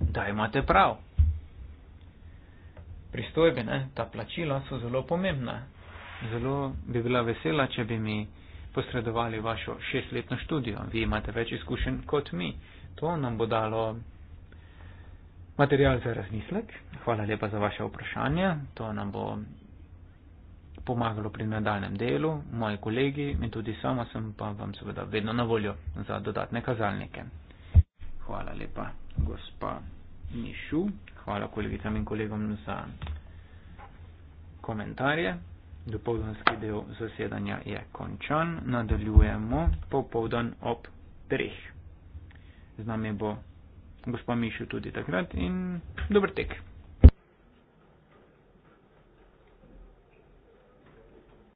S3: da imate prav. Pristojbe, ta plačila so zelo pomembna, Zelo bi bila vesela, če bi mi posredovali vašo šestletno študijo. Vi imate več izkušenj kot mi. To nam bo dalo material za razmislek. Hvala lepa za vaše vprašanje. To nam bo pomagalo pri nadaljem delu. Moji kolegi in tudi sama sem pa vam seveda vedno na voljo za dodatne kazalnike. Hvala lepa, gospa Mišu. Hvala kolegicam in kolegom za komentarje dopoldanski del zasedanja je končan. Nadaljujemo popoldan ob treh. Z nami bo gospod Mišel tudi takrat in
S2: dober tek.